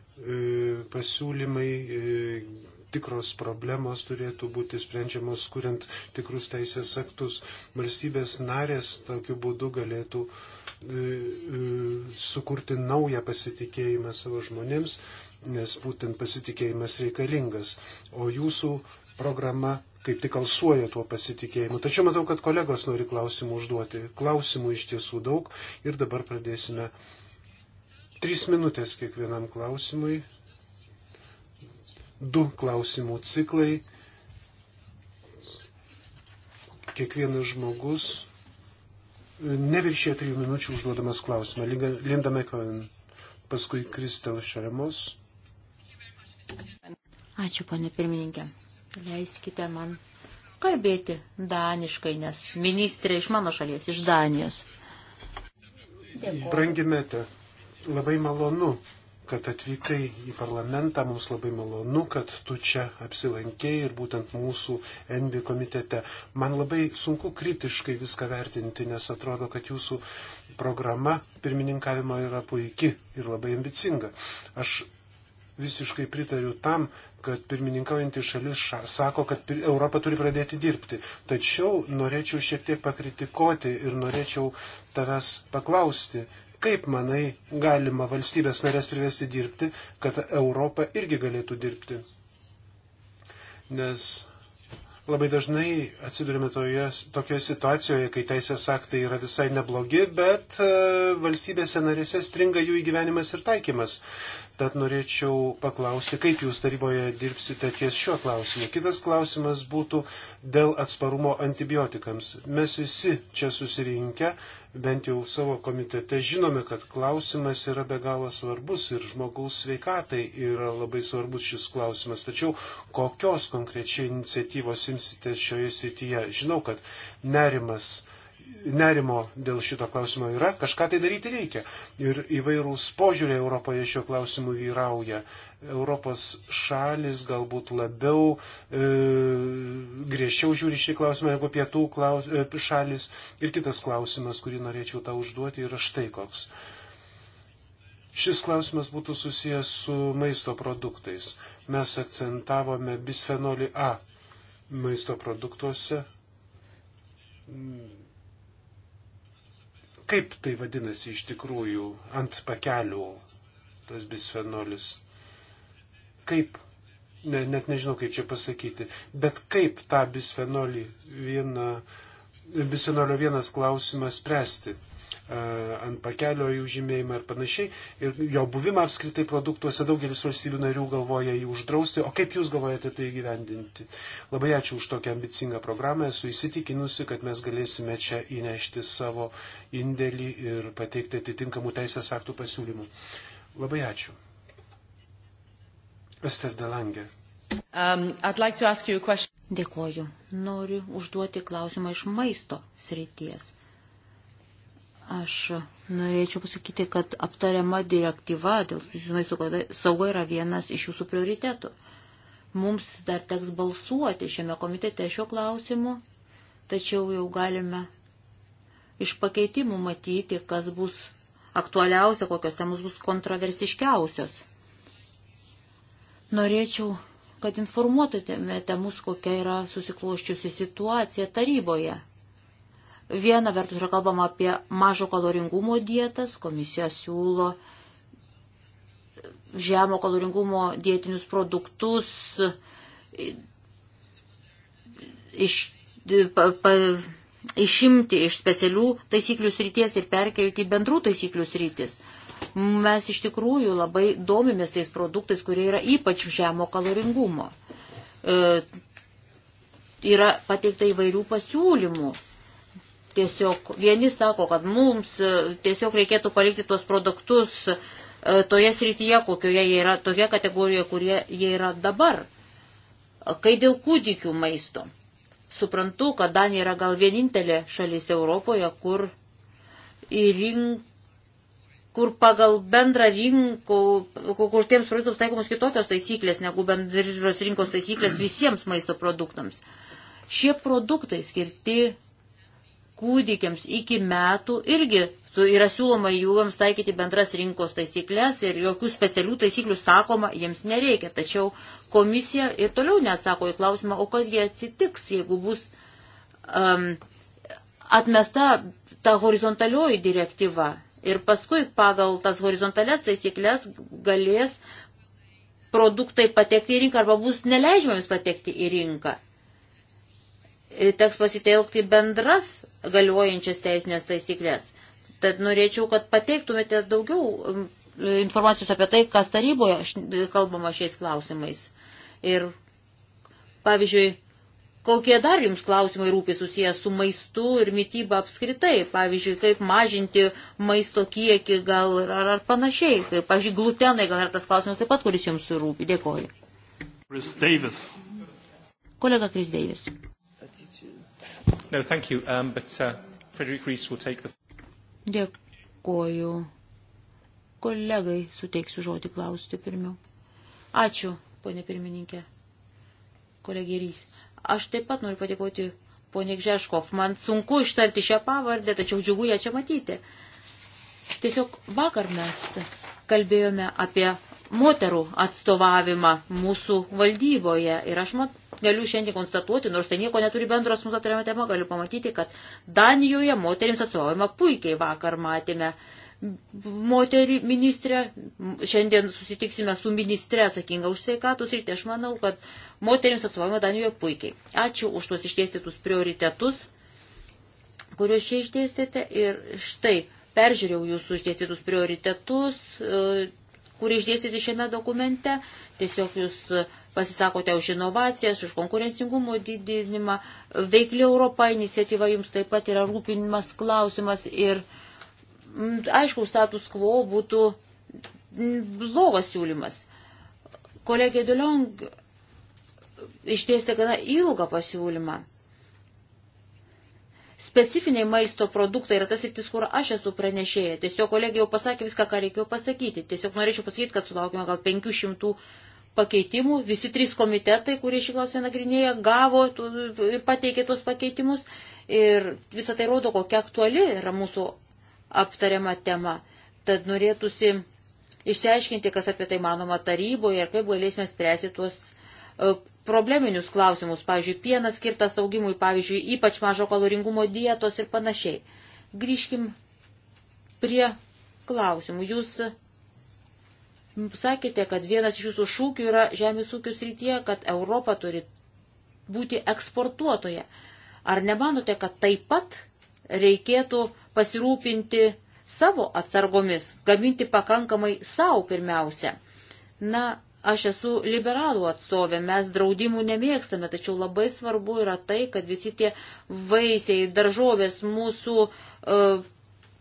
Speaker 2: pasiūlymai, e, tikros problemos turėtų būti sprendžiamos, kuriant tikrus teisės aktus. Valstybės narės tokiu būdu galėtų e, e, sukurti naują pasitikėjimą savo žmonėms, nes būtent pasitikėjimas reikalingas. O jūsų programa kaip tik alsuoja tuo pasitikėjimu. Tačiau matau, kad kolegos nori klausimų užduoti. Klausimų iš tiesų daug ir dabar pradėsime. Trys minutės kiekvienam klausimui. Du klausimų ciklai. Kiekvienas žmogus neviršė trijų minučių užduodamas klausimą. Linda McCohen, paskui Kristel Šeremos.
Speaker 3: Ačiū, ponė pirmininkė. Leiskite man kalbėti daniškai, nes ministrė iš mano šalies, iš Danijos.
Speaker 2: Dėkuoju. Brangimete, labai malonu, kad atvykai į parlamentą, mums labai malonu, kad tu čia apsilankėjai ir būtent mūsų Envi komitete. Man labai sunku kritiškai viską vertinti, nes atrodo, kad jūsų programa pirmininkavimo yra puiki ir labai ambicinga. Aš visiškai pritariu tam, kad pirmininkaujantį šalis ša, sako, kad Europa turi pradėti dirbti. Tačiau norėčiau šiek tiek pakritikoti ir norėčiau tavęs paklausti, kaip manai galima valstybės narės privesti dirbti, kad Europa irgi galėtų dirbti. Nes Labai dažnai atsidurime toje, tokioje situacijoje, kai teisės aktai yra visai neblogi, bet e, valstybėse narėse stringa jų įgyvenimas ir taikymas. Tad norėčiau paklausti, kaip jūs taryboje dirbsite ties šiuo klausimu. Kitas klausimas būtų dėl atsparumo antibiotikams. Mes visi čia susirinkę bent jau savo komitete žinome, kad klausimas yra be galo svarbus ir žmogaus sveikatai yra labai svarbus šis klausimas. Tačiau kokios konkrečiai iniciatyvos imsite šioje srityje? Žinau, kad nerimas nerimo dėl šito klausimo yra, kažką tai daryti reikia. Ir įvairūs požiūriai Europoje šiuo klausimu vyrauja. Europos šalis galbūt labiau e, griežčiau žiūri šį klausimą negu pietų klaus, e, šalis. Ir kitas klausimas, kurį norėčiau tau užduoti, yra štai koks. Šis klausimas būtų susijęs su maisto produktais. Mes akcentavome bisfenolį A maisto produktuose kaip tai vadinasi iš tikrųjų ant pakelių tas bisfenolis. Kaip, ne, net nežinau kaip čia pasakyti, bet kaip tą bisfenolį vieną, bisfenolio vienas klausimą spręsti ant pakelio į žymėjimą ir panašiai. Ir jo buvimą apskritai produktuose daugelis valstybių narių galvoja jį uždrausti. O kaip jūs galvojate tai įgyvendinti? Labai ačiū už tokią ambicingą programą. Esu įsitikinusi, kad mes galėsime čia įnešti savo indėlį ir pateikti atitinkamų teisės aktų pasiūlymų. Labai ačiū. Ester Delange.
Speaker 3: Um, like Dėkoju. Noriu užduoti klausimą iš maisto srities. Aš norėčiau pasakyti, kad aptariama direktyva dėl susijusimai sauga yra vienas iš jūsų prioritetų. Mums dar teks balsuoti šiame komitete šio klausimu, tačiau jau galime iš pakeitimų matyti, kas bus aktualiausia, kokios temos bus kontroversiškiausios. Norėčiau, kad informuotumėte mus, kokia yra susikloščiusi situacija taryboje Viena vertus yra kalbama apie mažo kaloringumo dietas, komisija siūlo žemo kaloringumo dietinius produktus iš, pa, pa, išimti iš specialių taisyklių srities ir perkelti į bendrų taisyklių sritis. Mes iš tikrųjų labai domimės tais produktais, kurie yra ypač žemo kaloringumo. E, yra pateikta įvairių pasiūlymų Tiesiog vieni sako, kad mums e, tiesiog reikėtų palikti tuos produktus e, toje srityje, kokioje jie yra, toje kategorijoje, kurie jie yra dabar. Kai dėl kūdikių maisto. Suprantu, kad Danija yra gal vienintelė šalis Europoje, kur, rink, kur pagal bendrą rinką, kur tiems produktams taikomos kitokios taisyklės negu bendros rinkos taisyklės visiems maisto produktams. Šie produktai skirti kūdikiams iki metų irgi yra siūloma jūlams taikyti bendras rinkos taisyklės ir jokių specialių taisyklių sakoma jiems nereikia. Tačiau komisija ir toliau neatsako į klausimą, o kasgi atsitiks, jeigu bus um, atmesta ta horizontalioji direktyva. Ir paskui pagal tas horizontales taisyklės galės produktai patekti į rinką arba bus neleidžiamas patekti į rinką teks pasitelkti bendras galiojančias teisinės taisyklės. Tad norėčiau, kad pateiktumėte daugiau informacijos apie tai, kas taryboje kalbama šiais klausimais. Ir, pavyzdžiui, kokie dar jums klausimai rūpi susijęs su maistu ir mytyba apskritai. Pavyzdžiui, kaip mažinti maisto kiekį gal ar, ar panašiai. Kaip, pavyzdžiui, glutenai gal yra tas klausimas taip pat, kuris jums rūpi. Dėkoju.
Speaker 1: Chris Davis.
Speaker 3: Kolega Chris Davis.
Speaker 1: No, thank you, um, but uh, Frederick Rees will take the...
Speaker 3: Dėkoju. Kolegai suteiksiu žodį klausti pirmiau. Ačiū, ponė pirmininkė. Kolegė Rys. Aš taip pat noriu padėkoti ponė Gžeškov. Man sunku ištarti šią pavardę, tačiau džiugu ją čia matyti. Tiesiog vakar mes kalbėjome apie moterų atstovavimą mūsų valdyboje ir aš mat, galiu šiandien konstatuoti, nors tai nieko neturi bendro su mūsų aptariama tema, galiu pamatyti, kad Danijoje moterims atstovaujama puikiai vakar matėme moterį ministrę, šiandien susitiksime su ministre atsakinga už sveikatus ir tai aš manau, kad moterims atstovaujama Danijoje puikiai. Ačiū už tuos išdėstytus prioritetus, kuriuos čia išdėstėte ir štai peržiūrėjau jūsų išdėstytus prioritetus, e, kurie išdėstyti šiame dokumente. Tiesiog jūs pasisakote už inovacijas, už konkurencingumo didinimą. Veikli Europa iniciatyva jums taip pat yra rūpinimas klausimas ir mm, aišku, status quo būtų mm, blogas siūlymas. Kolegė Duliong išdėstė gana ilgą pasiūlymą. Specifiniai maisto produktai yra tas rytis, kur aš esu pranešėję. Tiesiog kolegija jau pasakė viską, ką reikėjo pasakyti. Tiesiog norėčiau pasakyti, kad sulaukime gal 500 pakeitimų. Visi trys komitetai, kurie šį klausimą nagrinėja, gavo ir pateikė tuos pakeitimus. Ir visą tai rodo, kokia aktuali yra mūsų aptariama tema. Tad norėtųsi išsiaiškinti, kas apie tai manoma taryboje ir kaip galėsime spręsti tuos e, probleminius klausimus, pavyzdžiui, pienas skirtas augimui, pavyzdžiui, ypač mažo kaloringumo dietos ir panašiai. Grįžkim prie klausimų. Jūs Sakėte, kad vienas iš jūsų šūkių yra žemės ūkio srityje, kad Europa turi būti eksportuotoje. Ar nemanote, kad taip pat reikėtų pasirūpinti savo atsargomis, gaminti pakankamai savo pirmiausia? Na, aš esu liberalų atstovė, mes draudimų nemėgstame, tačiau labai svarbu yra tai, kad visi tie vaisiai, daržovės mūsų uh,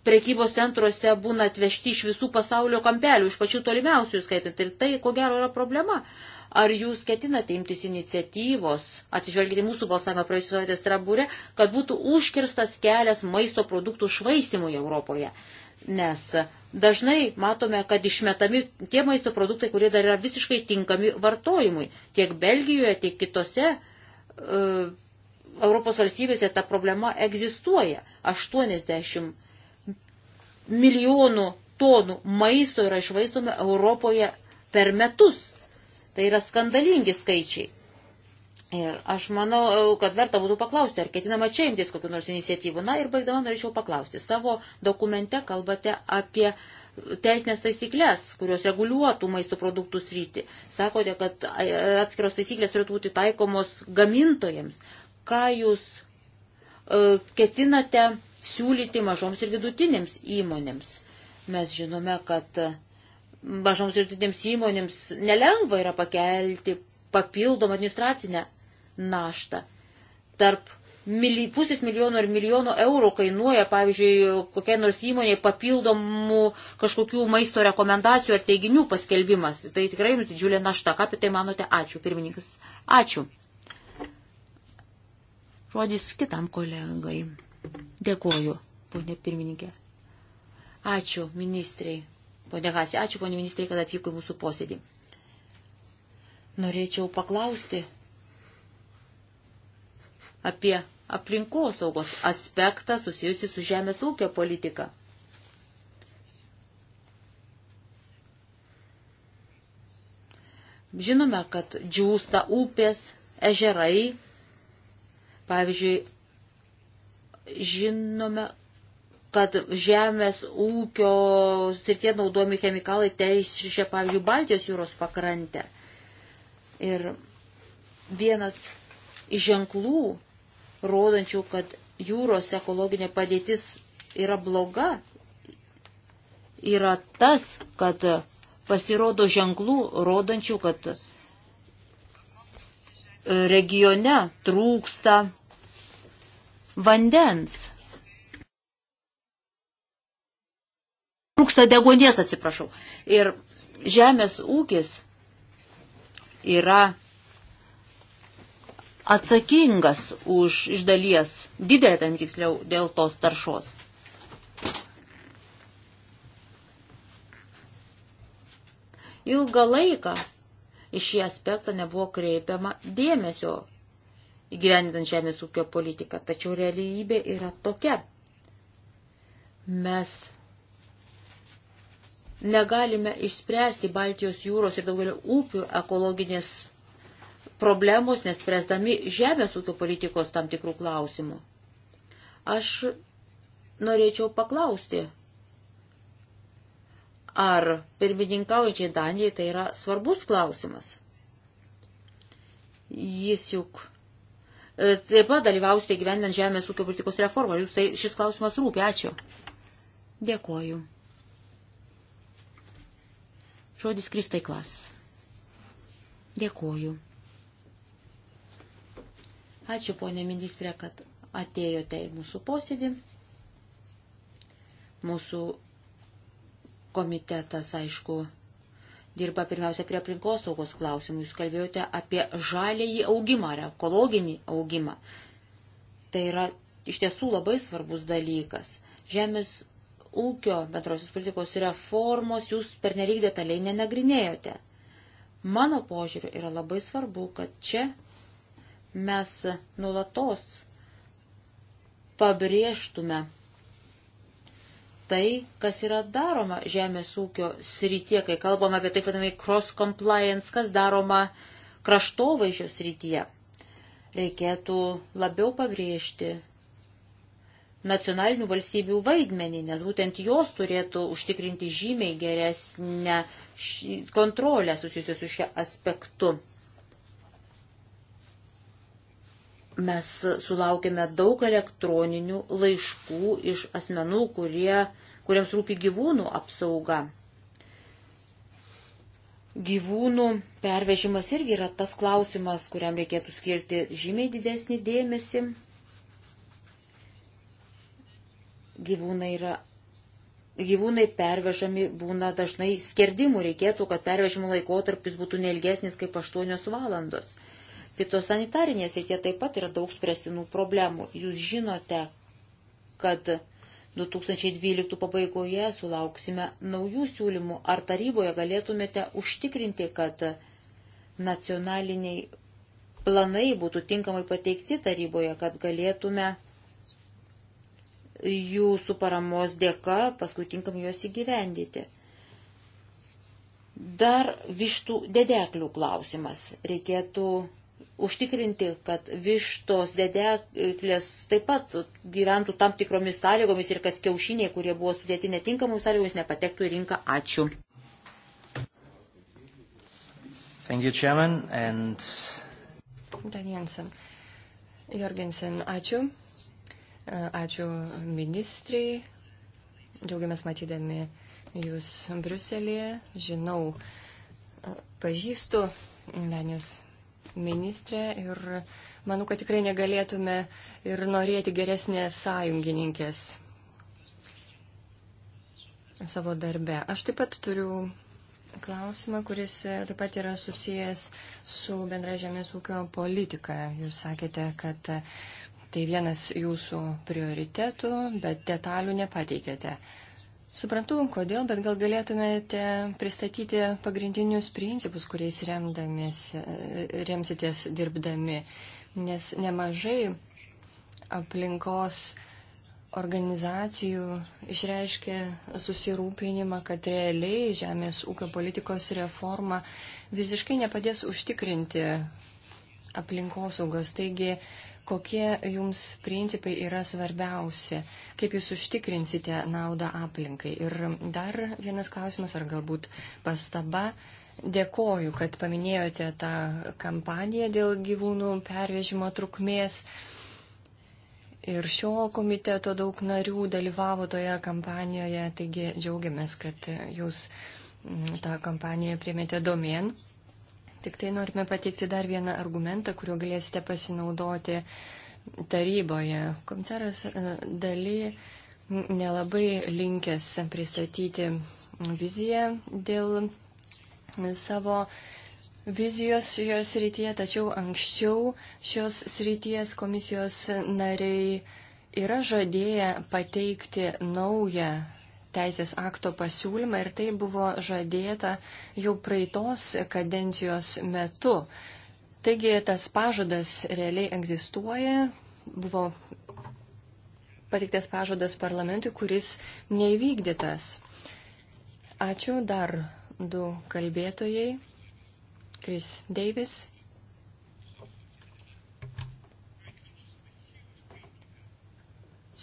Speaker 3: prekybos centruose būna atvežti iš visų pasaulio kampelių, iš pačių tolimiausių skaitant. Ir tai, ko gero, yra problema. Ar jūs ketinate imtis iniciatyvos, atsižvelgti mūsų balsavimą praėjusią savaitę Strabūrė, kad būtų užkirstas kelias maisto produktų švaistimui Europoje? Nes dažnai matome, kad išmetami tie maisto produktai, kurie dar yra visiškai tinkami vartojimui. Tiek Belgijoje, tiek kitose uh, Europos valstybėse ta problema egzistuoja. 80 milijonų tonų maisto yra išvaistoma Europoje per metus. Tai yra skandalingi skaičiai. Ir aš manau, kad verta būtų paklausti, ar ketinama čia imtis kokiu nors iniciatyvų. Na ir baigdama norėčiau paklausti. Savo dokumente kalbate apie teisinės taisyklės, kurios reguliuotų maisto produktų sritį. Sakote, kad e, atskiros taisyklės turėtų būti taikomos gamintojams. Ką jūs e, ketinate siūlyti mažoms ir vidutinėms įmonėms. Mes žinome, kad mažoms ir vidutinėms įmonėms nelengva yra pakelti papildomą administracinę naštą. Tarp mili, pusės milijono ir milijono eurų kainuoja, pavyzdžiui, kokia nors įmonė papildomų kažkokių maisto rekomendacijų ar teiginių paskelbimas. Tai tikrai jums didžiulė našta. Ką apie tai manote? Ačiū, pirmininkas. Ačiū. Žodis kitam kolegai. Dėkuoju, ponė pirmininkė. Ačiū ministrei, ponė Hasi, ačiū ponė ministrei, kad atvyko į mūsų posėdį. Norėčiau paklausti apie aplinkosaugos aspektą susijusi su žemės ūkio politika. Žinome, kad džiūsta upės, ežerai, pavyzdžiui, Žinome, kad žemės ūkio srityje naudojami chemikalai teišė, pavyzdžiui, Baltijos jūros pakrantę. Ir vienas iš ženklų, rodančių, kad jūros ekologinė padėtis yra bloga, yra tas, kad pasirodo ženklų, rodančių, kad regione trūksta vandens. Trūksta degonės, atsiprašau. Ir žemės ūkis yra atsakingas už iš dalies, didelė tam tiksliau, dėl tos taršos. Ilgą laiką į šį aspektą nebuvo kreipiama dėmesio įgyvendinant žemės ūkio politiką. Tačiau realybė yra tokia. Mes negalime išspręsti Baltijos jūros ir daugelio upių ekologinės problemos, nespręsdami žemės ūkio politikos tam tikrų klausimų. Aš norėčiau paklausti, ar pirmininkaujančiai Danijai tai yra svarbus klausimas. Jis juk E, taip pat dalyvausite gyvendant žemės ūkio politikos reformą. Jūs tai šis klausimas rūpi. Ačiū. Dėkuoju. Žodis Kristai Klas. Dėkuoju. Ačiū, ponė ministrė, kad atėjote į mūsų posėdį. Mūsų komitetas, aišku, dirba pirmiausia prie aplinkos saugos klausimų. Jūs kalbėjote apie žalėjį augimą ar ekologinį augimą. Tai yra iš tiesų labai svarbus dalykas. Žemės ūkio bendrosios politikos reformos jūs pernelyg detaliai nenagrinėjote. Mano požiūriu yra labai svarbu, kad čia mes nulatos pabrėžtume tai, kas yra daroma žemės ūkio srityje, kai kalbame apie taip vadinamai cross compliance, kas daroma kraštovaizdžio srityje. Reikėtų labiau pabrėžti nacionalinių valstybių vaidmenį, nes būtent jos turėtų užtikrinti žymiai geresnę kontrolę susijusiu su šia aspektu. Mes sulaukėme daug elektroninių laiškų iš asmenų, kurie, kuriems rūpi gyvūnų apsauga. Gyvūnų pervežimas irgi yra tas klausimas, kuriam reikėtų skirti žymiai didesnį dėmesį. Gyvūnai yra gyvūnai pervežami būna dažnai skerdimų, reikėtų, kad pervežimo laikotarpis būtų neilgesnis kaip 8 valandos. Fitosanitarinės rytie taip pat yra daug spręstinų problemų. Jūs žinote, kad 2012 pabaigoje sulauksime naujų siūlymų, ar taryboje galėtumėte užtikrinti, kad nacionaliniai planai būtų tinkamai pateikti taryboje, kad galėtume jūsų paramos dėka paskui tinkamai juos įgyvendyti. Dar vištų dedeklių klausimas. Reikėtų užtikrinti, kad vištos dedeklės taip pat gyventų tam tikromis sąlygomis ir kad kiaušiniai, kurie buvo sudėti netinkamomis sąlygomis, nepatektų į rinką.
Speaker 2: Ačiū. Thank you, Chairman, and...
Speaker 5: Danielsen. Jorgensen, ačiū. E, ačiū ministrai. Džiaugiamės matydami Jūs Bruselėje. Žinau, e, pažįstu Danijos ministrė ir manau, kad tikrai negalėtume ir norėti geresnės sąjungininkės savo darbe. Aš taip pat turiu klausimą, kuris taip pat yra susijęs su bendra žemės ūkio politika. Jūs sakėte, kad tai vienas jūsų prioritetų, bet detalių nepateikėte. Suprantu, kodėl, bet gal galėtumėte pristatyti pagrindinius principus, kuriais remsitės dirbdami, nes nemažai aplinkos organizacijų išreiškė susirūpinimą, kad realiai žemės ūkio politikos reforma visiškai nepadės užtikrinti aplinkosaugos. Taigi, Kokie jums principai yra svarbiausi? Kaip jūs užtikrinsite naudą aplinkai? Ir dar vienas klausimas, ar galbūt pastaba. Dėkoju, kad paminėjote tą kampaniją dėl gyvūnų pervežimo trukmės. Ir šio komiteto daug narių dalyvavo toje kampanijoje, taigi džiaugiamės, kad jūs tą kampaniją priemėte domėn. Tik tai norime pateikti dar vieną argumentą, kuriuo galėsite pasinaudoti taryboje. Komisaras e, daly nelabai linkęs pristatyti viziją dėl savo vizijos šios rytyje, tačiau anksčiau šios ryties komisijos nariai yra žadėję pateikti naują teisės akto pasiūlymą ir tai buvo žadėta jau praeitos kadencijos metu. Taigi tas pažadas realiai egzistuoja, buvo patiktas pažadas parlamentui, kuris neįvykdytas. Ačiū dar du kalbėtojai. Kris Deivis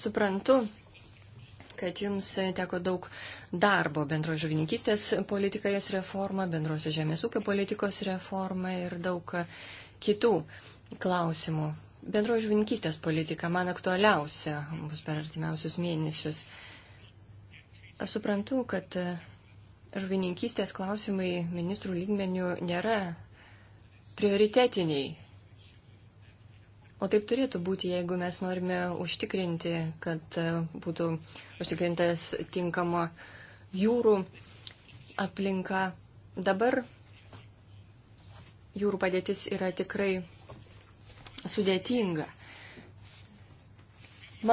Speaker 5: suprantu, kad jums teko daug darbo bendro žuvininkystės politika, jos reforma, bendrosios žemės ūkio politikos reforma ir daug kitų klausimų. Bendro žuvininkystės politika man aktualiausia bus per artimiausius mėnesius. Aš suprantu, kad žuvininkystės klausimai ministrų lygmenių nėra prioritetiniai O taip turėtų būti, jeigu mes norime užtikrinti, kad e, būtų užtikrintas tinkama jūrų aplinka. Dabar jūrų padėtis yra tikrai sudėtinga.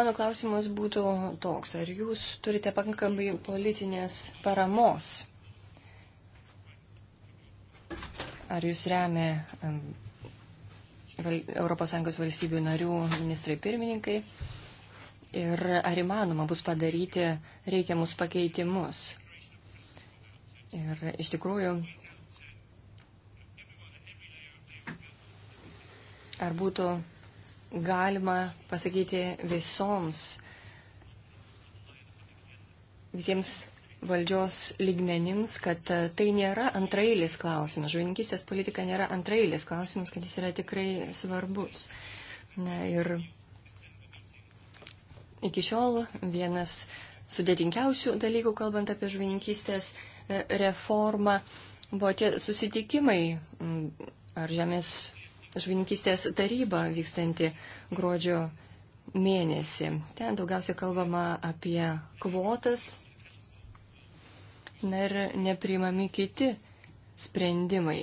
Speaker 5: Mano klausimas būtų toks, ar jūs turite pakankamai politinės paramos? Ar jūs remia ES valstybių narių ministrai pirmininkai ir ar įmanoma bus padaryti reikiamus pakeitimus. Ir iš tikrųjų, ar būtų galima pasakyti visoms, visiems valdžios lygmenims, kad e, tai nėra antrailis klausimas. Žuvininkystės politika nėra antrailis klausimas, kad jis yra tikrai svarbus. Na ir iki šiol vienas sudėtingiausių dalykų, kalbant apie žuvininkystės e, reformą, buvo tie susitikimai ar Žemės žuvininkystės taryba vykstanti gruodžio mėnesį. Ten daugiausia kalbama apie kvotas Na ir nepriimami kiti sprendimai.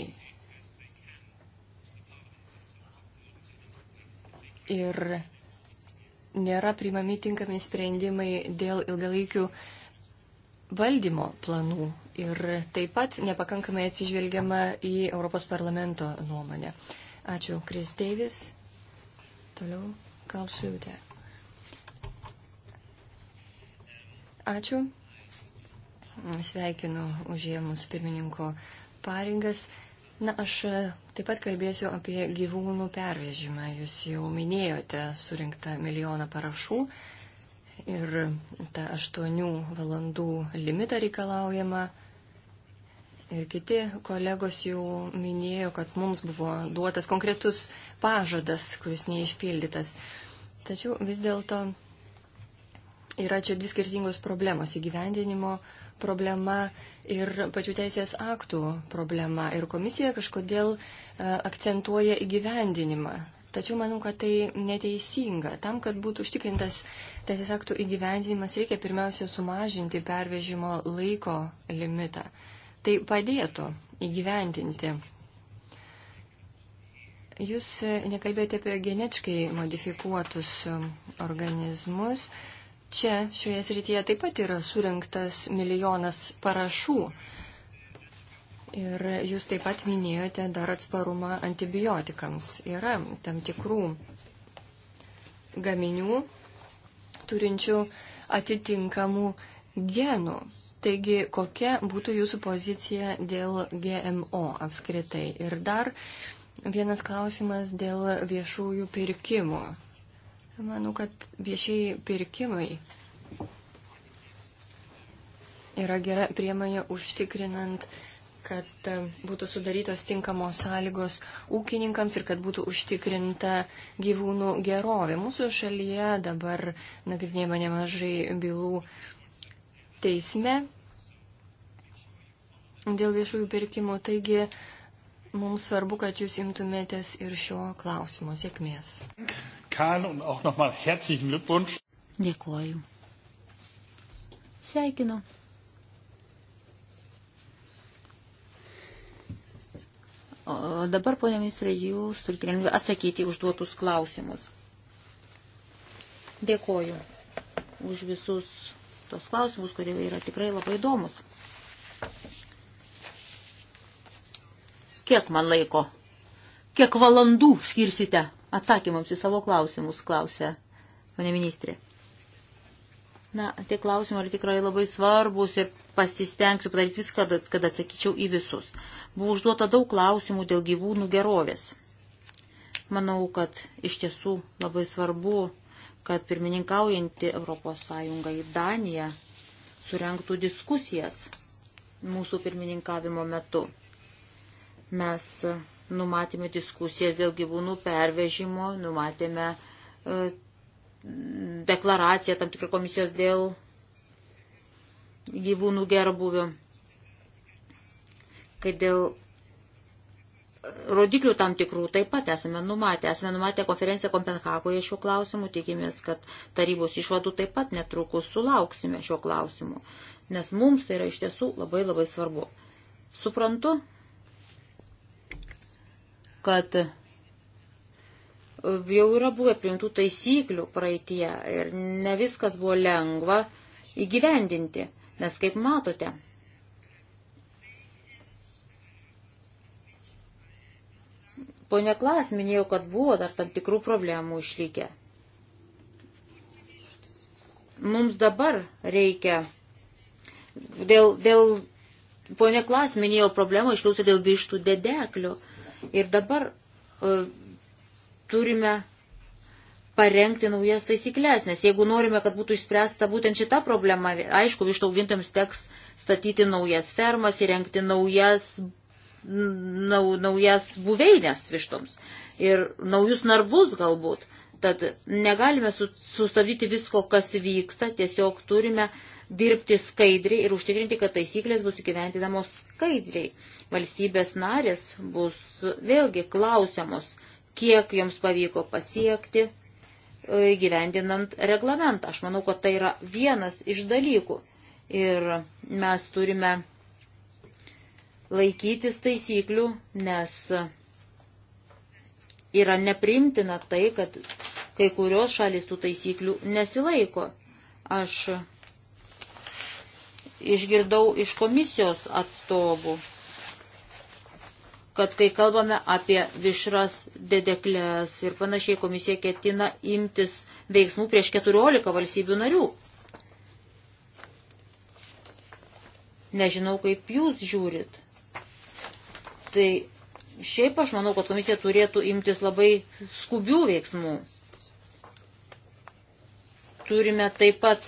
Speaker 5: Ir nėra priimami tinkami sprendimai dėl ilgalaikių valdymo planų. Ir taip pat nepakankamai atsižvelgiama į Europos parlamento nuomonę. Ačiū, Kris Deivis. Toliau, Kalšiūtė. Ačiū. Sveikinu užėmus pirmininko pareigas. Na, aš e, taip pat kalbėsiu apie gyvūnų pervežimą. Jūs jau minėjote surinktą milijoną parašų ir tą aštuonių valandų limitą reikalaujama. Ir kiti kolegos jau minėjo, kad mums buvo duotas konkretus pažadas, kuris neišpildytas. Tačiau vis dėlto yra čia dvi skirtingos problemos - įgyvendinimo problema ir pačių teisės aktų problema. Ir komisija kažkodėl e, akcentuoja įgyvendinimą. Tačiau manau, kad tai neteisinga. Tam, kad būtų užtikrintas teisės aktų įgyvendinimas, reikia pirmiausia sumažinti pervežimo laiko limitą. Tai padėtų įgyvendinti. Jūs e, nekalbėjote apie genetiškai modifikuotus e, organizmus. Uh, Čia šioje srityje taip pat yra surinktas milijonas parašų. Ir jūs taip pat minėjote dar atsparumą antibiotikams. Yra tam tikrų gaminių turinčių atitinkamų genų. Taigi, kokia būtų jūsų pozicija dėl GMO apskritai? Ir dar vienas klausimas dėl viešųjų pirkimų. Manau, kad viešieji pirkimai yra gera priemonė užtikrinant, kad e, būtų sudarytos tinkamos sąlygos ūkininkams ir kad būtų užtikrinta gyvūnų gerovė. Mūsų šalyje dabar nagrinėjama nemažai bylų teisme dėl viešųjų pirkimų. Taigi, Mums svarbu, kad jūs imtumėtės ir šio klausimo sėkmės. Dėkuoju. Sveikinu.
Speaker 3: O dabar, ponė ministrė, jūs turite galimybę atsakyti užduotus klausimus. Dėkoju už visus tos klausimus, kurie yra tikrai labai įdomus. Kiek man laiko? Kiek valandų skirsite atsakymams į savo klausimus, klausė mane ministrė. Na, tie klausimai yra tikrai labai svarbus ir pasistengsiu padaryti viską, kad, kad atsakyčiau į visus. Buvo užduota daug klausimų dėl gyvūnų gerovės. Manau, kad iš tiesų labai svarbu, kad pirmininkaujanti ES į Daniją surenktų diskusijas mūsų pirmininkavimo metu. Mes numatėme diskusijas dėl gyvūnų pervežimo, numatėme e, deklaraciją tam tikrą komisijos dėl gyvūnų gerbuvio, kai dėl rodiklių tam tikrų taip pat esame numatę. Esame numatę konferenciją Kompenhagoje šiuo klausimu, tikimės, kad tarybos išvadų taip pat netrukus sulauksime šiuo klausimu, nes mums tai yra iš tiesų labai labai svarbu. Suprantu, kad jau yra buvę priimtų taisyklių praeitie ir ne viskas buvo lengva įgyvendinti, nes kaip matote, Pone Klas minėjo, kad buvo dar tam tikrų problemų išlikę. Mums dabar reikia, dėl, dėl Pone Klas minėjo problemą iškilusią dėl vištų dedeklių. Ir dabar e, turime parengti naujas taisyklės, nes jeigu norime, kad būtų išspręsta būtent šita problema, aišku, ištaugintojams teks statyti naujas fermas, įrengti naujas, nau, naujas buveinės vištoms ir naujus narvus galbūt. Tad negalime sustabdyti visko, kas vyksta, tiesiog turime uh, dirbti skaidriai ir užtikrinti, kad taisyklės bus įgyventinamos skaidriai. Valstybės narės bus vėlgi klausiamos, kiek joms pavyko pasiekti e, įgyvendinant reglamentą. Aš manau, kad tai yra vienas iš dalykų. Ir mes turime laikytis taisyklių, nes yra neprimtina tai, kad kai kurios šalis tų taisyklių nesilaiko. Aš išgirdau iš komisijos atstovų, kad kai kalbame apie višras dedeklės ir panašiai, komisija ketina imtis veiksmų prieš 14 valstybių narių. Nežinau, kaip jūs žiūrit. Tai šiaip aš manau, kad komisija turėtų imtis labai skubių veiksmų. Turime taip pat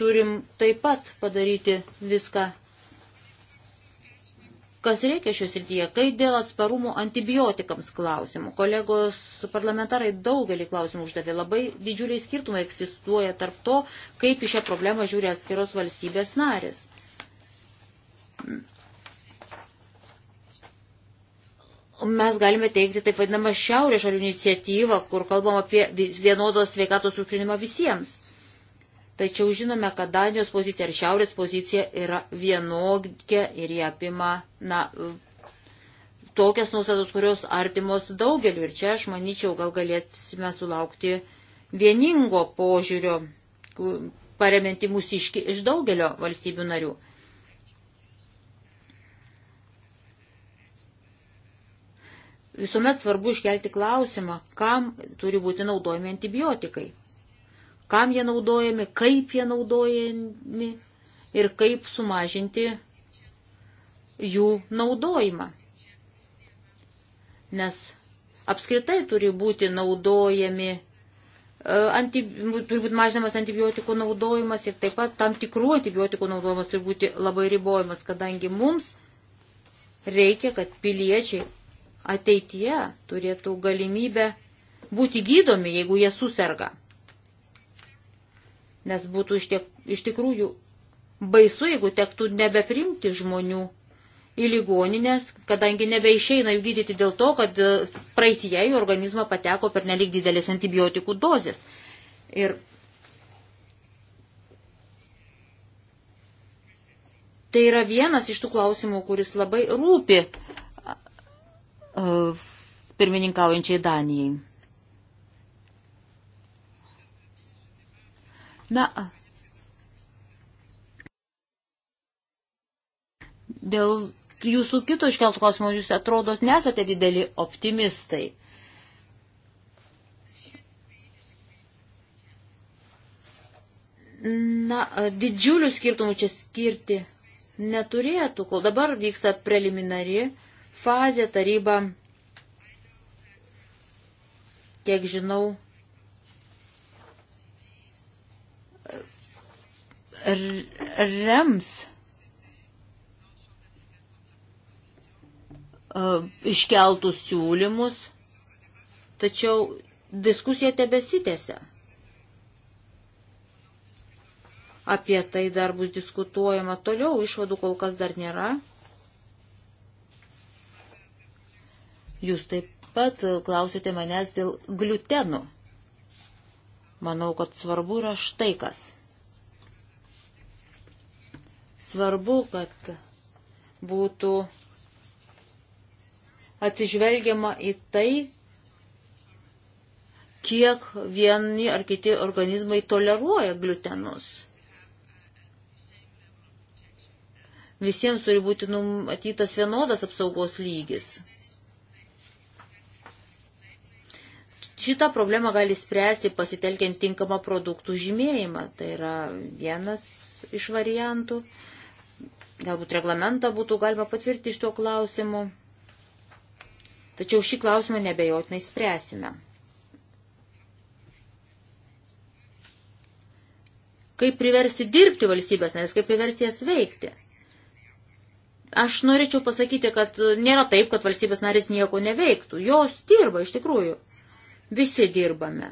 Speaker 3: turim taip pat padaryti viską, kas reikia šios rytyje, kai dėl atsparumo antibiotikams klausimų. Kolegos parlamentarai daugelį klausimų uždavė, labai didžiuliai skirtumai egzistuoja tarp to, kaip į šią problemą žiūri atskiros valstybės narės. Mes galime teikti taip vadinamą šiaurės šalių iniciatyvą, kur kalbam apie vienodos sveikatos užkrinimą visiems. Tačiau žinome, kad Danijos pozicija ir Šiaurės pozicija yra vienokia ir jie apima na, tokias nuostatas, kurios artimos daugeliu. Ir čia aš manyčiau, gal galėsime sulaukti vieningo požiūrio, paremianti mūsiški iš daugelio valstybių narių. Visuomet svarbu iškelti klausimą, kam turi būti naudojami antibiotikai kam jie naudojami, kaip jie naudojami ir kaip sumažinti jų naudojimą. Nes apskritai turi būti naudojami, e, anti, turi būti mažinamas antibiotikų naudojimas ir taip pat tam tikrų antibiotikų naudojimas turi būti labai ribojamas, kadangi mums reikia, kad piliečiai ateityje turėtų galimybę būti gydomi, jeigu jie susirga nes būtų iš, tiek, iš tikrųjų baisu, jeigu tektų nebeprimti žmonių į ligoninės, kadangi nebeišeina jų gydyti dėl to, kad e, praeitie jų organizmą pateko per nelik didelės antibiotikų dozės. Ir tai yra vienas iš tų klausimų, kuris labai rūpi e, pirmininkaujančiai Danijai. Na, dėl jūsų kito iškeltų klausimų jūs atrodo nesate dideli optimistai. Na, didžiulių skirtumų čia skirti neturėtų, kol dabar vyksta preliminari fazė taryba, kiek žinau, rems e, iškeltus siūlymus, tačiau diskusija tebesitėse. Apie tai dar bus diskutuojama toliau, išvadų kol kas dar nėra. Jūs taip pat klausėte manęs dėl gliutenų. Manau, kad svarbu yra štai kas. Svarbu, kad būtų atsižvelgiama į tai, kiek vieni ar kiti organizmai toleruoja gliutenus. Visiems turi būti numatytas vienodas apsaugos lygis. Šitą problemą gali spręsti pasitelkiant tinkamą produktų žymėjimą. Tai yra vienas iš variantų. Uh, Galbūt reglamentą būtų galima patvirti iš tuo klausimu. Tačiau šį klausimą nebejotinai spręsime. Kaip priversti dirbti valstybės, nes kaip priversti jas veikti. Aš norėčiau pasakyti, kad nėra taip, kad valstybės narės nieko neveiktų. Jos dirba, iš tikrųjų. Visi dirbame.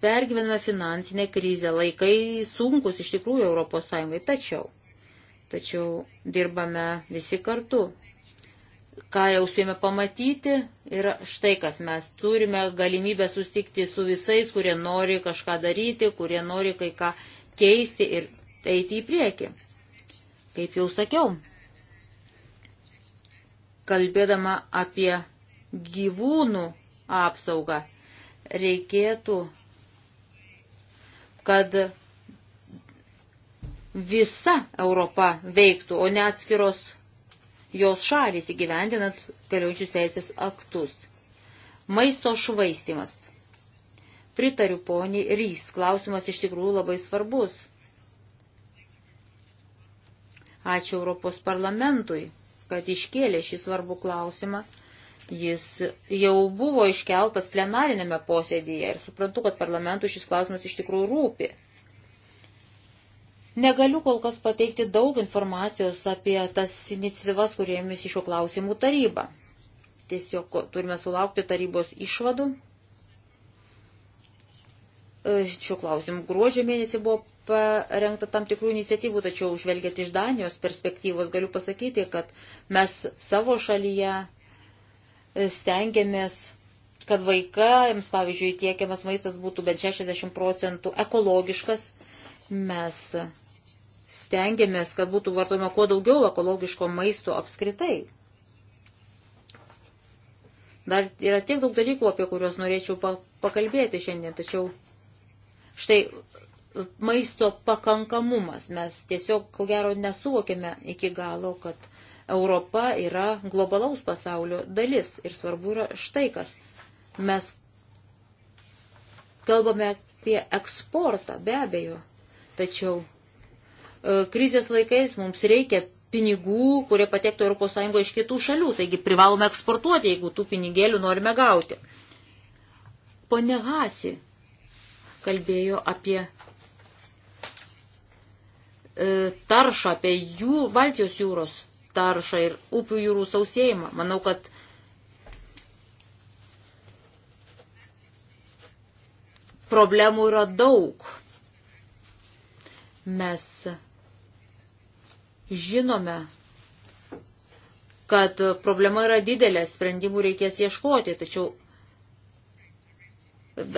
Speaker 3: Pergyvename finansinę krizę, laikai sunkus iš tikrųjų Europos Sąjungai. Tačiau Tačiau dirbame visi kartu. Ką jau spėjome pamatyti ir štai kas mes turime galimybę sustikti su visais, kurie nori kažką daryti, kurie nori kai ką keisti ir eiti į priekį. Kaip jau sakiau, kalbėdama apie gyvūnų apsaugą, reikėtų, kad visa Europa veiktų, o ne atskiros jos šalys įgyvendinant galiojančius teisės aktus. Maisto švaistimas. Pritariu poniai Rys, klausimas iš tikrųjų labai svarbus. Ačiū Europos parlamentui, kad iškėlė šį svarbų klausimą. Jis jau buvo iškeltas plenarinėme posėdėje ir suprantu, kad parlamentui šis klausimas iš tikrųjų rūpi. Negaliu kol kas pateikti daug informacijos apie tas iniciatyvas, kuriemis iš šio klausimų taryba. Tiesiog turime sulaukti tarybos išvadų. E, šiuo klausimu gruodžio mėnesį buvo parengta tam tikrų iniciatyvų, tačiau žvelgiant iš Danijos perspektyvos galiu pasakyti, kad mes savo šalyje e, stengiamės kad vaikams, pavyzdžiui, tiekiamas maistas būtų bent 60 procentų ekologiškas. Mes stengiamės, kad būtų vartojama kuo daugiau ekologiško maisto apskritai. Dar yra tiek daug dalykų, apie kuriuos norėčiau pa pakalbėti šiandien, tačiau štai maisto pakankamumas. Mes tiesiog, ko gero, nesuvokėme iki galo, kad Europa yra globalaus pasaulio dalis. Ir svarbu yra štai kas. Mes kalbame apie eksportą, be abejo. Tačiau E, krizės laikais mums reikia pinigų, kurie patektų ES iš kitų šalių, taigi privalome eksportuoti, jeigu tų pinigėlių norime gauti. Pone Hasi kalbėjo apie e, taršą, apie jų Baltijos jūros taršą ir upių jūrų sausėjimą. Manau, kad problemų yra daug. Mes žinome, kad problema yra didelė, sprendimų reikės ieškoti, tačiau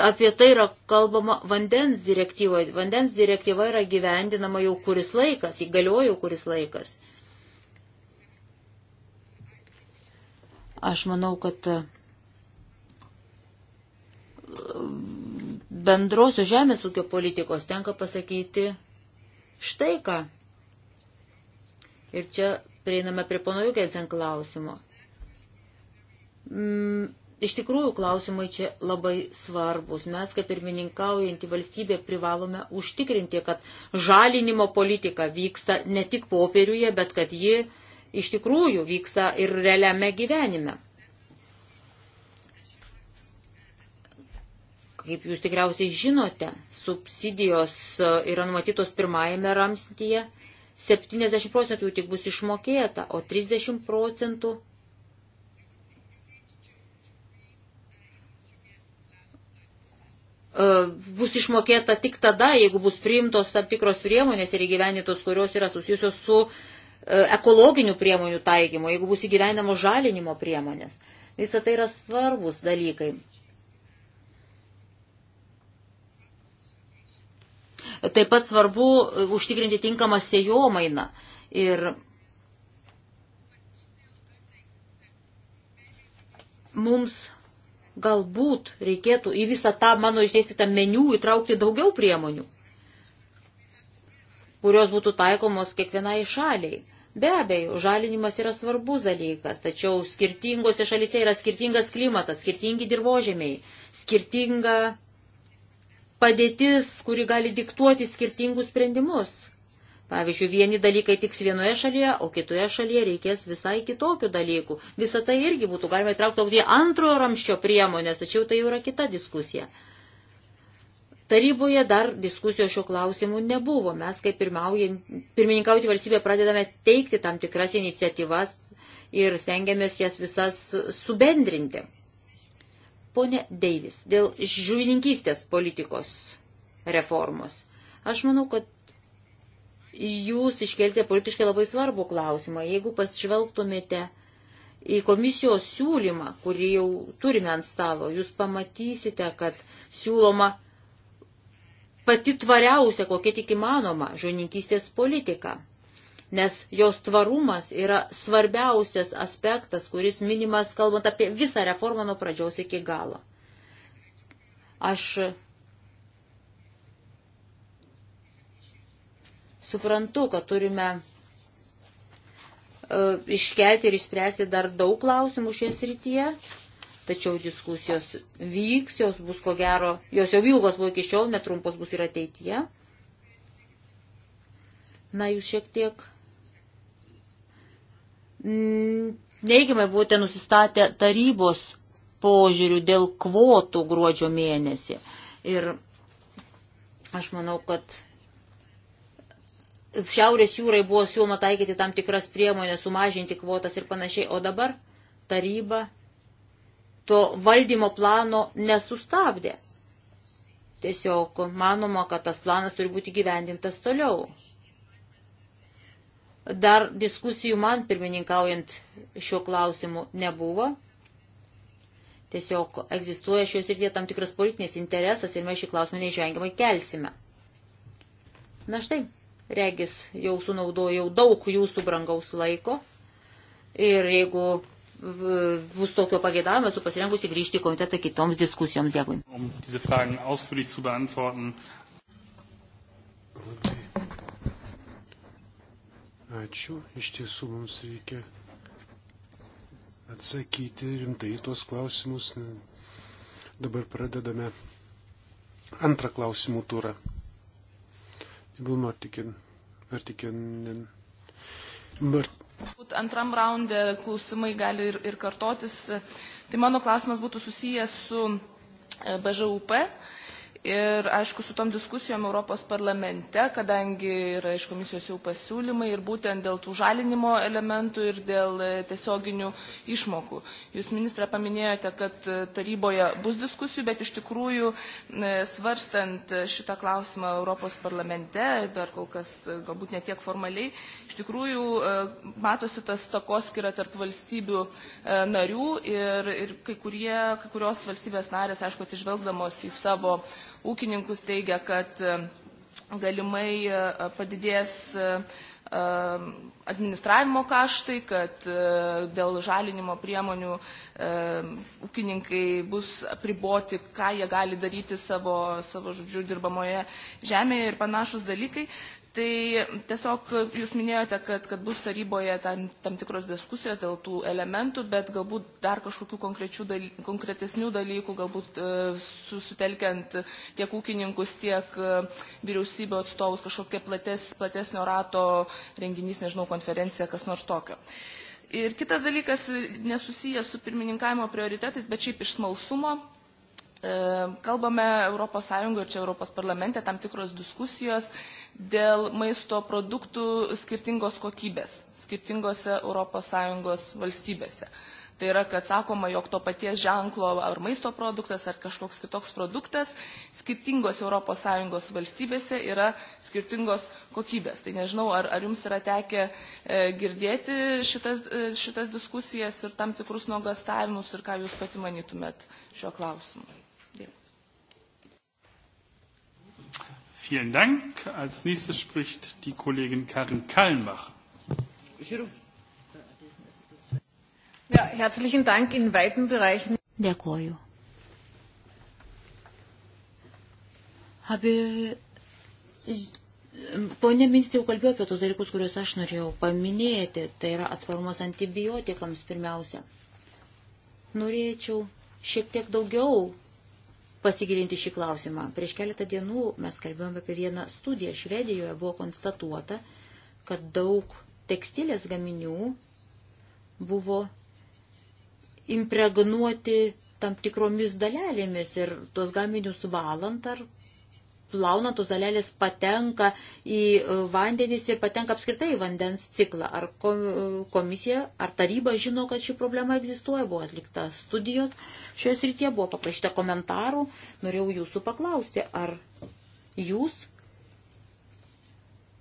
Speaker 3: apie tai yra kalbama vandens direktyvoje. Vandens direktyva yra gyvendinama jau kuris laikas, įgaliojo kuris laikas. Aš manau, kad bendrosios žemės ūkio politikos tenka pasakyti štai ką. Ir čia prieiname prie pono Jugensen klausimo. Mm, iš tikrųjų, klausimai čia labai svarbus. Mes, kaip ir mininkaujantį valstybę, privalome užtikrinti, kad žalinimo politika vyksta ne tik popieriuje, bet kad ji iš tikrųjų vyksta ir realiame gyvenime. Kaip jūs tikriausiai žinote, subsidijos e, yra numatytos pirmajame ramstyje 70 procentų jų tik bus išmokėta, o 30 procentų e, bus išmokėta tik tada, jeigu bus priimtos tam tikros priemonės ir įgyvenintos, kurios yra susijusios su e, ekologinių priemonių taikymu, jeigu bus įgyvenimo žalinimo priemonės. Visą tai yra svarbus dalykai. Taip pat svarbu e, užtikrinti tinkamą sėjomainą. Ir mums galbūt reikėtų į visą tą mano išdėstytą meniu įtraukti daugiau priemonių, kurios būtų taikomos kiekvienai šaliai. Be abejo, žalinimas yra svarbus dalykas, tačiau skirtingose šalise yra skirtingas klimatas, skirtingi dirbožėmiai, skirtinga padėtis, kuri gali diktuoti skirtingus sprendimus. Pavyzdžiui, vieni dalykai tiks vienoje šalyje, o kitoje šalyje reikės visai kitokių dalykų. Visą tai irgi būtų galima įtraukti į antrojo ramščio priemonės, tačiau tai jau yra kita diskusija. Taryboje dar diskusijos šio klausimu nebuvo. Mes, kaip pirmininkauti valstybė, pradedame teikti tam tikras iniciatyvas ir stengiamės jas visas subendrinti. Pone Deivis, dėl žuvininkystės politikos reformos. Aš manau, kad jūs iškeltė politiškai labai svarbų klausimą. Jeigu pasižvelgtumėte į komisijos siūlymą, kurį jau turime ant stalo, jūs pamatysite, kad siūloma pati tvariausia, kokia tik įmanoma, žuvininkystės politika nes jos tvarumas yra svarbiausias aspektas, kuris minimas, kalbant apie visą reformą nuo pradžiaus iki galo. Aš suprantu, kad turime e, iškelti ir išspręsti dar daug klausimų šioje srityje, tačiau diskusijos vyks, jos bus ko gero, jos jau ilgos buvo iki šiol, netrumpos bus ir ateityje. Na, jūs šiek tiek Mm, neigiamai buvote nusistatę tarybos požiūrių dėl kvotų gruodžio mėnesį. Ir aš manau, kad Šiaurės jūrai buvo siūloma taikyti tam tikras priemonės, sumažinti kvotas ir panašiai, o dabar taryba to valdymo plano nesustabdė. Tiesiog manoma, kad tas planas turi būti gyvendintas toliau. Dar diskusijų man pirmininkaujant šiuo klausimu nebuvo. Tiesiog egzistuoja šios ir tie tam tikras politinis interesas ir mes šį klausimą neišvengiamai kelsime. Na štai, regis, jau sunaudojau daug jūsų brangaus laiko ir jeigu bus tokio pageidavimo, esu pasirengusi grįžti į komitetą kitoms diskusijoms. Dėkui.
Speaker 1: Um,
Speaker 2: Ačiū. Iš tiesų mums reikia atsakyti rimtai tuos klausimus. Dabar pradedame antrą klausimų turą. Vilmartikin. Martikinin. Mart...
Speaker 4: Antram raunde klausimai gali ir, ir kartotis. Tai mano klausimas būtų susijęs su BŽUP. E, Ir, aišku, su tom diskusijom Europos parlamente, kadangi yra iš komisijos jau pasiūlymai ir būtent dėl tų žalinimo elementų ir dėl e, tiesioginių išmokų. Jūs, ministra, paminėjote, kad e, taryboje bus diskusijų, bet iš tikrųjų e, svarstant šitą klausimą Europos parlamente, dar kol kas galbūt netiek formaliai, iš tikrųjų matosi tas takoskira tarp valstybių narių ir, ir kai, kurie, kai kurios valstybės narės, aišku, atsižvelgdamos į savo ūkininkus teigia, kad e, galimai e, padidės e, administravimo kaštai, kad dėl žalinimo priemonių ūkininkai bus apriboti, ką jie gali daryti savo, savo žodžiu, dirbamoje žemėje ir panašus dalykai. Tai tiesiog jūs minėjote, kad, kad bus taryboje tam, tam tikros diskusijos dėl tų elementų, bet galbūt dar kažkokių daly, konkretesnių dalykų, galbūt e, susitelkiant tiek ūkininkus, tiek e, vyriausybių atstovus, kažkokia plates, platesnio rato renginys, nežinau, konferencija, kas nors tokio. Ir kitas dalykas nesusijęs su pirmininkavimo prioritetais, bet šiaip iš smalsumo e, Kalbame Europos Sąjungoje, čia Europos parlamente, tam tikros diskusijos dėl maisto produktų skirtingos kokybės skirtingose ES valstybėse. Tai yra, kad sakoma, jog to paties ženklo ar maisto produktas ar kažkoks kitoks produktas skirtingos ES valstybėse yra skirtingos kokybės. Tai nežinau, ar, ar jums yra tekę e, girdėti šitas, e, šitas diskusijas ir tam tikrus nuogastavimus ir ką jūs pati manytumėt šiuo klausimu.
Speaker 1: Vielen Dank. Als nächstes spricht die Kollegin Karin Kallenbach.
Speaker 4: Ja, herzlichen Dank in weiten Bereichen.
Speaker 3: Dėkuoju. Abi, ponė ministrė jau kalbėjo apie tos dalykus, kuriuos aš norėjau paminėti. Tai yra atsparumas antibiotikams pirmiausia. Norėčiau šiek tiek daugiau pasigilinti šį klausimą. Prieš keletą dienų mes kalbėjome apie vieną studiją. Švedijoje buvo konstatuota, kad daug tekstilės gaminių buvo impregnuoti tam tikromis dalelėmis ir tuos gaminius valant ar plaunantos dalelės patenka į e, vandenys ir patenka apskritai į vandens ciklą. Ar e, komisija, ar taryba žino, kad ši problema egzistuoja, buvo atlikta studijos, šioje srityje buvo paprašyta komentarų, norėjau jūsų paklausti, ar jūs,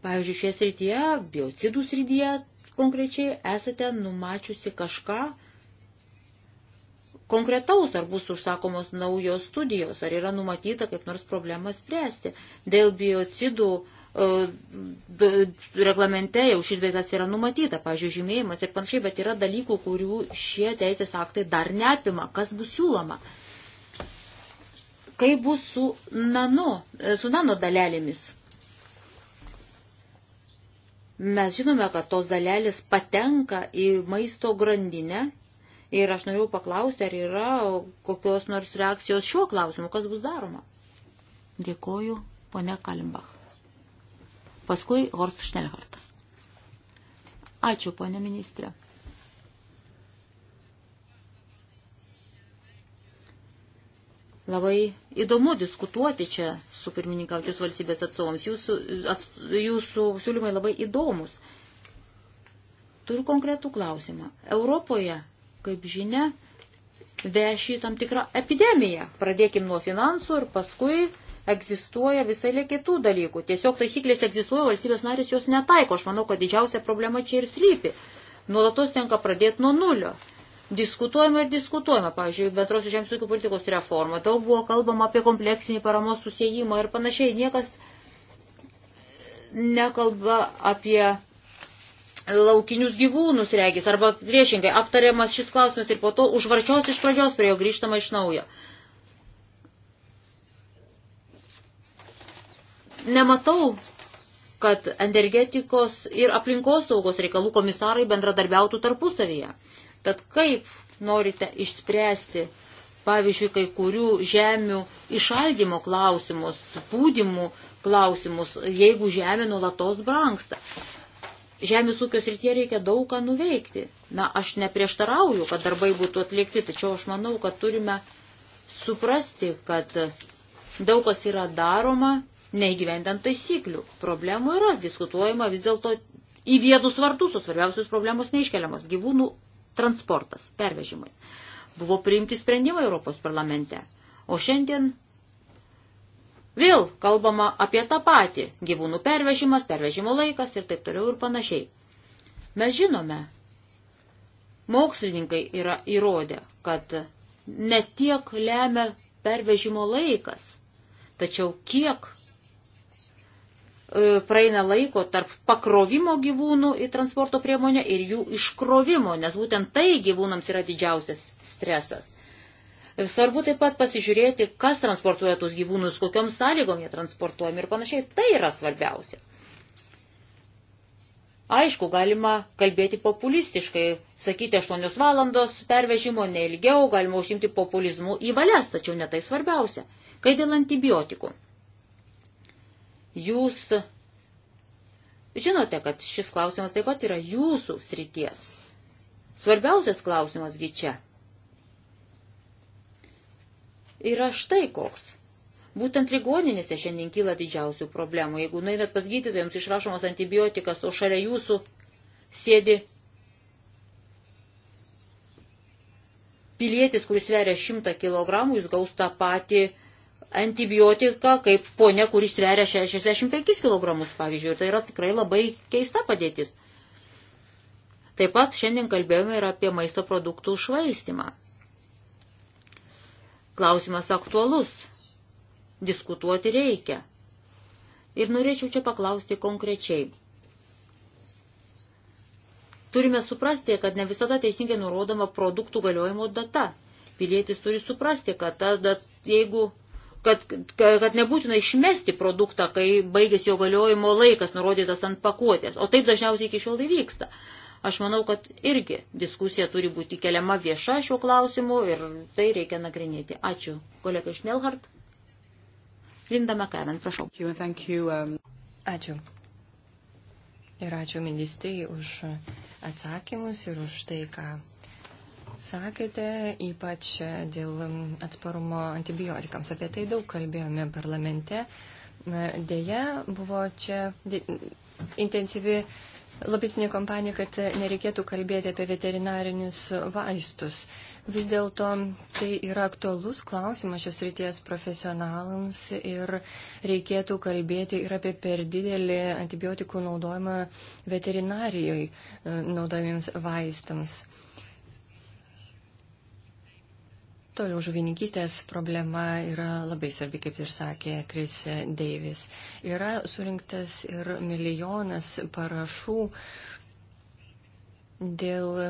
Speaker 3: pavyzdžiui, šioje srityje, biocidų srityje konkrečiai, esate numačiusi kažką, konkretaus, ar bus užsakomos naujos studijos, ar yra numatyta kaip nors problemą spręsti. Dėl biocidų e, reglamente jau šis veikas yra numatyta, pavyzdžiui, žymėjimas ir panašiai, bet yra dalykų, kurių šie teisės aktai dar neapima, kas bus siūloma. Kaip bus su nano, e, su nano dalelėmis? Mes žinome, kad tos dalelės patenka į maisto grandinę Ir aš norėjau paklausti, ar yra kokios nors reakcijos šiuo klausimu, kas bus daroma. Dėkoju, ponia Kalimbach. Paskui Horst Schnellhardt. Ačiū, ponia ministrė. Labai įdomu diskutuoti čia su pirmininkaučius valstybės atstovams. Jūsų, ats, jūsų siūlymai labai įdomus. Turiu konkretų klausimą. Europoje kaip žinia, veši tam tikrą epidemiją. Pradėkim nuo finansų ir paskui egzistuoja visai lė kitų dalykų. Tiesiog taisyklės egzistuoja, valstybės narės jos netaiko. Aš manau, kad didžiausia problema čia ir slypi. Nuolatos tenka pradėti nuo nulio. Diskutuojama ir diskutuojama, pavyzdžiui, bendrosios žemės ūkio politikos reforma. Daug buvo kalbama apie kompleksinį paramos susijimą ir panašiai. Niekas nekalba apie laukinius gyvūnus regis, arba priešingai aptariamas šis klausimas ir po to užvarčios iš pradžios prie jo grįžtama iš naujo. Nematau, kad energetikos ir aplinkosaugos reikalų komisarai bendradarbiautų tarpusavyje. Tad kaip norite išspręsti, pavyzdžiui, kai kurių žemių išaldymo klausimus, pūdimų klausimus, jeigu žemė nulatos branksta? žemės ūkio srityje reikia daug ką nuveikti. Na, aš neprieštarauju, kad darbai būtų atlikti, tačiau aš manau, kad turime suprasti, kad daug kas yra daroma, neįgyvendant taisyklių. Problemų yra, diskutuojama vis dėlto į vėdus vartus, o svarbiausios problemos neiškeliamos - gyvūnų transportas, pervežimais. Buvo priimti sprendimai Europos parlamente, o šiandien Vėl kalbama apie tą patį – gyvūnų pervežimas, pervežimo laikas ir taip toliau ir panašiai. Mes žinome, mokslininkai yra įrodę, kad ne tiek lemia pervežimo laikas, tačiau kiek e, praeina laiko tarp pakrovimo gyvūnų į transporto priemonę ir jų iškrovimo, nes būtent tai gyvūnams yra didžiausias stresas. Svarbu taip pat pasižiūrėti, kas transportuoja tuos gyvūnus, kokiom sąlygom jie transportuojami ir panašiai. Tai yra svarbiausia. Aišku, galima kalbėti populistiškai, sakyti 8 valandos pervežimo neilgiau, galima užsimti populizmu į valias, tačiau netai svarbiausia. Kai dėl antibiotikų. Jūs žinote, kad šis klausimas taip pat yra jūsų srities. Svarbiausias klausimasgi čia yra štai koks. Būtent ligoninėse šiandien kyla didžiausių problemų. Jeigu nueinat pas gydytoją, jums išrašomas antibiotikas, o šalia jūsų sėdi pilietis, kuris sveria 100 kg, jūs gaus tą patį antibiotiką kaip ponia, kuris sveria 65 kg, pavyzdžiui. Ir tai yra tikrai labai keista padėtis. Taip pat šiandien kalbėjome ir apie maisto produktų švaistimą. Klausimas aktualus. Diskutuoti reikia. Ir norėčiau čia paklausti konkrečiai. Turime suprasti, kad ne visada teisingai nurodoma produktų galiojimo data. Pilietis turi suprasti, kad, ta, dat, jeigu, kad, kad, kad nebūtina išmesti produktą, kai baigės jo galiojimo laikas nurodytas ant pakuotės. O taip dažniausiai iki šiol įvyksta. Tai Aš manau, kad irgi diskusija turi būti keliama vieša šiuo klausimu ir tai reikia nagrinėti. Ačiū, kolega Šnelhart. Linda McEwen, prašau.
Speaker 5: Thank you, um... Ačiū. Ir ačiū ministrai už atsakymus ir už tai, ką sakėte, ypač dėl um, atsparumo antibiotikams. Apie tai daug kalbėjome parlamente. Deja, buvo čia intensyvi lobisinė kompanija, kad nereikėtų kalbėti apie veterinarinius vaistus. Vis dėlto tai yra aktualus klausimas šios ryties profesionalams ir reikėtų kalbėti ir apie per didelį antibiotikų naudojimą veterinarijoje naudojamiems vaistams. Toliau žuvininkystės problema yra labai svarbi, kaip ir sakė Kris Deivis. Yra surinktas ir milijonas parašų dėl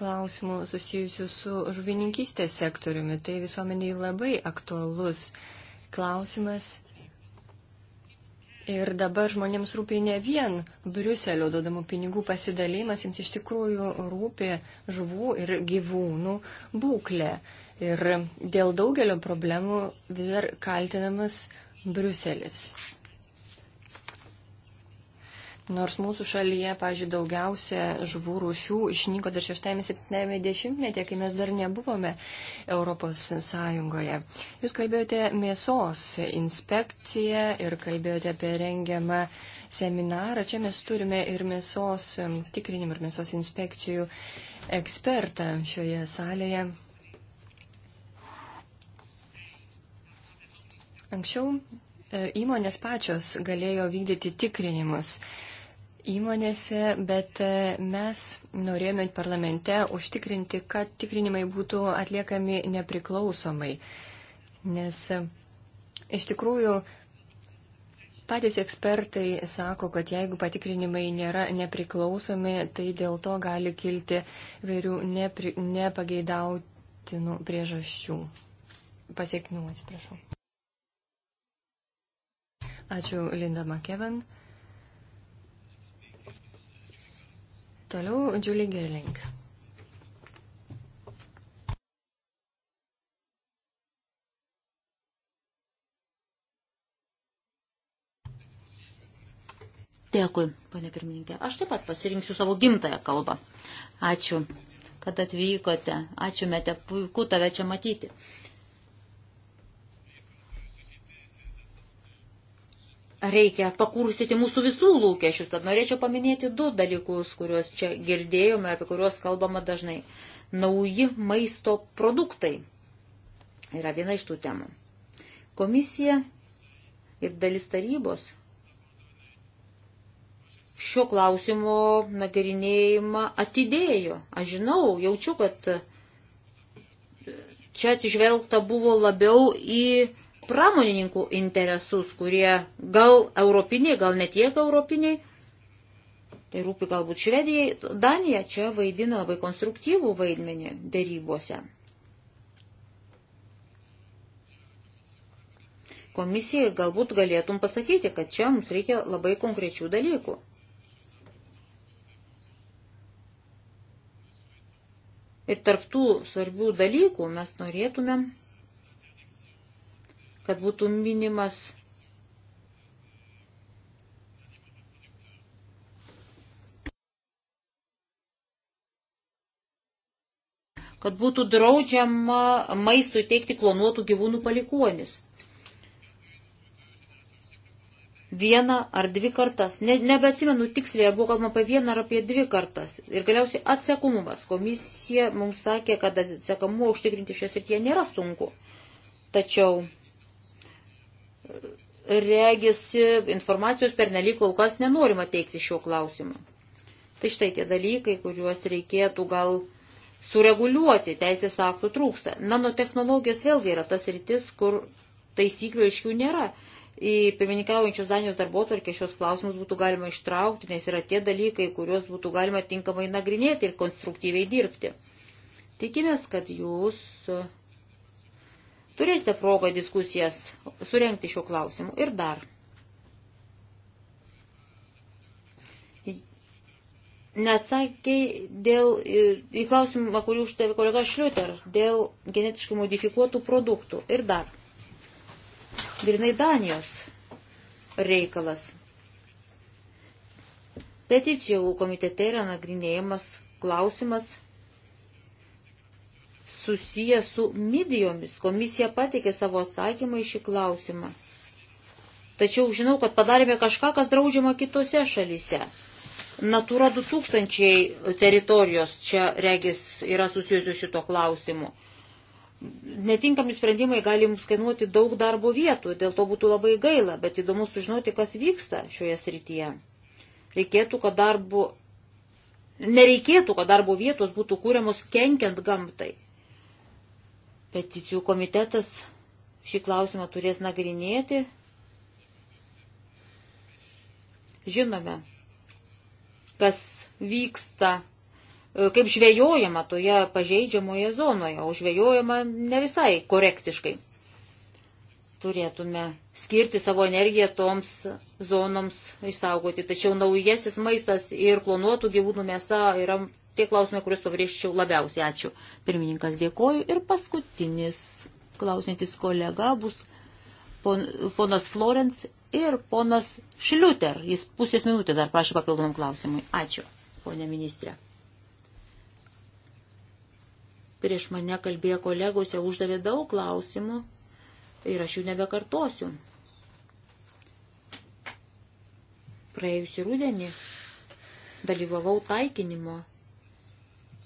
Speaker 5: klausimų susijusių su žuvininkystės sektoriumi. Tai visuomeniai labai aktualus klausimas Ir dabar žmonėms rūpi ne vien Briuselio duodamų pinigų pasidalymas, jiems iš tikrųjų rūpi žuvų ir gyvūnų būklė. Ir dėl daugelio problemų vis dar kaltinamas Briuselis. Nors mūsų šalyje, pažiūrėjau, daugiausia žuvų rūšių išnyko dar 6-7 dešimtmetė, kai mes dar nebuvome Europos Sąjungoje. Jūs kalbėjote mėsos inspekciją ir kalbėjote apie rengiamą seminarą. Čia mes turime ir mėsos tikrinimų, ir mėsos inspekcijų ekspertą šioje salėje. Anksčiau e, įmonės pačios galėjo vykdyti tikrinimus įmonėse, bet e, mes norėjome parlamente užtikrinti, kad tikrinimai būtų atliekami nepriklausomai. Nes e, iš tikrųjų patys ekspertai sako, kad jeigu patikrinimai nėra nepriklausomi, tai dėl to gali kilti vairių nepri... nepageidautinų priežasčių. Pasiekmių, atsiprašau. Ačiū Linda Makevan. Toliau Julie Gerling.
Speaker 3: Dėkui, ponė pirmininkė. Aš taip pat pasirinksiu savo gimtają kalbą. Ačiū, kad atvykote. Ačiū, metė, puiku tave čia matyti. Uh, reikia pakursyti mūsų visų lūkesčius. Tad norėčiau paminėti du dalykus, kuriuos čia girdėjome, apie kuriuos kalbama dažnai. Nauji maisto produktai yra viena iš tų temų. Komisija ir dalis tarybos šio klausimo nagrinėjimą atidėjo. Aš žinau, jaučiu, kad čia atsižvelgta buvo labiau į pramonininkų interesus, kurie gal europiniai, gal netiek europiniai, tai rūpi galbūt Švedijai, Danija čia vaidina labai konstruktyvų vaidmenį dėrybose. Komisijai galbūt galėtum pasakyti, kad čia mums reikia labai konkrečių dalykų. Ir tarptų svarbių dalykų mes norėtumėm kad būtų minimas kad būtų draudžiama maistui teikti klonuotų gyvūnų palikuonis. Vieną ar dvi kartas, ne, nebeatsimenu tiksliai, ar buvo kalbama apie vieną ar apie dvi kartas. Ir galiausiai atsekamumas. Komisija mums sakė, kad atsekamumo užtikrinti šią srityje nėra sunku. Tačiau regisi informacijos per nelik kol kas nenorima teikti šiuo klausimu. Tai štai tie dalykai, kuriuos reikėtų gal sureguliuoti, teisės aktų trūksta. Nanotehnologijos vėlgi yra tas rytis, kur taisyklių aiškių nėra. Į pirmininkaujančios Danijos darbotvarkę šios klausimus būtų galima ištraukti, nes yra tie dalykai, kuriuos būtų galima tinkamai nagrinėti ir konstruktyviai dirbti. Tikimės, kad jūs Turėsite progą diskusijas surenkti šiuo klausimu. Ir dar. Neatsakiai dėl, į klausimą, kurį užtavė kolega Šliuter, dėl genetiškai modifikuotų produktų. Ir dar. Grinai Danijos reikalas. Peticijų komitete yra nagrinėjimas klausimas susiję su midijomis. Komisija pateikė savo atsakymą į šį klausimą. Tačiau žinau, kad padarėme kažką, kas draudžiama kitose šalyse. Natura 2000 teritorijos čia regis yra susijusios šito klausimu. Netinkami sprendimai gali mums kainuoti daug darbo vietų, dėl to būtų labai gaila, bet įdomu sužinoti, kas vyksta šioje srityje. Reikėtų, kad darbo nereikėtų, kad darbo vietos būtų kūriamos kenkiant gamtai. Peticijų komitetas šį klausimą turės nagrinėti. Žinome, kas vyksta, e, kaip žvejojama toje pažeidžiamoje zonoje, o žvejojama ne visai korektiškai. Turėtume skirti savo energiją toms zonoms išsaugoti. Tačiau naujasis maistas ir klonuotų gyvūnų mėsa yra tie klausimai, kuriuos pabrėžčiau labiausiai. Ačiū. Pirmininkas dėkoju. Ir paskutinis klausintis kolega bus pon, ponas Florence ir ponas Šliuter. Jis pusės minutę dar prašė papildomam klausimui. Ačiū, ponė ministrė. Prieš mane kalbėjo kolegos, jau uždavė daug klausimų ir aš jų nebekartosiu. Praėjusį rudenį dalyvavau taikinimo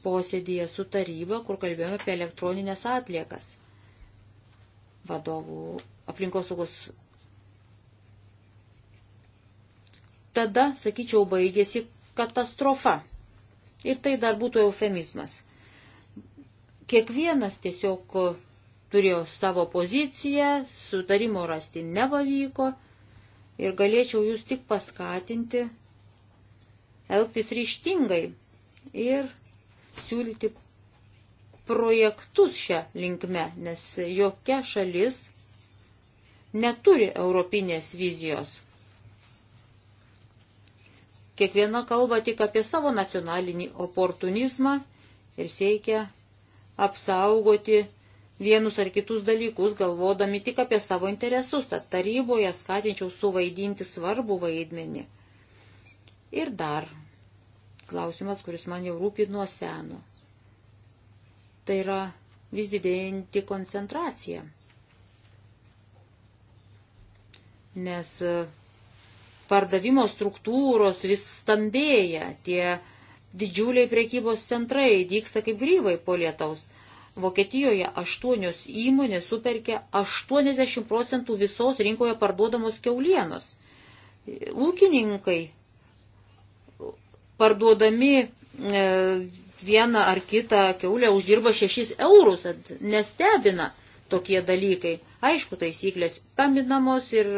Speaker 3: posėdėje su taryba, kur kalbėjome apie elektroninės atliekas. Vadovų aplinkosaugos. Tada, sakyčiau, baigėsi katastrofa. Ir tai dar būtų eufemizmas. Kiekvienas tiesiog turėjo savo poziciją, sutarimo rasti nepavyko ir galėčiau jūs tik paskatinti elgtis ryštingai ir siūlyti projektus šią linkme, nes jokia šalis neturi europinės vizijos. Kiekviena kalba tik apie savo nacionalinį oportunizmą ir siekia apsaugoti vienus ar kitus dalykus, galvodami tik apie savo interesus, tad taryboje skatinčiau suvaidinti svarbų vaidmenį. Ir dar klausimas, kuris man jau rūpi nuo seno. Tai yra vis didėjanti koncentracija. Nes e, pardavimo struktūros vis stambėja, tie didžiuliai priekybos centrai dyksta kaip grybai po lietaus. Vokietijoje aštuonios įmonės superkia 80 procentų visos rinkoje parduodamos keulienos. Ūkininkai parduodami e, vieną ar kitą keulę uždirba 6 eurus, nestebina tokie dalykai. Aišku, taisyklės paminamos ir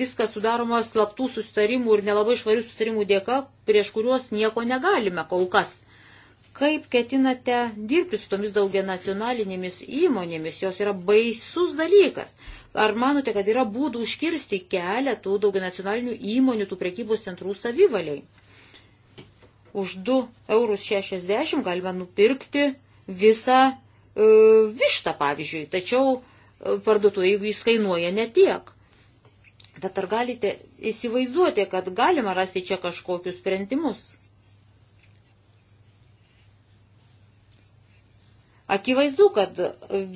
Speaker 3: viskas sudaroma slaptų sustarimų ir nelabai švarių sustarimų dėka, prieš kuriuos nieko negalime kol kas. Kaip ketinate dirbti su tomis daugia nacionalinėmis įmonėmis, jos yra baisus dalykas. Ar manote, kad yra būdų užkirsti kelią tų daugia nacionalinių įmonių, tų prekybos centrų savivaliai? Už 2,60 eurus galima nupirkti visą e, vištą, pavyzdžiui. Tačiau e, parduotuvė, jeigu jis kainuoja netiek. Tad ar galite įsivaizduoti, kad galima rasti čia kažkokius sprendimus? Akivaizdu, kad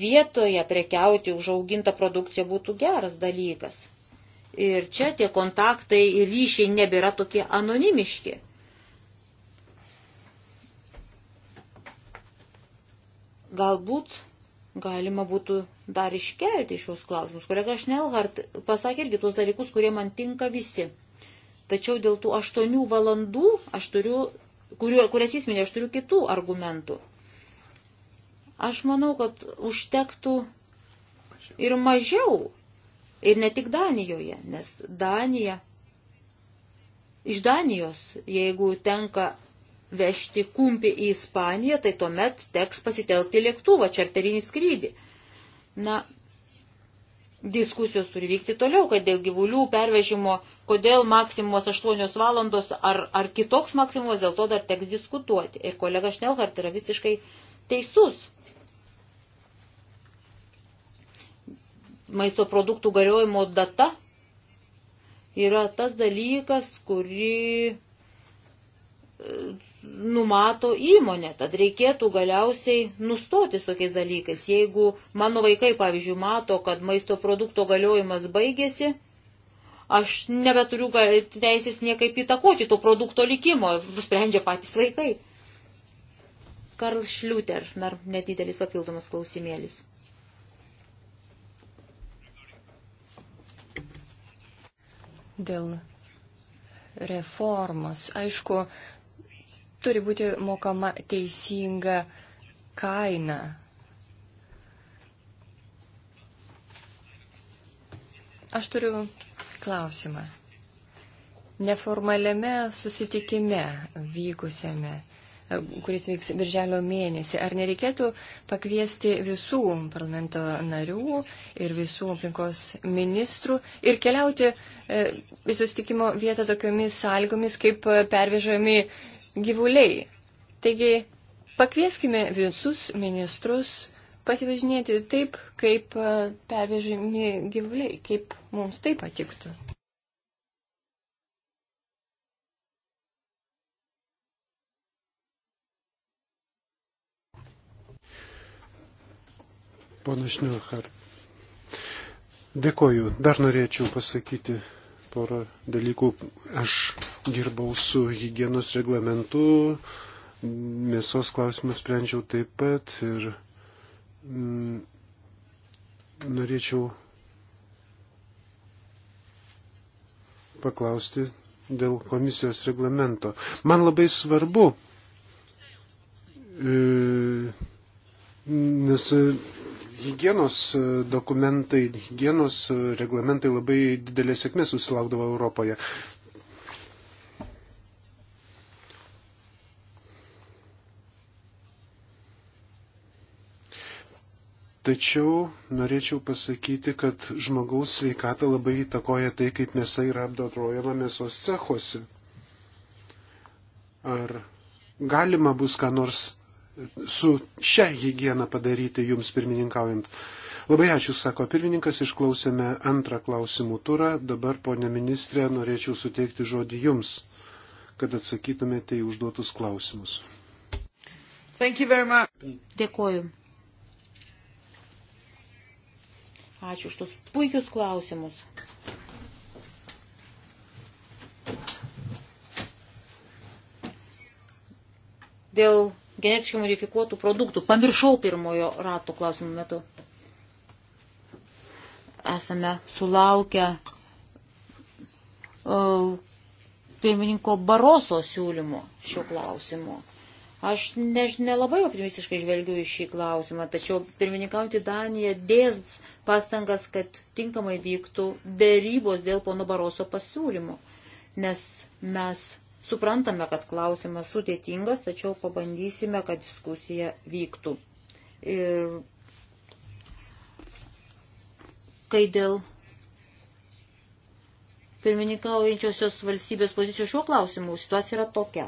Speaker 3: vietoje prekiauti užaugintą produkciją būtų geras dalykas. Ir čia tie kontaktai ir ryšiai nebėra tokie anonimiški. Galbūt galima būtų dar iškelti šios klausimus. Kolega Šnelhart pasakė irgi tuos dalykus, kurie man tinka visi. Tačiau dėl tų aštuonių valandų, aš turiu, kuriu, kurias jis minė, aš turiu kitų argumentų. Aš manau, kad užtektų ir mažiau. Ir ne tik Danijoje, nes Danija. Iš Danijos, jeigu tenka vežti kumpį į Ispaniją, tai tuomet teks pasitelkti lėktuvą, čarterinį skrydį. Na, diskusijos turi vykti toliau, kad dėl gyvulių pervežimo, kodėl maksimumas 8 valandos ar, ar kitoks maksimumas, dėl to dar teks diskutuoti. Ir kolega Šnelhart yra visiškai teisus. Maisto produktų galiojimo data yra tas dalykas, kurį numato įmonė, tad reikėtų galiausiai nustoti su tokiais dalykais. Jeigu mano vaikai, pavyzdžiui, mato, kad maisto produkto galiojimas baigėsi, aš nebeturiu teisės niekaip įtakoti to produkto likimo, sprendžia patys vaikai. Karl Šliuter, dar nedidelis papildomas klausimėlis.
Speaker 5: Dėl reformos. Aišku, turi būti mokama teisinga kaina. Aš turiu klausimą. Neformaliame susitikime vykusiame, kuris vyks birželio mėnesį, ar nereikėtų pakviesti visų parlamento narių ir visų aplinkos ministrų ir keliauti e, į susitikimo vietą tokiomis sąlygomis, kaip e, pervežami gyvuliai. Taigi pakvieskime visus ministrus pasivažinėti taip, kaip e, pervežami gyvuliai, kaip mums tai patiktų.
Speaker 2: Pana Šniuchar, dėkoju. Dar norėčiau pasakyti porą dalykų. Aš dirbau su hygienos reglamentu, mėsos klausimus sprendžiau taip pat ir mm, norėčiau paklausti dėl komisijos reglamento. Man labai svarbu, e, nes hygienos e, dokumentai, hygienos e, reglamentai labai didelė sėkmė susilaukdavo Europoje. Tačiau norėčiau pasakyti, kad žmogaus sveikata labai įtakoja tai, kaip mėsa yra apdorojama mėsos cechuose. Ar galima bus ką nors su šia higiena padaryti jums pirmininkaujant. Labai ačiū, sako pirmininkas, išklausėme antrą klausimų turą. Dabar, ponė ministrė, norėčiau suteikti žodį jums, kad atsakytumėte į užduotus klausimus.
Speaker 3: Dėkoju. Ačiū už tos puikius klausimus. Dėl genetiškai modifikuotų produktų. Pamiršau pirmojo rato klausimų metu. Esame sulaukę uh, pirmininko Baroso siūlymo šiuo klausimu. Aš ne, nelabai optimistiškai žvelgiu į šį klausimą, tačiau pirmininkauti Danija dės pastangas, kad tinkamai vyktų dėrybos dėl pono Baroso pasiūlymo, nes mes Suprantame, kad klausimas sudėtingas, tačiau pabandysime, kad diskusija vyktų. Ir kai dėl pirmininkaujančiosios valstybės pozicijos šiuo klausimu situacija yra tokia.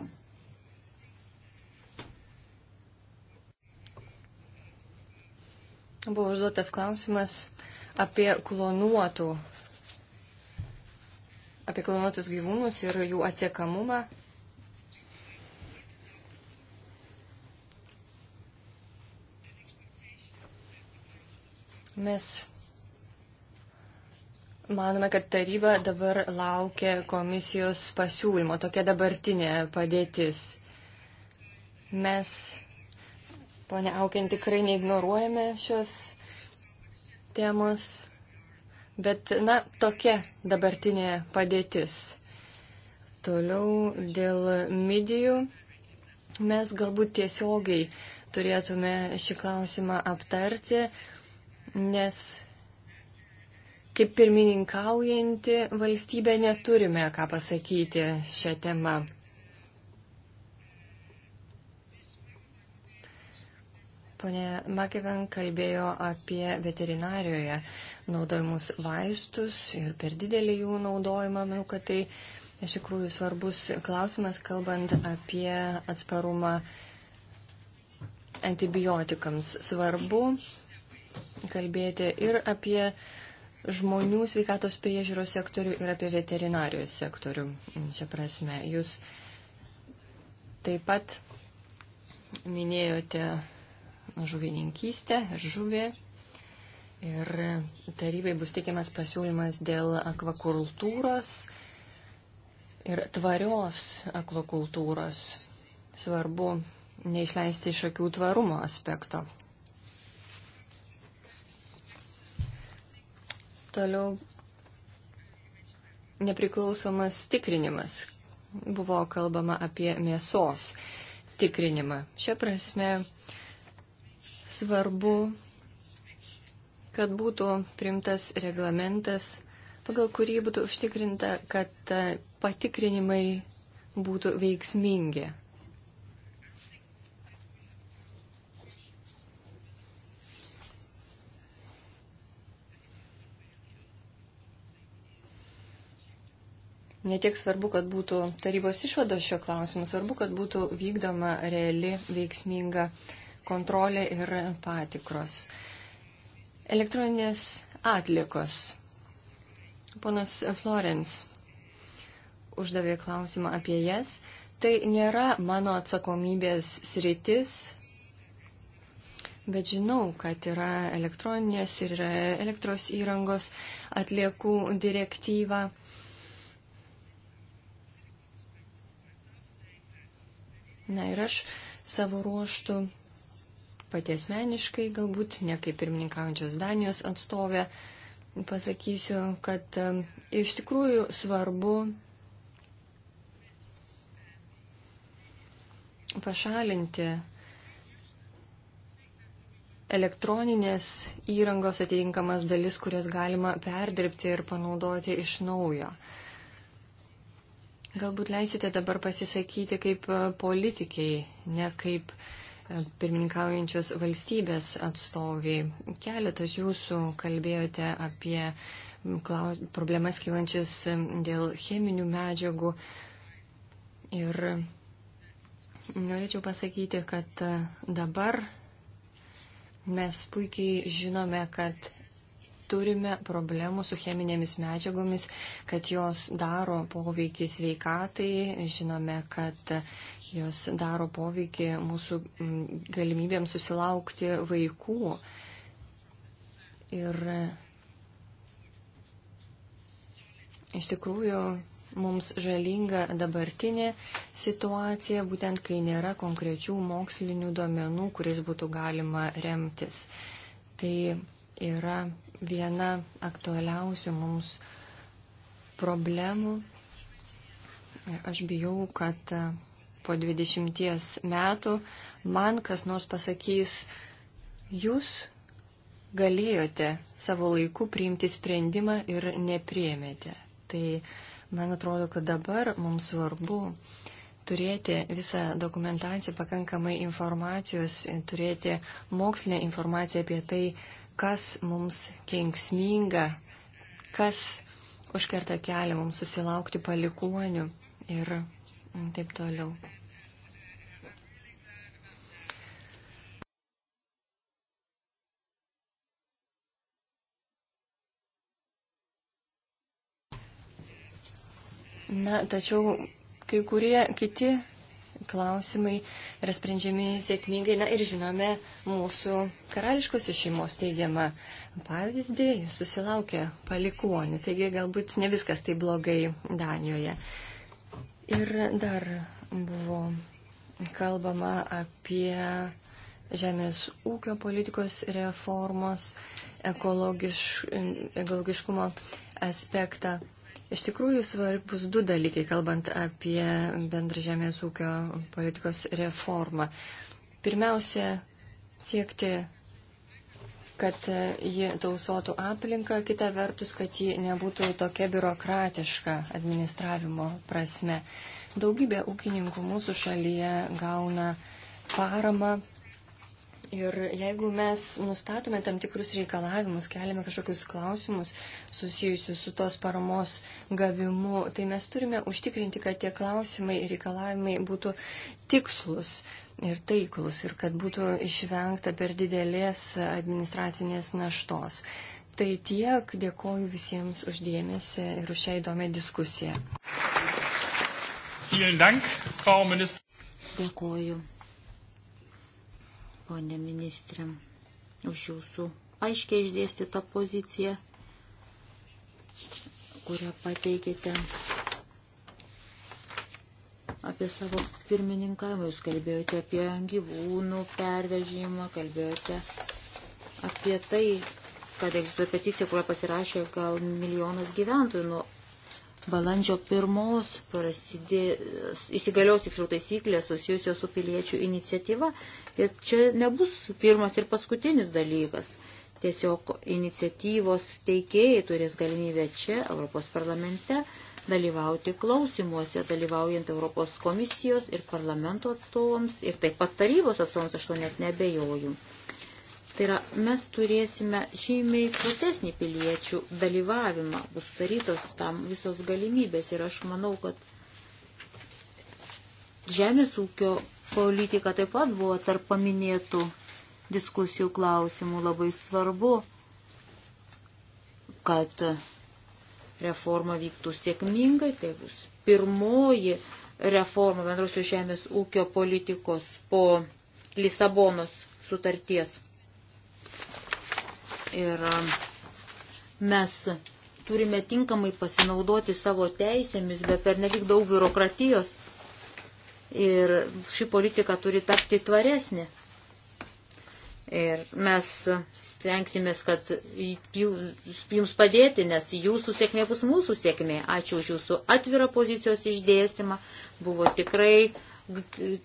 Speaker 5: Buvo užduotas klausimas apie klonuotų apie klonuotus gyvūnus ir jų atsiekamumą. Mes manome, kad taryba dabar laukia komisijos pasiūlymo. Tokia dabartinė padėtis. Mes, ponia Aukin, tikrai neignoruojame šios temos. Bet, na, tokia dabartinė padėtis. Toliau dėl midijų mes galbūt tiesiogiai turėtume šį klausimą aptarti, nes kaip pirmininkaujanti valstybė neturime ką pasakyti šią temą. Pone Makeven kalbėjo apie veterinarijoje naudojimus vaistus ir per didelį jų naudojimą. Manau, kad tai iš tikrųjų svarbus klausimas, kalbant apie atsparumą antibiotikams. Svarbu kalbėti ir apie žmonių sveikatos priežiūros sektorių ir apie veterinarijos sektorių. Čia prasme, jūs taip pat minėjote žuvininkystę ir žuvį. Ir tarybai bus teikiamas pasiūlymas dėl akvakultūros ir tvarios akvakultūros. Svarbu neišleisti iš akių tvarumo aspekto. Toliau nepriklausomas tikrinimas. Buvo kalbama apie mėsos tikrinimą. Šia prasme, Svarbu, kad būtų primtas reglamentas, pagal kurį būtų užtikrinta, kad patikrinimai būtų veiksmingi. Netiek svarbu, kad būtų tarybos išvados šio klausimu, svarbu, kad būtų vykdoma reali veiksminga kontrolė ir patikros. Elektroninės atlikos. Ponas Florence uždavė klausimą apie jas. Tai nėra mano atsakomybės sritis, bet žinau, kad yra elektroninės ir yra elektros įrangos atliekų direktyva. Na ir aš savo ruoštų pati asmeniškai, galbūt ne kaip pirmininkaujančios Danijos atstovė, pasakysiu, kad iš tikrųjų svarbu pašalinti elektroninės įrangos atitinkamas dalis, kurias galima perdirbti ir panaudoti iš naujo. Galbūt leisite dabar pasisakyti kaip e, politikiai, ne kaip uh, pirmininkaujančios valstybės atstoviai. Keletas jūsų kalbėjote apie problemas kylančias dėl cheminių medžiagų. Ir norėčiau pasakyti, kad dabar mes puikiai žinome, kad turime problemų su cheminėmis medžiagomis, kad jos daro poveikį sveikatai, žinome, kad jos daro poveikį mūsų galimybėms susilaukti vaikų. Ir iš tikrųjų mums žalinga dabartinė situacija, būtent kai nėra konkrečių mokslinių duomenų, kuriais būtų galima remtis. Tai yra viena aktualiausių mums problemų. Ir aš bijau, kad e, po 20 metų man kas nors pasakys, jūs galėjote savo laiku priimti sprendimą ir nepriemėte. Tai man atrodo, kad dabar mums svarbu turėti visą dokumentaciją, pakankamai informacijos, turėti mokslinę informaciją apie tai, kas mums kenksminga, kas užkerta kelią mums susilaukti palikuonių ir taip toliau. Na, tačiau kai kurie kiti klausimai yra sprendžiami sėkmingai. Na ir žinome mūsų karališkosios šeimos teigiamą pavyzdį, susilaukė palikuonių, taigi galbūt ne viskas taip blogai Danijoje. Ir dar buvo kalbama apie žemės ūkio politikos reformos ekologiš, ekologiškumo aspektą. Iš tikrųjų svarbus du dalykai, kalbant apie bendrą žemės ūkio politikos reformą. Pirmiausia, siekti, kad ji tausotų aplinką, kita vertus, kad ji nebūtų tokia biurokratiška administravimo prasme. Daugybė ūkininkų mūsų šalyje gauna paramą Ir jeigu mes nustatome tam tikrus reikalavimus, keliame kažkokius klausimus susijusius su tos paramos gavimu, tai mes turime užtikrinti, kad tie klausimai ir reikalavimai būtų tikslus ir taiklus ir kad būtų išvengta per didelės administracinės naštos. Tai tiek, dėkoju visiems uždėmesi ir už šią įdomią diskusiją.
Speaker 3: Dėkoju ponė ministrė, už jūsų aiškiai išdėstytą poziciją, kurią pateikėte apie savo pirmininkavimą. Jūs kalbėjote apie gyvūnų pervežimą, kalbėjote apie tai, kad egzistuoja peticija, kurią pasirašė gal milijonas gyventojų nuo Balandžio pirmos prasidės, įsigalios tiksliau taisyklės susijusios su piliečių iniciatyva. Ir čia nebus pirmas ir paskutinis dalykas. Tiesiog iniciatyvos teikėjai turės galimybę čia, Europos parlamente, dalyvauti klausimuose, dalyvaujant Europos komisijos ir parlamento atstovams ir taip pat tarybos atstovams, aš to net nebejoju. Tai yra, mes turėsime žymiai platesnį piliečių dalyvavimą, bus sudarytos tam visos galimybės ir aš manau, kad žemės ūkio politika taip pat buvo tarp paminėtų diskusijų klausimų labai svarbu, kad reforma vyktų sėkmingai, tai bus pirmoji reforma bendrosios žemės ūkio politikos po Lisabonos sutarties. Ir um, mes turime tinkamai pasinaudoti savo teisėmis, be per nedik daug biurokratijos. Ir ši politika turi tapti tvaresnė. Ir mes stengsimės, kad jums padėti, nes jūsų sėkmė bus mūsų sėkmė. Ačiū už jūsų atvirą pozicijos išdėstymą. Buvo tikrai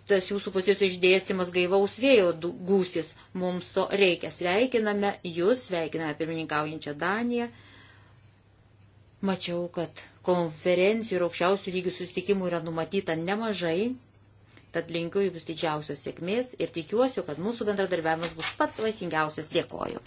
Speaker 3: tas jūsų pozicijos išdėstymas gaivaus vėjo gūsis. Mums to reikia. Sveikiname jūs, sveikiname pirmininkaujančią Daniją. Mačiau, kad konferencijų ir aukščiausių lygių susitikimų yra numatyta nemažai. Tad linkiu jums didžiausios sėkmės ir tikiuosi, kad mūsų bendradarbiavimas bus pats vaisingiausias. Dėkoju.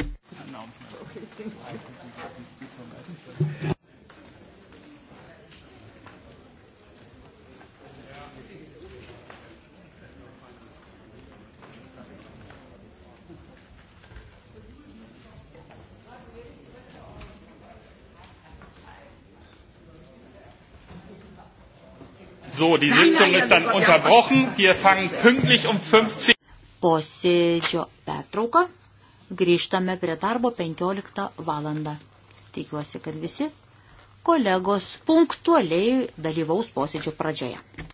Speaker 1: So, die Sitzung ist dann unterbrochen. Wir fangen pünktlich um 15.
Speaker 3: Posėdžio pertrauka. Grįžtame prie darbo 15 valandą. Tikiuosi, kad visi kolegos punktualiai dalyvaus posėdžio pradžioje.